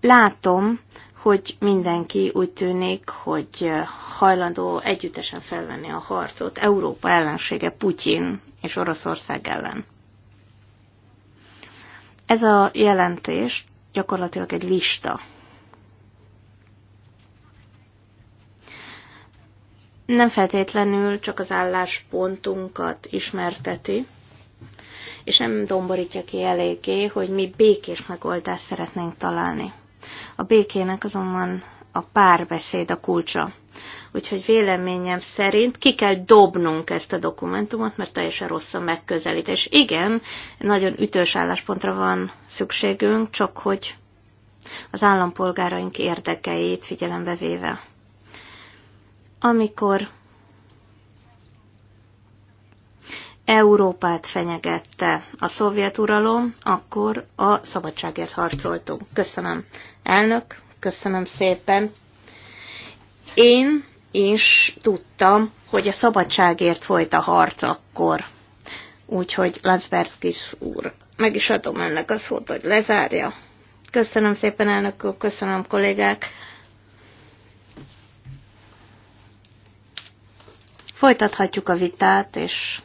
látom, hogy mindenki úgy tűnik, hogy hajlandó együttesen felvenni a harcot Európa ellensége Putyin és Oroszország ellen. Ez a jelentés gyakorlatilag egy lista. Nem feltétlenül csak az álláspontunkat ismerteti, és nem domborítja ki eléggé, hogy mi békés megoldást szeretnénk találni. A békének azonban a párbeszéd a kulcsa. Úgyhogy véleményem szerint ki kell dobnunk ezt a dokumentumot, mert teljesen rossz a megközelítés. Igen, nagyon ütős álláspontra van szükségünk, csak hogy az állampolgáraink érdekeit figyelembe véve. Amikor Európát fenyegette a szovjet uralom, akkor a szabadságért harcoltunk. Köszönöm, elnök, köszönöm szépen. Én és tudtam, hogy a szabadságért folyt a harc akkor. Úgyhogy Lanzberskis úr, meg is adom önnek a szót, hogy lezárja. Köszönöm szépen, elnök úr, köszönöm kollégák. Folytathatjuk a vitát, és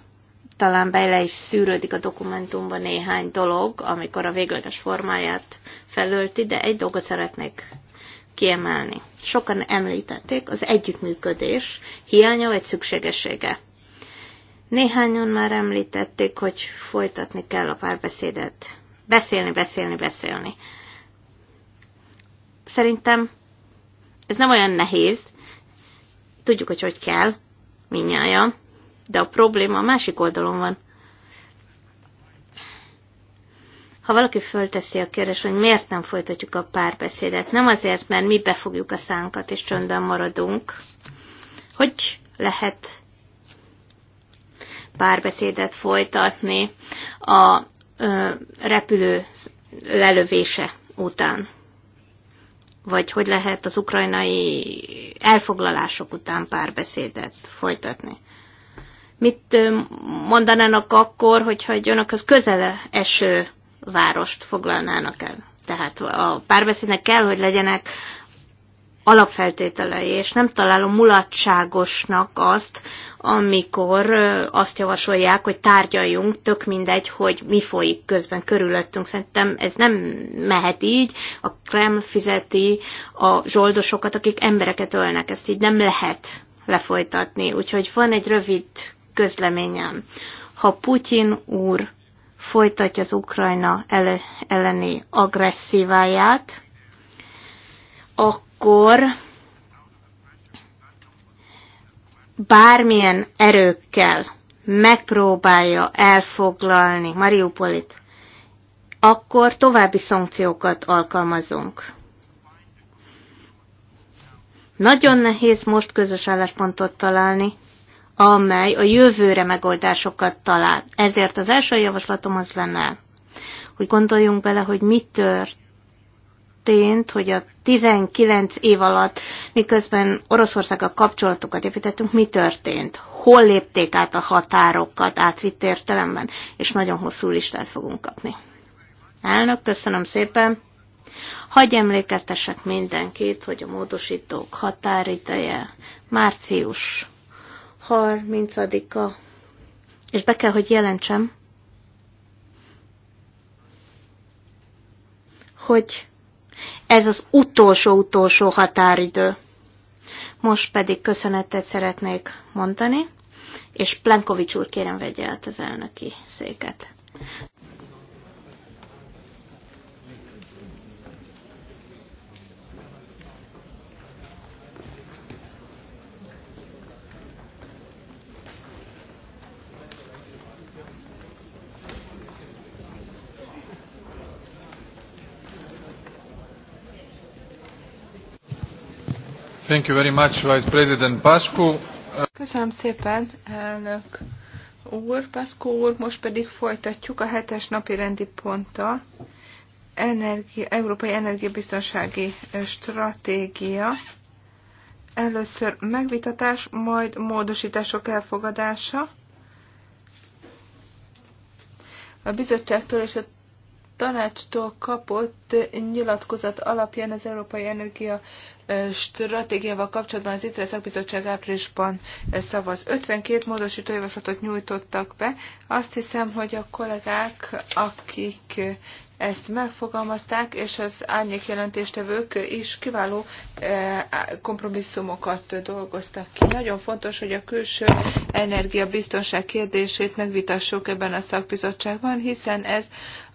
talán bele is szűrődik a dokumentumban néhány dolog, amikor a végleges formáját felölti, de egy dolgot szeretnék kiemelni. Sokan említették, az együttműködés hiánya vagy szükségessége. Néhányan már említették, hogy folytatni kell a párbeszédet. Beszélni, beszélni, beszélni. Szerintem ez nem olyan nehéz. Tudjuk, hogy hogy kell, minnyája, de a probléma a másik oldalon van. ha valaki fölteszi a kérdést, hogy miért nem folytatjuk a párbeszédet, nem azért, mert mi befogjuk a szánkat és csöndben maradunk, hogy lehet párbeszédet folytatni a ö, repülő lelövése után, vagy hogy lehet az ukrajnai elfoglalások után párbeszédet folytatni mit mondanának akkor, hogyha egy önökhöz közele eső várost foglalnának el. Tehát a párbeszédnek kell, hogy legyenek alapfeltételei, és nem találom mulatságosnak azt, amikor azt javasolják, hogy tárgyaljunk, tök mindegy, hogy mi folyik közben körülöttünk. Szerintem ez nem mehet így. A Kreml fizeti a zsoldosokat, akik embereket ölnek. Ezt így nem lehet lefolytatni. Úgyhogy van egy rövid közleményem. Ha Putyin úr folytatja az Ukrajna elleni agresszíváját, akkor bármilyen erőkkel megpróbálja elfoglalni Mariupolit, akkor további szankciókat alkalmazunk. Nagyon nehéz most közös álláspontot találni, amely a jövőre megoldásokat talál. Ezért az első javaslatom az lenne, hogy gondoljunk bele, hogy mit tört Tént, hogy a 19 év alatt, miközben Oroszországgal kapcsolatokat építettünk, mi történt? Hol lépték át a határokat átvitt értelemben? És nagyon hosszú listát fogunk kapni. Elnök, köszönöm szépen! Hagy emlékeztessek mindenkit, hogy a módosítók határideje március harmincadika és be kell, hogy jelentsem, hogy ez az utolsó-utolsó határidő. Most pedig köszönetet szeretnék mondani, és Plenkovics úr kérem vegye át az elnöki széket. Thank you very much, Vice President Pascu. Köszönöm szépen, elnök úr, Pascu úr, most pedig folytatjuk a hetes napi rendi ponttal. Energi, Európai Energiabiztonsági Stratégia. Először megvitatás, majd módosítások elfogadása. A bizottságtól és a tanácstól kapott nyilatkozat alapján az Európai Energia stratégiával kapcsolatban az ITRE szakbizottság áprilisban szavaz. 52 módosító javaslatot nyújtottak be. Azt hiszem, hogy a kollégák, akik ezt megfogalmazták, és az árnyék jelentéstevők is kiváló kompromisszumokat dolgoztak ki. Nagyon fontos, hogy a külső energiabiztonság kérdését megvitassuk ebben a szakbizottságban, hiszen ez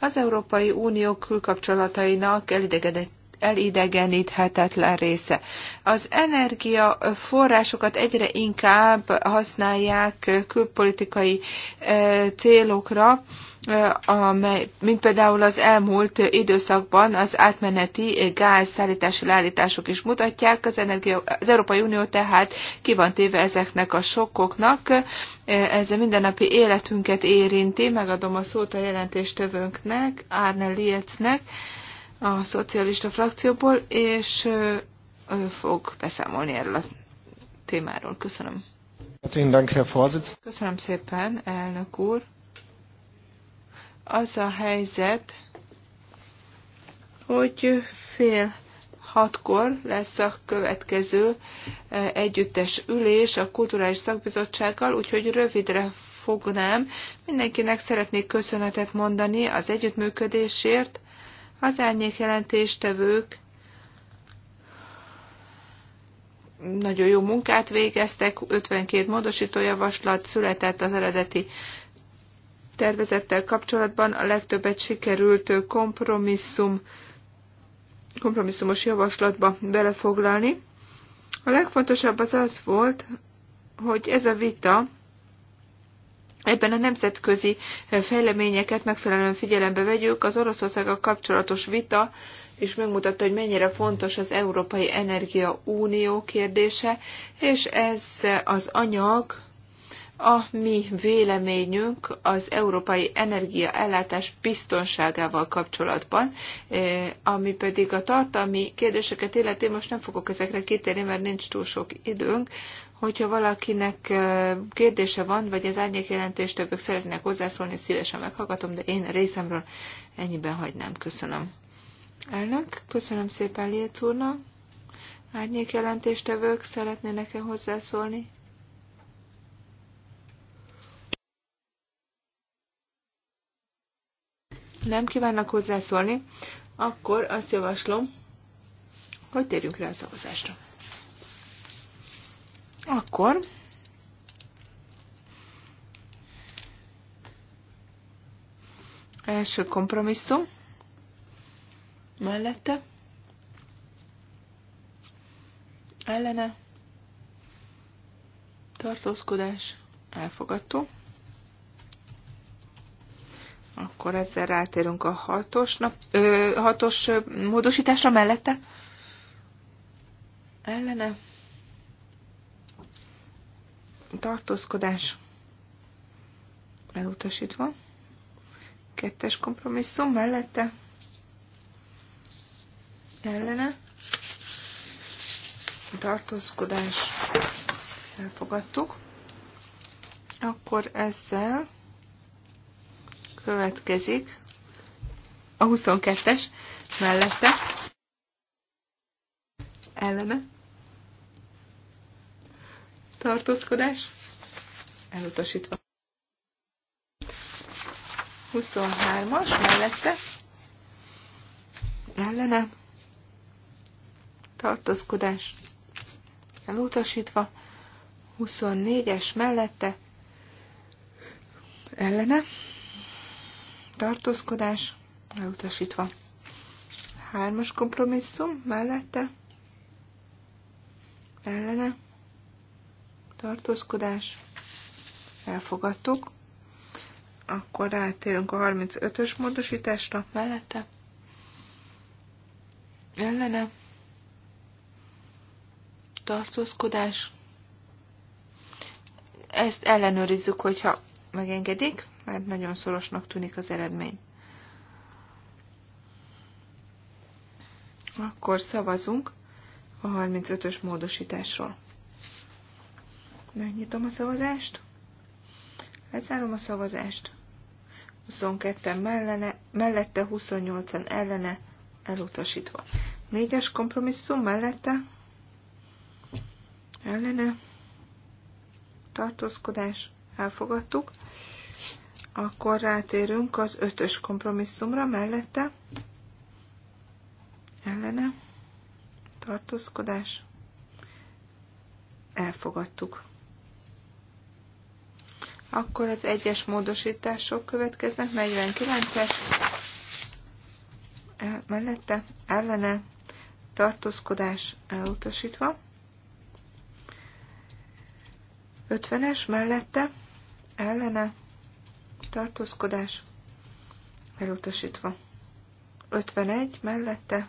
az Európai Unió külkapcsolatainak elidegedett elidegeníthetetlen része. Az energiaforrásokat egyre inkább használják külpolitikai e, célokra, e, amely, mint például az elmúlt időszakban az átmeneti gázszállítási leállítások is mutatják, az, energia, az Európai Unió tehát ki van téve ezeknek a sokkoknak, e, ez a mindennapi életünket érinti, megadom a szót a jelentéstövőnknek, Árne Lietznek a szocialista frakcióból, és ő fog beszámolni erről a témáról. Köszönöm. Köszönöm szépen, elnök úr. Az a helyzet, hogy fél hatkor lesz a következő együttes ülés a Kulturális Szakbizottsággal, úgyhogy rövidre fognám. Mindenkinek szeretnék köszönetet mondani az együttműködésért, az árnyék jelentéstevők nagyon jó munkát végeztek, 52 módosító javaslat született az eredeti tervezettel kapcsolatban, a legtöbbet sikerült kompromisszum, kompromisszumos javaslatba belefoglalni. A legfontosabb az az volt, hogy ez a vita ebben a nemzetközi eh, fejleményeket megfelelően figyelembe vegyük. Az Oroszországgal kapcsolatos vita és megmutatta, hogy mennyire fontos az Európai Energia Unió kérdése, és ez az anyag a mi véleményünk az európai energiaellátás biztonságával kapcsolatban, eh, ami pedig a tartalmi kérdéseket illeti, most nem fogok ezekre kitérni, mert nincs túl sok időnk, Hogyha valakinek kérdése van, vagy az árnyék jelentéstevők szeretnének hozzászólni, szívesen meghallgatom, de én részemről ennyiben hagynám. Köszönöm. Elnök, köszönöm szépen Lietz úrnak. Árnyék jelentéstevők szeretnének-e hozzászólni? Nem kívánnak hozzászólni, akkor azt javaslom, hogy térjünk rá a szavazásra. Akkor első kompromisszum mellette ellene tartózkodás elfogadó. Akkor ezzel rátérünk a hatos, nap, ö, hatos módosításra mellette. Ellene tartózkodás elutasítva. Kettes kompromisszum mellette ellene tartózkodás elfogadtuk. Akkor ezzel következik a 22-es mellette ellene tartózkodás, elutasítva. 23-as mellette ellene tartózkodás elutasítva, 24-es mellette ellene tartózkodás elutasítva, 3-as kompromisszum mellette ellene tartózkodás, elfogadtuk. Akkor rátérünk a 35-ös módosításra mellette. Ellene. Tartózkodás. Ezt ellenőrizzük, hogyha megengedik, mert nagyon szorosnak tűnik az eredmény. Akkor szavazunk a 35-ös módosításról. Megnyitom a szavazást. Lezárom a szavazást. 22-en mellene, mellette, 28-en ellene, elutasítva. Négyes kompromisszum mellette, ellene, tartózkodás, elfogadtuk. Akkor rátérünk az ötös kompromisszumra mellette, ellene, tartózkodás, elfogadtuk. Akkor az egyes módosítások következnek, 49-es mellette ellene tartózkodás elutasítva. 50-es mellette ellene tartózkodás elutasítva. 51 mellette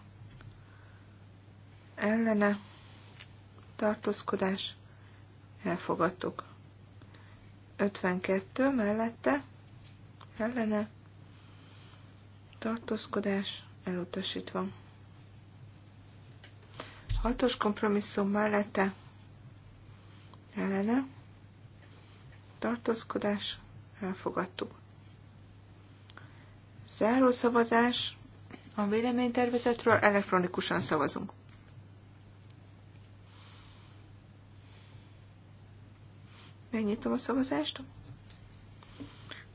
ellene tartózkodás elfogadtuk. 52 mellette ellene tartózkodás elutasítva. Hatos kompromisszum mellette ellene tartózkodás elfogadtuk. Záró szavazás a véleménytervezetről elektronikusan szavazunk. Megnyitom a szavazást.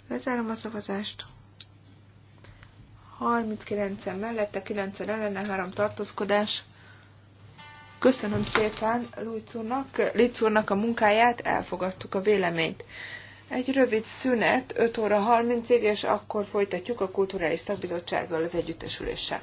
Lezárom a szavazást. 39-en mellette, 9-en ellene, 3 tartózkodás. Köszönöm szépen Litz úrnak a munkáját, elfogadtuk a véleményt. Egy rövid szünet, 5 óra 30-ig, és akkor folytatjuk a Kulturális Szakbizottsággal az együttesüléssel.